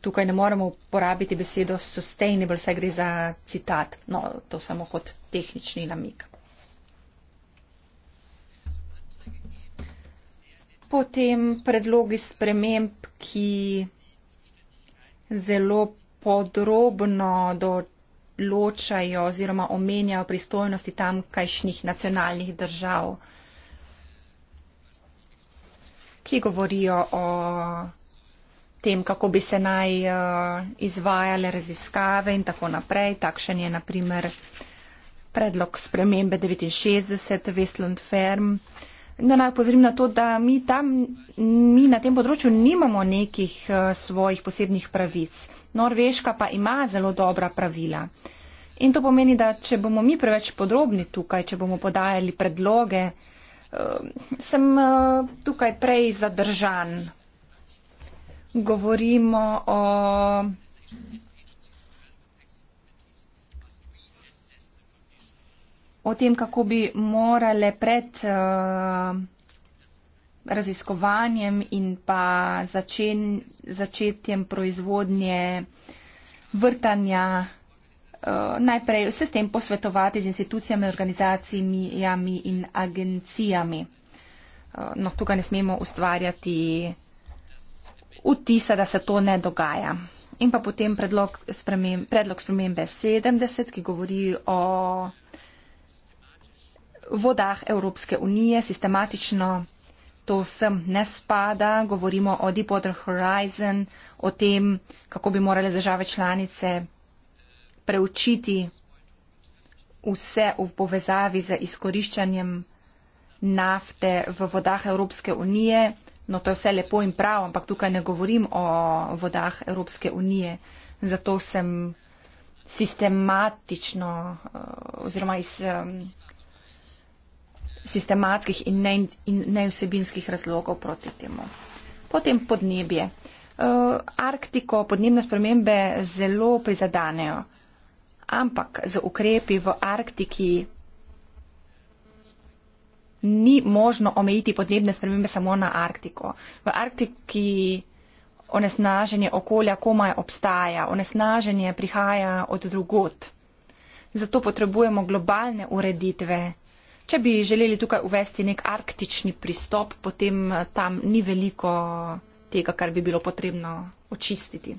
D: tukaj ne moremo uporabiti besedo sustainable, saj gre za citat. No, to samo kot tehnični namik. potem predlogi sprememb, ki zelo podrobno določajo oziroma omenjajo pristojnosti tamkajšnjih nacionalnih držav, ki govorijo o tem, kako bi se naj eh, izvajale raziskave in tako naprej. Takšen je naprimer predlog spremembe 69 Westland Ferm. No, naj upozorim na to, da mi, tam, mi na tem področju nimamo nekih eh, svojih posebnih pravic. Norveška pa ima zelo dobra pravila. In to pomeni, da če bomo mi preveč podrobni tukaj, če bomo podajali predloge, eh, sem eh, tukaj prej zadržan. Govorimo o o tem, kako bi morale pred eh, raziskovanjem in pa začen, začetjem proizvodnje vrtanja eh, najprej vse s tem posvetovati z institucijami, organizacijami in agencijami. Eh, no, tukaj ne smemo ustvarjati vtisa, da se to ne dogaja. In pa potem predlog, spremem, predlog spremembe 70, ki govori o vodah Evropske unije sistematično. To vsem ne spada, govorimo o Deepwater Horizon, o tem, kako bi morale države članice preučiti vse v povezavi z izkoriščanjem nafte v vodah Evropske unije. No, to je vse lepo in prav, ampak tukaj ne govorim o vodah Evropske unije. Zato sem sistematično eh, oziroma iz sistematskih in, ne, in nevsebinskih razlogov proti temu. Potem podnebje. Eh, Arktiko podnebne spremembe zelo prizadanejo, ampak z ukrepi v Arktiki ni možno omejiti podnebne spremembe samo na Arktiko. V Arktiki onesnaženje okolja komaj obstaja, onesnaženje prihaja od drugot. Zato potrebujemo globalne ureditve Če bi želeli tukaj uvesti nek arktični pristop, potem eh, tam ni veliko tega, kar bi bilo potrebno očistiti.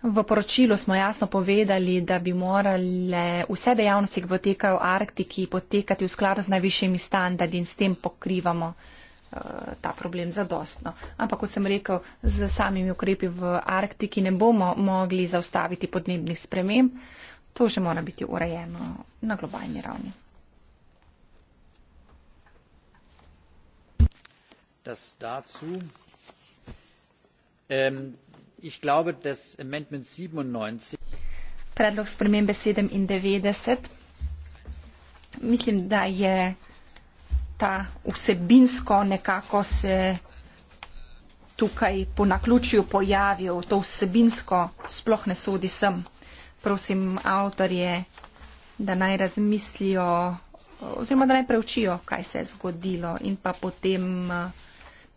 D: V poročilu smo jasno povedali, da bi morale vse dejavnosti, ki potekajo v Arktiki, potekati v skladu z najvišjimi standardi in s tem pokrivamo eh, ta problem zadostno. Ampak, kot sem rekel, z samimi ukrepi v Arktiki ne bomo mogli zaustaviti podnebnih sprememb. To še mora biti urejeno na globalni ravni.
E: Das dazu. Ähm, ich glaube, das Amendment 97.
D: Mislim, da je ta vsebinsko nekako se tukaj po naključju pojavil, to vsebinsko sploh ne sodi sem prosim avtorje, da naj razmislijo oziroma da naj preučijo, kaj se je zgodilo in pa potem eh,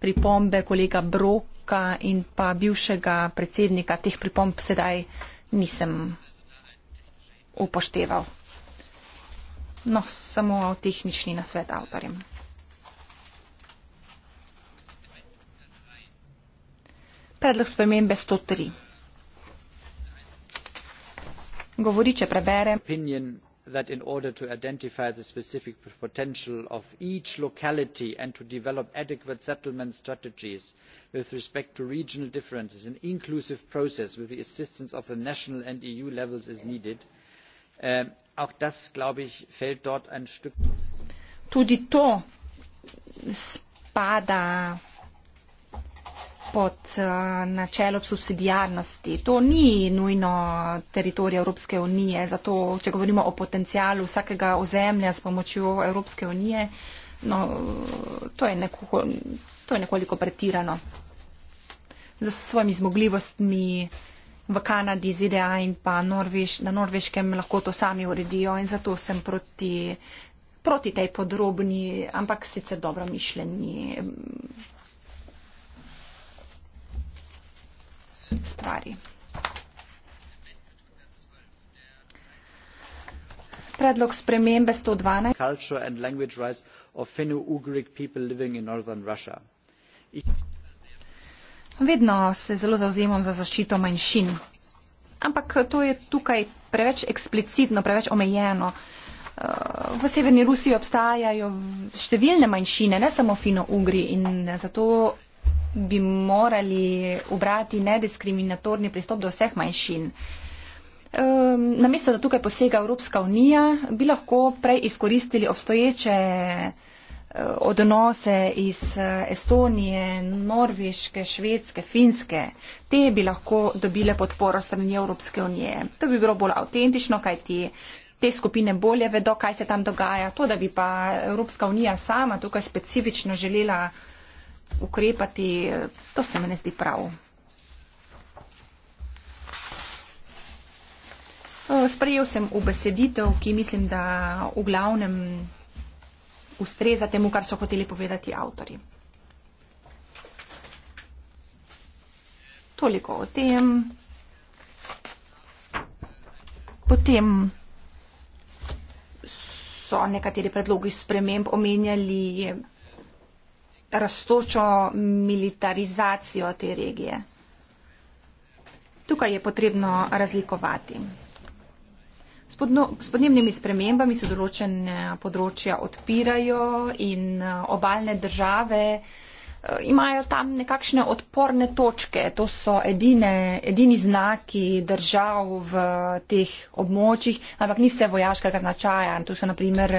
D: pripombe kolega Broka in pa bivšega predsednika. Teh pripomb sedaj nisem upošteval. No, samo tehnični nasvet avtorjem. Predlog spremembe 103 govori, če prebere.
E: That in order to identify the specific potential of each locality and to develop adequate settlement strategies with respect to regional differences, an inclusive process with the assistance of the national and EU levels is needed. Ähm, auch das, glaube ich, fällt dort ein Stück.
D: Tudi to spada pod eh, načelom subsidijarnosti. To ni nujno teritorij Evropske unije, zato če govorimo o potencijalu vsakega ozemlja s pomočjo Evropske unije, no, to, je neko, to je nekoliko pretirano. Za svojimi zmogljivostmi v Kanadi, ZDA in pa Norveš, na norveškem lahko to sami uredijo in zato sem proti. Proti tej podrobni, ampak sicer dobro mišljeni stvari. Predlog spremembe
E: 112.
D: Vedno se zelo zauzemam za zaščito manjšin, ampak to je tukaj preveč eksplicitno, preveč omejeno. Eh, v Severni Rusiji obstajajo številne manjšine, ne samo fino-ugri in zato bi morali obrati nediskriminatorni pristop do vseh manjšin. Um, namesto, da tukaj posega Evropska unija, bi lahko prej izkoristili obstoječe uh, odnose iz uh, Estonije, Norveške, Švedske, Finske. Te bi lahko dobile podporo strani Evropske unije. To bi bilo bolj avtentično, kaj ti te skupine bolje vedo, kaj se tam dogaja. To, da bi pa Evropska unija sama tukaj specifično želela ukrepati, eh, to se mi ne zdi prav. Eh, sprejel sem ubeseditev, ki mislim, da v glavnem ustreza temu, kar so hoteli povedati avtori. Toliko o tem. Potem so nekateri predlogi sprememb omenjali rastočo militarizacijo te regije. Tukaj je potrebno razlikovati. S podnebnimi spremembami se določene področja odpirajo in eh, obaljne države eh, imajo tam nekakšne odporne točke. To so edine, edini znaki držav v teh območjih, ampak ni vse vojaškega značaja. Tu so naprimer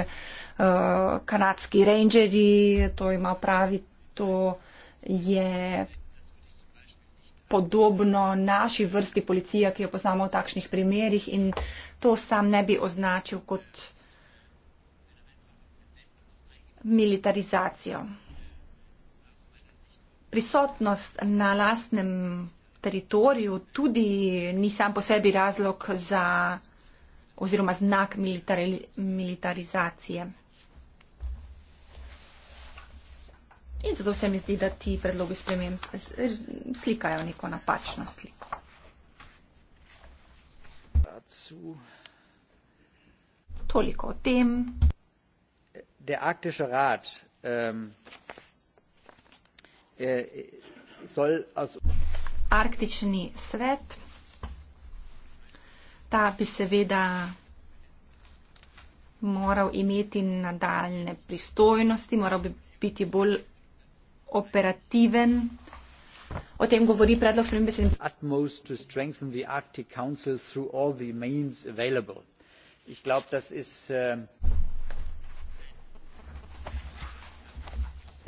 D: Eh, kanadski rangeri, to ima pravi, to je podobno naši vrsti policija, ki jo poznamo v takšnih primerih in to sam ne bi označil kot militarizacijo. Prisotnost na lastnem teritoriju tudi ni sam po sebi razlog za oziroma znak militari, militarizacije. In zato se mi zdi, da ti predlogi sprememb slikajo neko napačno sliko. Toliko o tem.
E: Der Arktische Rat ähm, äh, soll aus
D: Arktischen Svet, da bi seveda moral imeti nadaljne pristojnosti, moral bi biti bolj operativen. O tem govori predlog spremembe 77. Äh,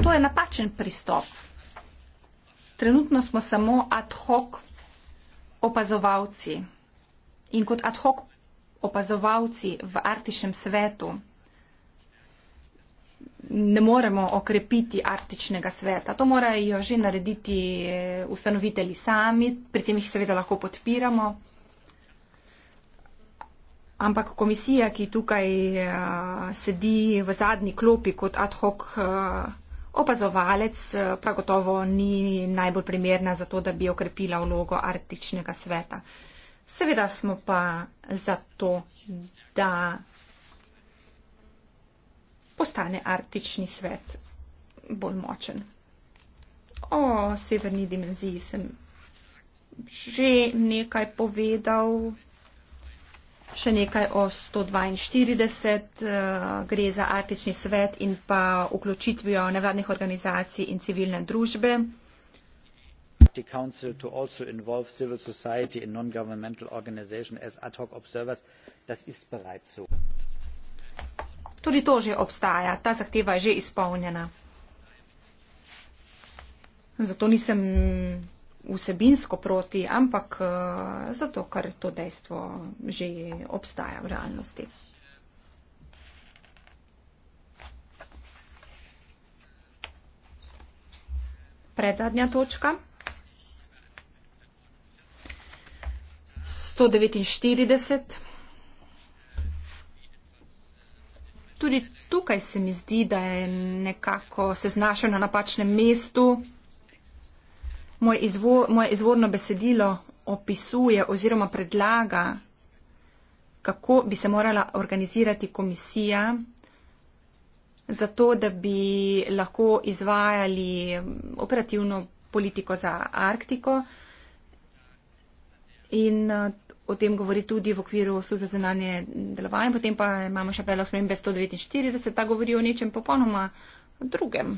D: to je napačen pristop. Trenutno smo samo ad hoc opazovalci. In kot ad hoc opazovalci v arktičnem svetu ne moremo okrepiti arktičnega sveta. To morajo že narediti eh, ustanoviteli sami, pri tem jih seveda lahko podpiramo. Ampak komisija, ki tukaj eh, sedi v zadnji klopi kot ad hoc eh, opazovalec, prav gotovo ni najbolj primerna za to, da bi okrepila vlogo arktičnega sveta. Seveda smo pa za to, da postane arktični svet bolj močen. O severni dimenziji sem že nekaj povedal, še nekaj o 142, eh, gre za arktični svet in pa vključitvijo nevladnih organizacij in civilne družbe.
E: Council to also involve civil society in non-governmental organization as ad hoc observers. Das ist bereits so.
D: Tudi to že obstaja, ta zahteva je že izpolnjena. Zato nisem vsebinsko proti, ampak eh, zato, ker to dejstvo že obstaja v realnosti. Predzadnja točka. 149. tudi tukaj se mi zdi, da je nekako se znašel na napačnem mestu. Moje izvo, moj izvorno besedilo opisuje oziroma predlaga, kako bi se morala organizirati komisija, zato da bi lahko izvajali operativno politiko za Arktiko. In o tem govori tudi v okviru službe za nanje delovanje, potem pa imamo še predlog spremembe 149, ta govori o nečem popolnoma drugem.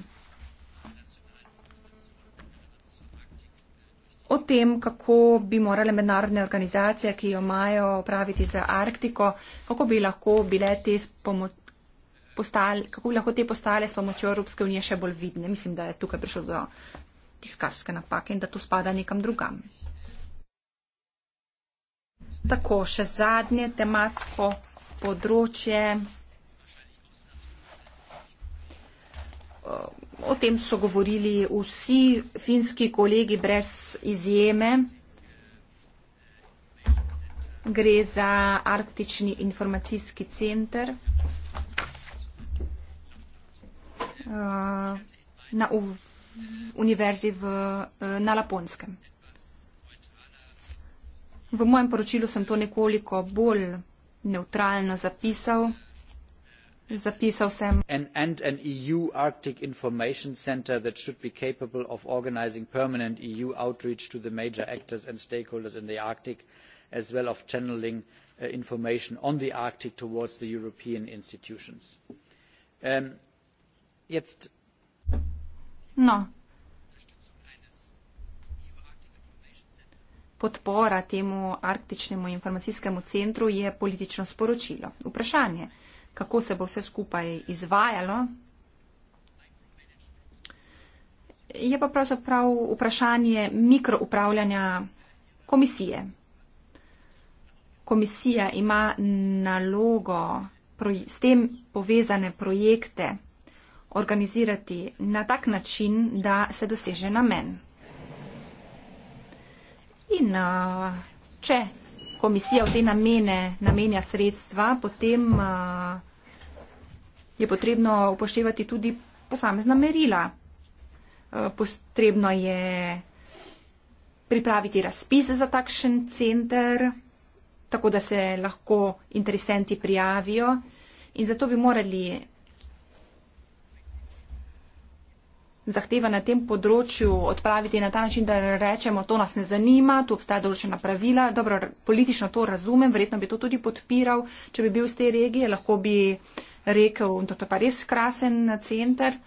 D: O tem, kako bi morale mednarodne organizacije, ki jo imajo praviti za Arktiko, kako bi lahko bile te s pomoč. Postali, kako bi lahko te postale s pomočjo Evropske unije še bolj vidne. Mislim, da je tukaj prišlo do tiskarske napake in da to spada nekam drugam. Tako, še zadnje tematsko področje. O tem so govorili vsi finski kolegi brez izjeme. Gre za Arktični informacijski center. Eh, na univerzi v, eh, na Laponskem. V mojem poročilu sem to nekoliko bolj neutralno zapisal. Zapisal sem.
E: An, and an EU Arctic Information Center that should be capable of organizing permanent EU outreach to the major actors and stakeholders in the Arctic, as well as channeling uh, information on the Arctic towards the European institutions. Um, jetzt.
D: No, podpora temu arktičnemu informacijskemu centru je politično sporočilo. Vprašanje, kako se bo vse skupaj izvajalo, je pa pravzaprav vprašanje mikroupravljanja komisije. Komisija ima nalogo s tem povezane projekte organizirati na tak način, da se doseže namen. In uh, če komisija v te namene namenja sredstva, potem uh, je potrebno upoštevati tudi posamezna merila. Uh, potrebno je pripraviti razpis za takšen center, tako da se lahko interesenti prijavijo. In zato bi morali zahteva na tem področju odpraviti na ta način, da rečemo, to nas ne zanima, tu obstaja določena pravila. Dobro, politično to razumem, verjetno bi to tudi podpiral, če bi bil iz te regije, lahko bi rekel, da to pa res krasen center.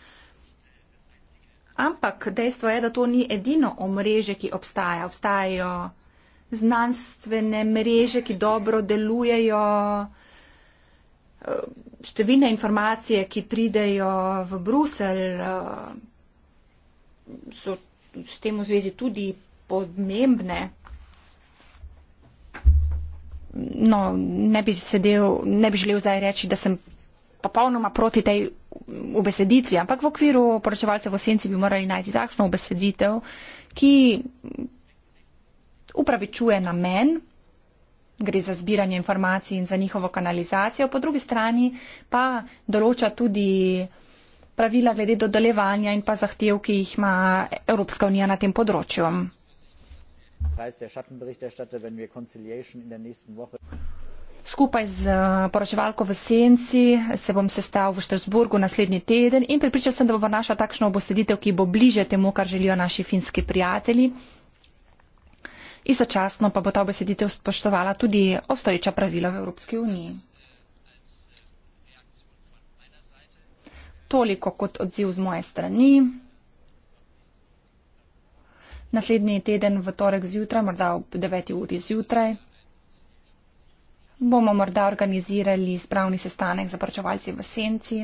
D: Ampak dejstvo je, da to ni edino omrežje, ki obstaja. Obstajajo znanstvene mreže, ki dobro delujejo, eh, številne informacije, ki pridejo v Bruselj. Eh, so s tem v zvezi tudi podnebne. No, ne bi, sedel, ne bi želel zdaj reči, da sem popolnoma proti tej obeseditvi, ampak v okviru poročevalcev v senci bi morali najti takšno obeseditev, ki upravičuje namen, gre za zbiranje informacij in za njihovo kanalizacijo, po drugi strani pa določa tudi pravila glede dodeljevanja in pa zahtev, ki jih ima Evropska unija na tem področju. Skupaj z eh, poročevalko v Senci se bom sestal v Štrasburgu naslednji teden in pripričal sem, da bo naša takšna obosreditev, ki bo bliže temu, kar želijo naši finski prijatelji. Istočasno pa bo ta obosreditev spoštovala tudi obstoječa pravila v Evropski uniji. toliko kot odziv z moje strani. Naslednji teden v torek zjutraj, morda ob 9. uri zjutraj, bomo morda organizirali spravni sestanek za pračevalce v senci.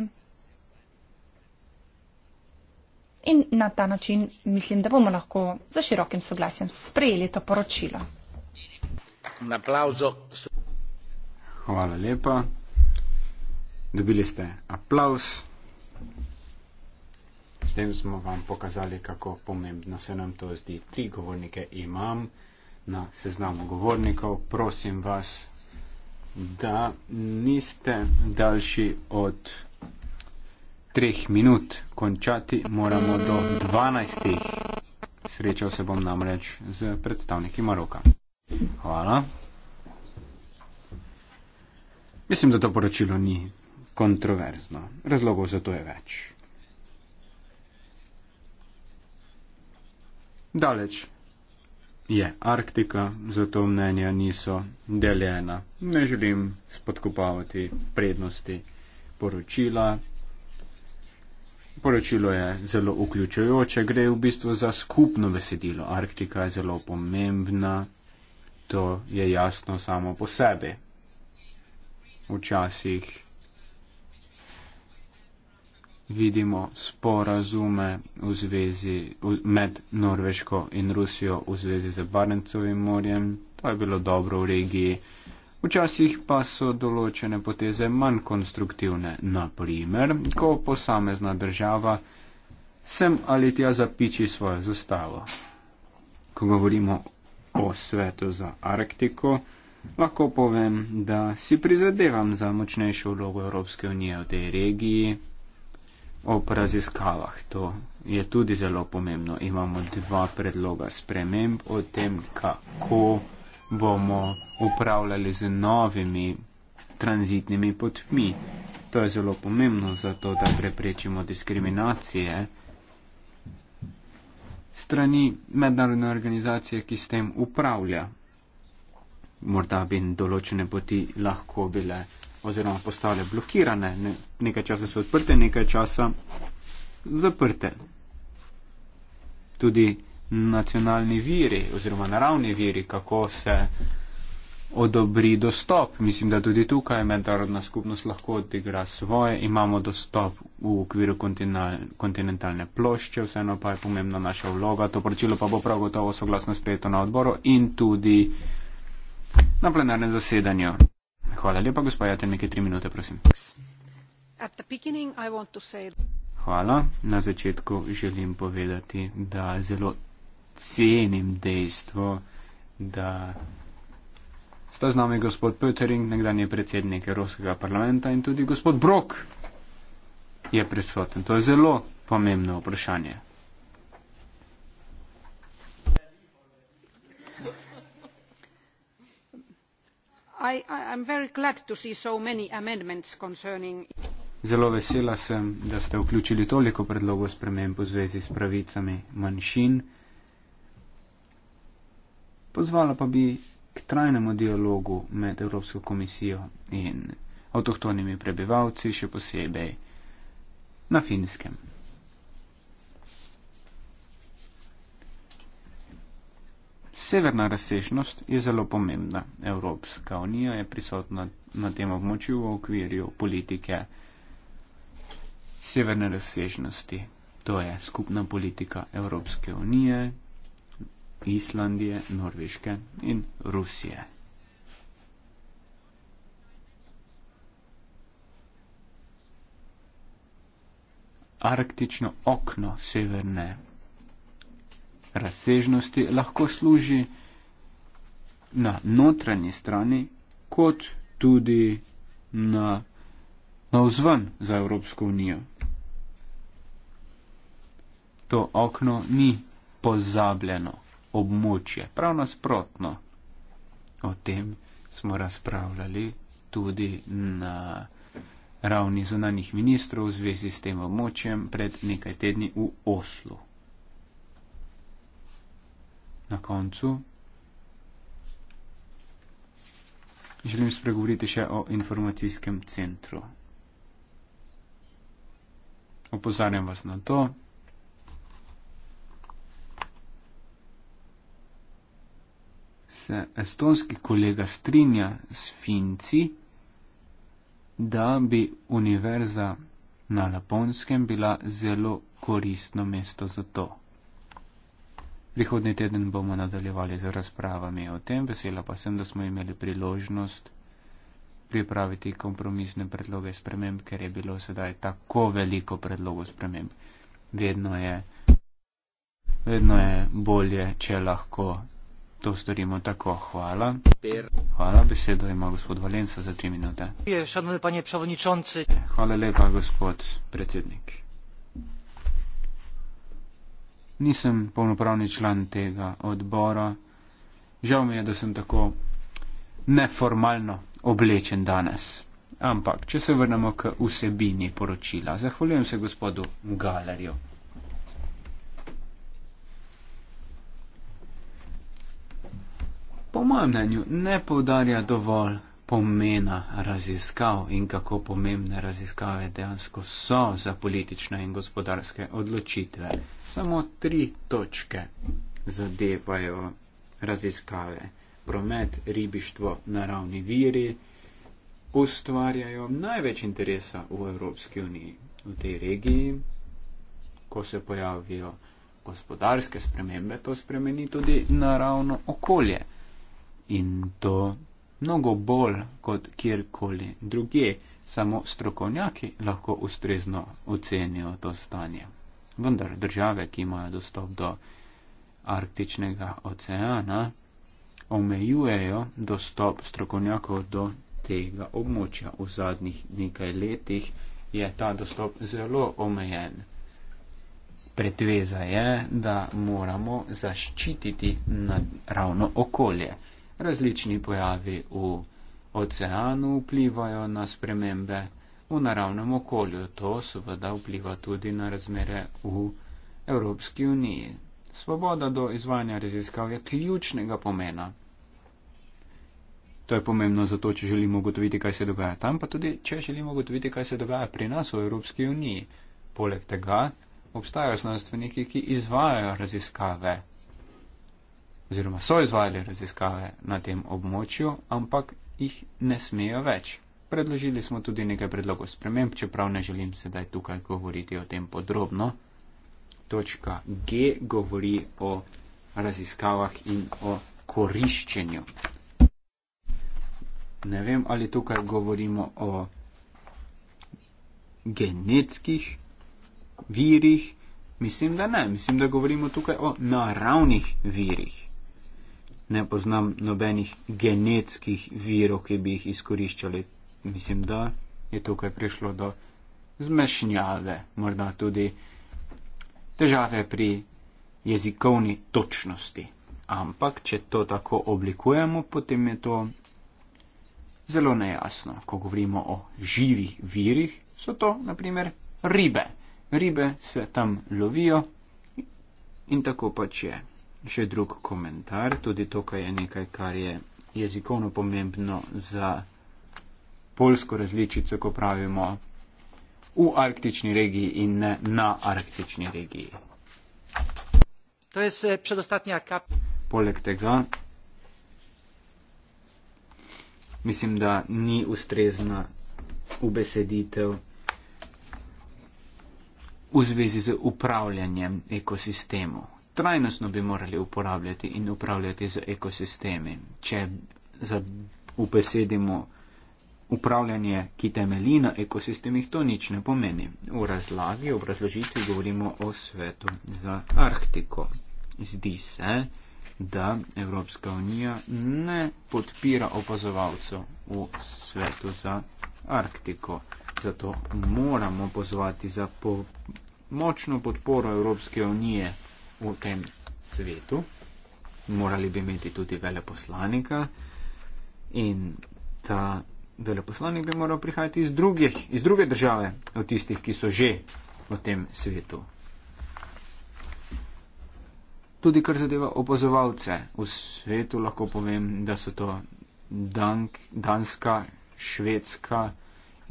D: In na ta način mislim, da bomo lahko za širokim soglasjem sprejeli to poročilo.
A: Hvala lepa. Dobili ste aplaus. S tem smo vam pokazali, kako pomembno se nam to zdi. Tri govornike imam na seznamu govornikov. Prosim vas, da niste daljši od treh minut. Končati moramo do dvanajstih. Srečal se bom namreč z predstavniki Maroka. Hvala. Mislim, da to poročilo ni kontroverzno. Razlogov za to je več. daleč je Arktika, zato mnenja niso deljena. Ne želim spodkopavati prednosti poročila. Poročilo je zelo vključujoče, gre v bistvu za skupno besedilo. Arktika je zelo pomembna, to je jasno samo po sebi. Včasih vidimo sporazume v zvezi med Norveško in Rusijo v zvezi z Barencovim morjem. To je bilo dobro v regiji. Včasih pa so določene poteze manj konstruktivne. Naprimer, ko posamezna država sem ali tja zapiči svojo zastavo. Ko govorimo o svetu za Arktiko, lahko povem, da si prizadevam za močnejšo vlogo Evropske unije v tej regiji, Ob raziskavah, to je tudi zelo pomembno. Imamo dva predloga sprememb o tem, kako bomo upravljali z novimi tranzitnimi potmi. To je zelo pomembno zato, da preprečimo diskriminacije strani mednarodne organizacije, ki s tem upravlja. Morda bi določene poti lahko bile oziroma postale blokirane. Ne, nekaj časa so odprte, nekaj časa zaprte. Tudi nacionalni viri oziroma naravni viri, kako se odobri dostop. Mislim, da tudi tukaj mednarodna skupnost lahko odigra svoje. Imamo dostop v okviru kontinentalne plošče, vseeno pa je pomembna naša vloga. To poročilo pa bo prav gotovo soglasno sprejeto na odboru in tudi na plenarnem zasedanju. Hvala lepa, gospod Jaten, nekaj tri minute, prosim. Hvala. Na začetku želim povedati, da zelo cenim dejstvo, da sta z nami gospod Pötering, nekdanji predsednik Evropskega parlamenta in tudi gospod Brok je prisoten. To je zelo pomembno vprašanje.
D: am very glad to see so many amendments concerning
A: Zelo vesela sem, da ste vključili toliko predlogov sprememb v zvezi s pravicami manjšin. Pozvala pa bi k trajnemu dialogu med Evropsko komisijo in avtohtonimi prebivalci, še posebej na finskem. Severna razsežnost je zelo pomembna. Evropska unija je prisotna na tem območju v okviru politike severne razsežnosti. To je skupna politika Evropske unije, Islandije, Norveške in Rusije. Arktično okno severne razsežnosti lahko služi na notranji strani, kot tudi na, na vzven za Evropsko unijo. To okno ni pozabljeno območje, prav nasprotno. O tem smo razpravljali tudi na ravni zunanih ministrov v zvezi s tem območjem pred nekaj tedni v Oslu na koncu. Želim spregovoriti še o informacijskem centru. Opozarjam vas na to, se estonski kolega strinja s Finci, da bi univerza na Laponskem bila zelo koristno mesto za to. Prihodni teden bomo nadaljevali z razpravami o tem. Vesela pa sem, da smo imeli priložnost pripraviti kompromisne predloge sprememb, ker je bilo sedaj tako veliko predlogov sprememb. Vedno je, vedno je bolje, če lahko to storimo tako. Hvala. Hvala. Besedo ima gospod Valenca za tri minute. Hvala lepa, gospod predsednik nisem polnopravni član tega odbora. Žal mi je, da sem tako neformalno oblečen danes. Ampak, če se vrnemo k vsebini poročila, zahvaljujem se gospodu Galerju. Po mojem mnenju ne poudarja dovolj pomena raziskav in kako pomembne raziskave dejansko so za politične in gospodarske odločitve. Samo tri točke zadevajo raziskave. Promet, ribištvo, naravni viri ustvarjajo največ interesa v Evropski uniji, v tej regiji, ko se pojavijo gospodarske spremembe, to spremeni tudi naravno okolje. In to mnogo bolj kot kjerkoli druge, samo strokovnjaki lahko ustrezno ocenijo to stanje. Vendar države, ki imajo dostop do Arktičnega oceana, omejujejo dostop strokovnjakov do tega območja. V zadnjih nekaj letih je ta dostop zelo omejen. Pretveza je, da moramo zaščititi naravno okolje različni pojavi v oceanu vplivajo na spremembe v naravnem okolju. To seveda vpliva tudi na razmere v Evropski uniji. Svoboda do izvajanja raziskav je ključnega pomena. To je pomembno zato, če želimo ugotoviti, kaj se dogaja tam, pa tudi, če želimo ugotoviti, kaj se dogaja pri nas v Evropski uniji. Poleg tega obstajajo znanstveniki, ki izvajajo raziskave oziroma so izvajali raziskave na tem območju, ampak jih ne smejo več. Predložili smo tudi nekaj predlogov sprememb, čeprav ne želim sedaj tukaj govoriti o tem podrobno. Točka G govori o raziskavah in o koriščenju. Ne vem, ali tukaj govorimo o genetskih virih. Mislim, da ne. Mislim, da govorimo tukaj o naravnih virih ne poznam nobenih genetskih virov, ki bi jih izkoriščali. Mislim, da je tukaj prišlo do zmešnjave, morda tudi težave pri jezikovni točnosti. Ampak, če to tako oblikujemo, potem je to zelo nejasno. Ko govorimo o živih virih, so to naprimer ribe. Ribe se tam lovijo in tako pač je še drug komentar, tudi tukaj je nekaj, kar je jezikovno pomembno za polsko različico, ko pravimo v arktični regiji in ne na arktični regiji.
E: To je eh, predostatnja
C: kap.
A: Poleg tega mislim, da ni ustrezna ubeseditev v zvezi z upravljanjem ekosistemov trajnostno bi morali uporabljati in upravljati z ekosistemi. Če upesedimo upravljanje, ki temelji na ekosistemih, to nič ne pomeni. V razlagi, v razložitvi govorimo o svetu za Arktiko. Zdi se, da Evropska unija ne podpira opazovalcev v svetu za Arktiko. Zato moramo pozvati za po močno podporo Evropske unije v tem svetu, morali bi imeti tudi veleposlanika in ta veleposlanik bi moral prihajati iz, drugih, iz druge države, od tistih, ki so že v tem svetu. Tudi kar zadeva opazovalce v svetu, lahko povem, da so to Dank, Danska, Švedska,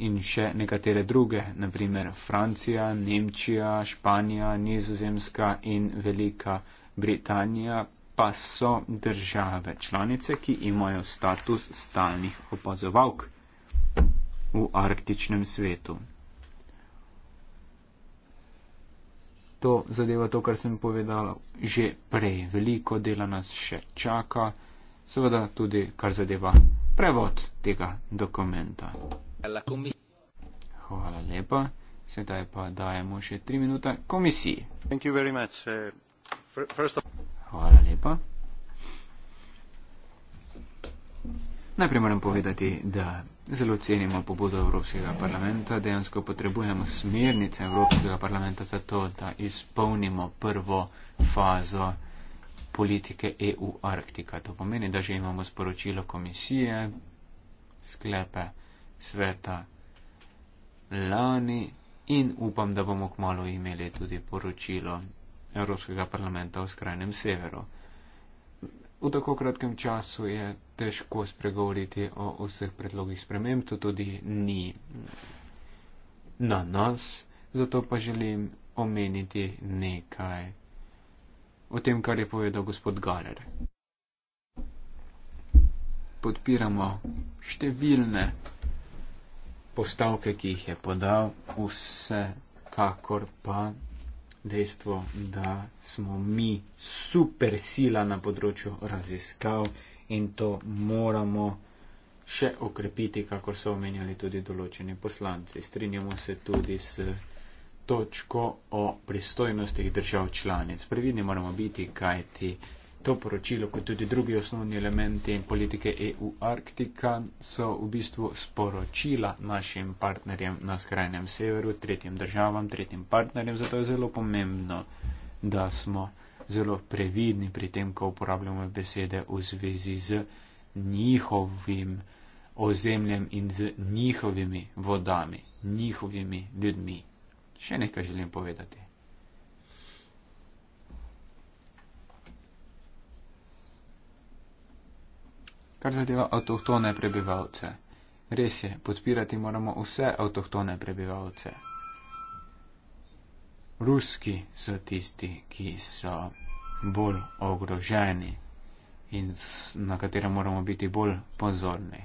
A: in še nekatere druge, naprimer Francija, Nemčija, Španija, Nizozemska in Velika Britanija, pa so države članice, ki imajo status stalnih opazovalk v arktičnem svetu. To zadeva to, kar sem povedala že prej. Veliko dela nas še čaka, seveda tudi kar zadeva prevod tega dokumenta la komisija. Hvala lepa. Sedaj pa dajemo še tri minute komisiji. Eh, Hvala lepa. Najprej moram povedati, da zelo cenimo pobudo Evropskega parlamenta. Dejansko potrebujemo smernice Evropskega parlamenta za to, da izpolnimo prvo fazo politike EU Arktika. To pomeni, da že imamo sporočilo komisije, sklepe sveta lani in upam, da bomo kmalo imeli tudi poročilo Evropskega parlamenta o skrajnem severu. V tako kratkem času je težko spregovoriti o vseh predlogih sprememb, to tudi ni na nas, zato pa želim omeniti nekaj o tem, kar je povedal gospod Galer. Podpiramo številne postavke, ki jih je podal, vse kakor pa dejstvo, da smo mi super sila na področju raziskav in to moramo še okrepiti, kakor so omenjali tudi določeni poslanci. Strinjamo se tudi s točko o pristojnostih držav članic. Previdni moramo biti, kaj ti to poročilo, kot tudi drugi osnovni elementi in politike EU Arktika, so v bistvu sporočila našim partnerjem na skrajnem severu, tretjim državam, tretjim partnerjem. Zato je zelo pomembno, da smo zelo previdni pri tem, ko uporabljamo besede v zvezi z njihovim ozemljem in z njihovimi vodami, njihovimi ljudmi. Še nekaj želim povedati. kar zadeva avtohtone prebivalce. Res je, podpirati moramo vse avtohtone prebivalce. Ruski so tisti, ki so bolj ogroženi in na katere moramo biti bolj pozorni.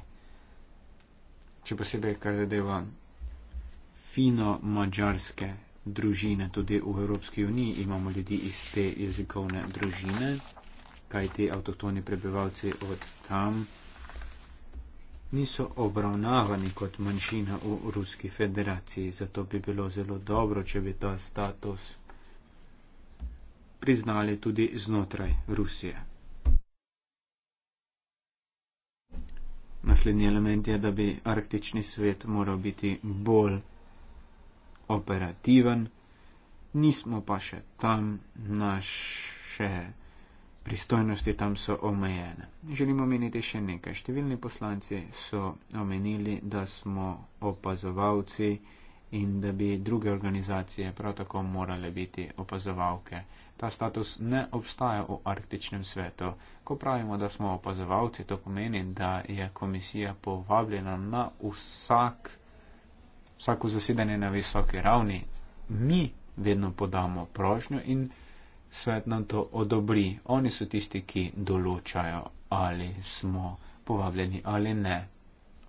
A: Če posebej, kar zadeva fino-mačarske družine, tudi v Evropski uniji imamo ljudi iz te jezikovne družine kaj ti avtohtoni prebivalci od tam niso obravnavani kot manjšina v Ruski federaciji. Zato bi bilo zelo dobro, če bi ta status priznali tudi znotraj Rusije. Naslednji element je, da bi arktični svet moral biti bolj operativen. Nismo pa še tam, naše pristojnosti tam so omejene. Želim omeniti še nekaj. Številni poslanci so omenili, da smo opazovalci in da bi druge organizacije prav tako morale biti opazovalke. Ta status ne obstaja v arktičnem svetu. Ko pravimo, da smo opazovalci, to pomeni, da je komisija povabljena na vsak, vsako zasedanje na visoki ravni. Mi vedno podamo prošnjo in svet nam to odobri. Oni so tisti, ki določajo, ali smo povabljeni ali ne.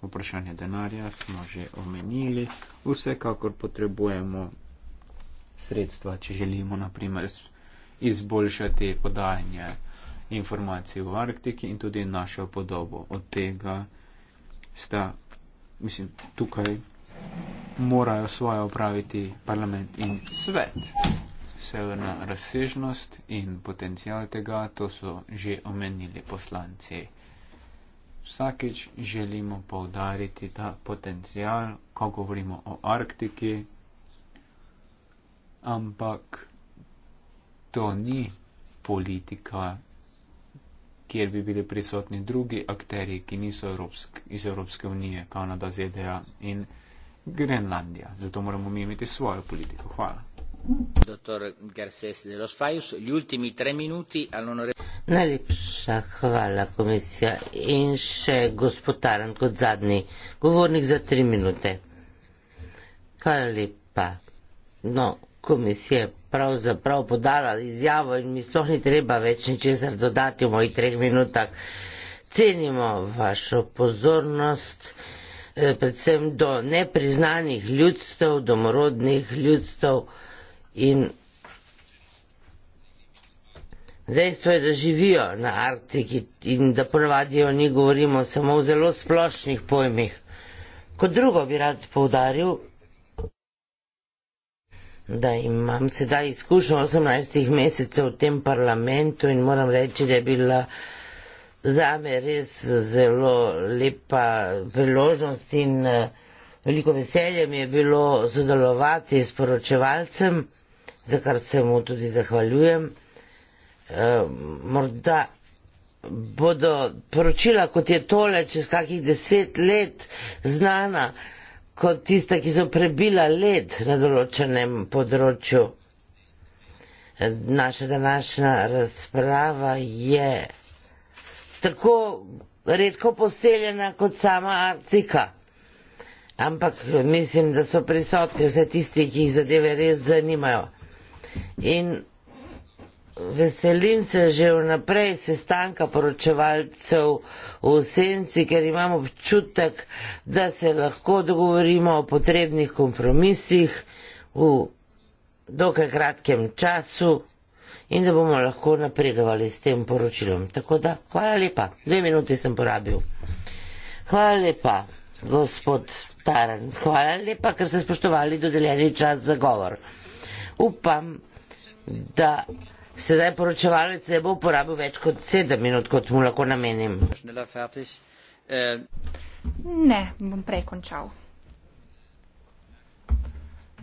A: Vprašanje denarja smo že omenili. Vsekakor potrebujemo sredstva, če želimo naprimer izboljšati podajanje informacij v Arktiki in tudi našo podobo. Od tega sta, mislim, tukaj morajo svoje opraviti parlament in svet severna razsežnost in potencijal tega, to so že omenili poslanci. Vsakič želimo povdariti ta potencijal, ko govorimo o Arktiki, ampak to ni politika, kjer bi bili prisotni drugi akteri, ki niso Evropsk, iz Evropske unije, Kanada, ZDA in Grenlandija. Zato moramo mi imeti svojo politiko. Hvala.
C: Doktor Garces de los Fajus, gli ultimi tre minuti all'onorevole.
B: Najlepša hvala, komisija. In še gospod Taran kot zadnji govornik za tri minute. Hvala lepa. No, komisija je pravzaprav podala izjavo in mi sploh ni treba več ničesar dodati v mojih treh minutah. Cenimo vašo pozornost eh, predvsem do nepriznanih ljudstev, domorodnih ljudstev. In dejstvo je, da živijo na Arktiki in da ponavadi o njih govorimo samo v zelo splošnih pojmih. Kot drugo bi rad povdaril, da imam sedaj izkušnjo 18 mesecev v tem parlamentu in moram reči, da je bila zame res zelo lepa priložnost in eh, veliko veselje mi je bilo sodelovati s poročevalcem za kar se mu tudi zahvaljujem. Uh, morda bodo poročila, kot je tole, čez kakih deset let znana, kot tista, ki so prebila led na določenem področju. Eh, naša današnja razprava je tako redko poseljena kot sama Arcika. Ampak mislim, da so prisotni vse tisti, ki jih zadeve res zanimajo in veselim se že vnaprej sestanka poročevalcev v senci, ker imam občutek, da se lahko dogovorimo o potrebnih kompromisih v dokaj kratkem času in da bomo lahko napredovali s tem poročilom. Tako da, hvala lepa. Dve minuti sem porabil. Hvala lepa, gospod Taran. Hvala lepa, ker ste spoštovali dodeljeni čas za govor upam, da sedaj poročevalec ne bo porabil več kot sedem minut, kot mu lahko namenim. Ne,
D: bom prej končal.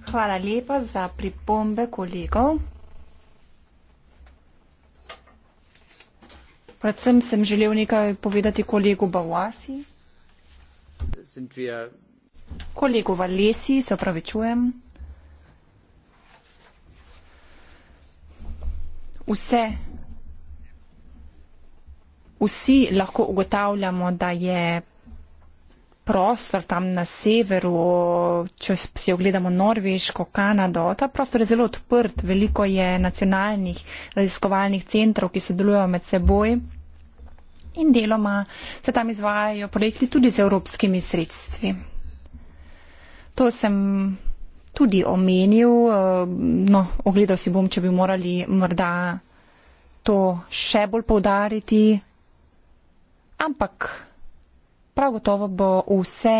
D: Hvala lepa za pripombe kolegov. Predvsem sem želel nekaj povedati kolegu Bavasi. Kolegu Valesi, se opravičujem. vse, vsi lahko ugotavljamo, da je prostor tam na severu, če si ogledamo Norveško, Kanado, ta prostor je zelo odprt, veliko je nacionalnih raziskovalnih centrov, ki sodelujejo med seboj. In deloma se tam izvajajo projekti tudi z evropskimi sredstvi. To sem tudi omenil. Eh, no, ogledal si bom, če bi morali morda to še bolj povdariti. Ampak prav gotovo bo vse,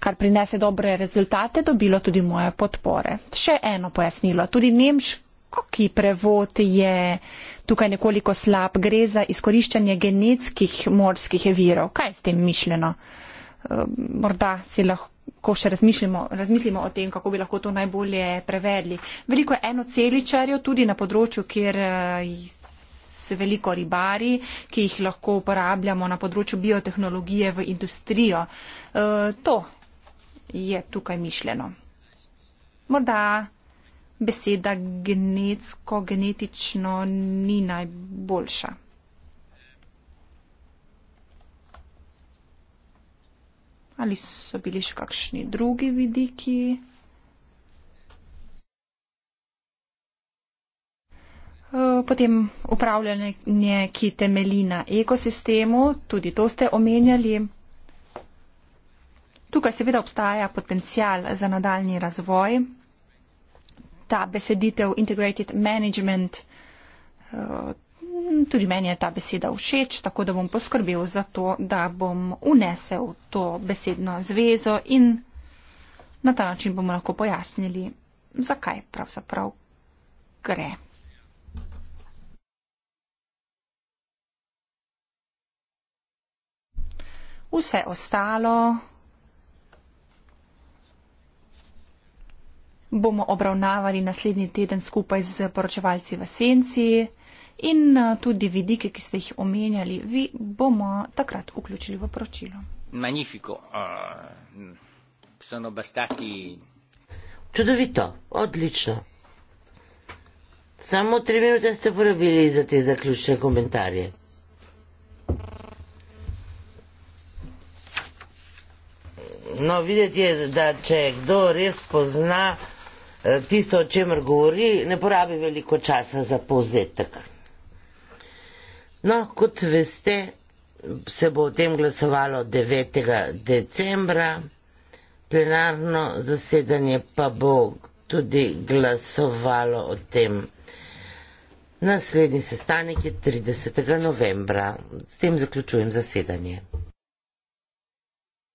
D: kar prinese dobre rezultate, dobilo tudi moje podpore. Še eno pojasnilo. Tudi nemški prevod je tukaj nekoliko slab. Gre za izkoriščanje genetskih morskih virov. Kaj je s tem mišljeno? Eh, morda si lahko lahko še razmislimo o tem, kako bi lahko to najbolje prevedli. Veliko je enoceličarjev tudi na področju, kjer eh, se veliko ribari, ki jih lahko uporabljamo na področju biotehnologije v industrijo. E, to je tukaj mišljeno. Morda beseda genetsko, genetično ni najboljša. ali so bili še kakšni drugi vidiki? E, potem upravljanje, ki temelji na ekosistemu, tudi to ste omenjali. Tukaj seveda obstaja potencial za nadaljni razvoj. Ta beseditev Integrated Management e, Tudi meni je ta beseda všeč, tako da bom poskrbel za to, da bom unesel to besedno zvezo in na ta način bomo lahko pojasnili, zakaj pravzaprav gre. Vse ostalo bomo obravnavali naslednji teden skupaj s poročevalci v senci in eh, tudi vidike, ki ste jih omenjali, vi bomo takrat vključili v poročilo.
C: Magnifico. Eh, sono bastati.
B: Čudovito, odlično. Samo tri minute ste porabili za te zaključne komentarje. No, videti je, da če kdo res pozna eh, tisto, o čemer govori, ne porabi veliko časa za povzetek. No, kot veste, se bo o tem glasovalo 9. decembra, plenarno zasedanje pa bo tudi glasovalo o tem. Naslednji sestanek je 30. novembra. S tem zaključujem zasedanje.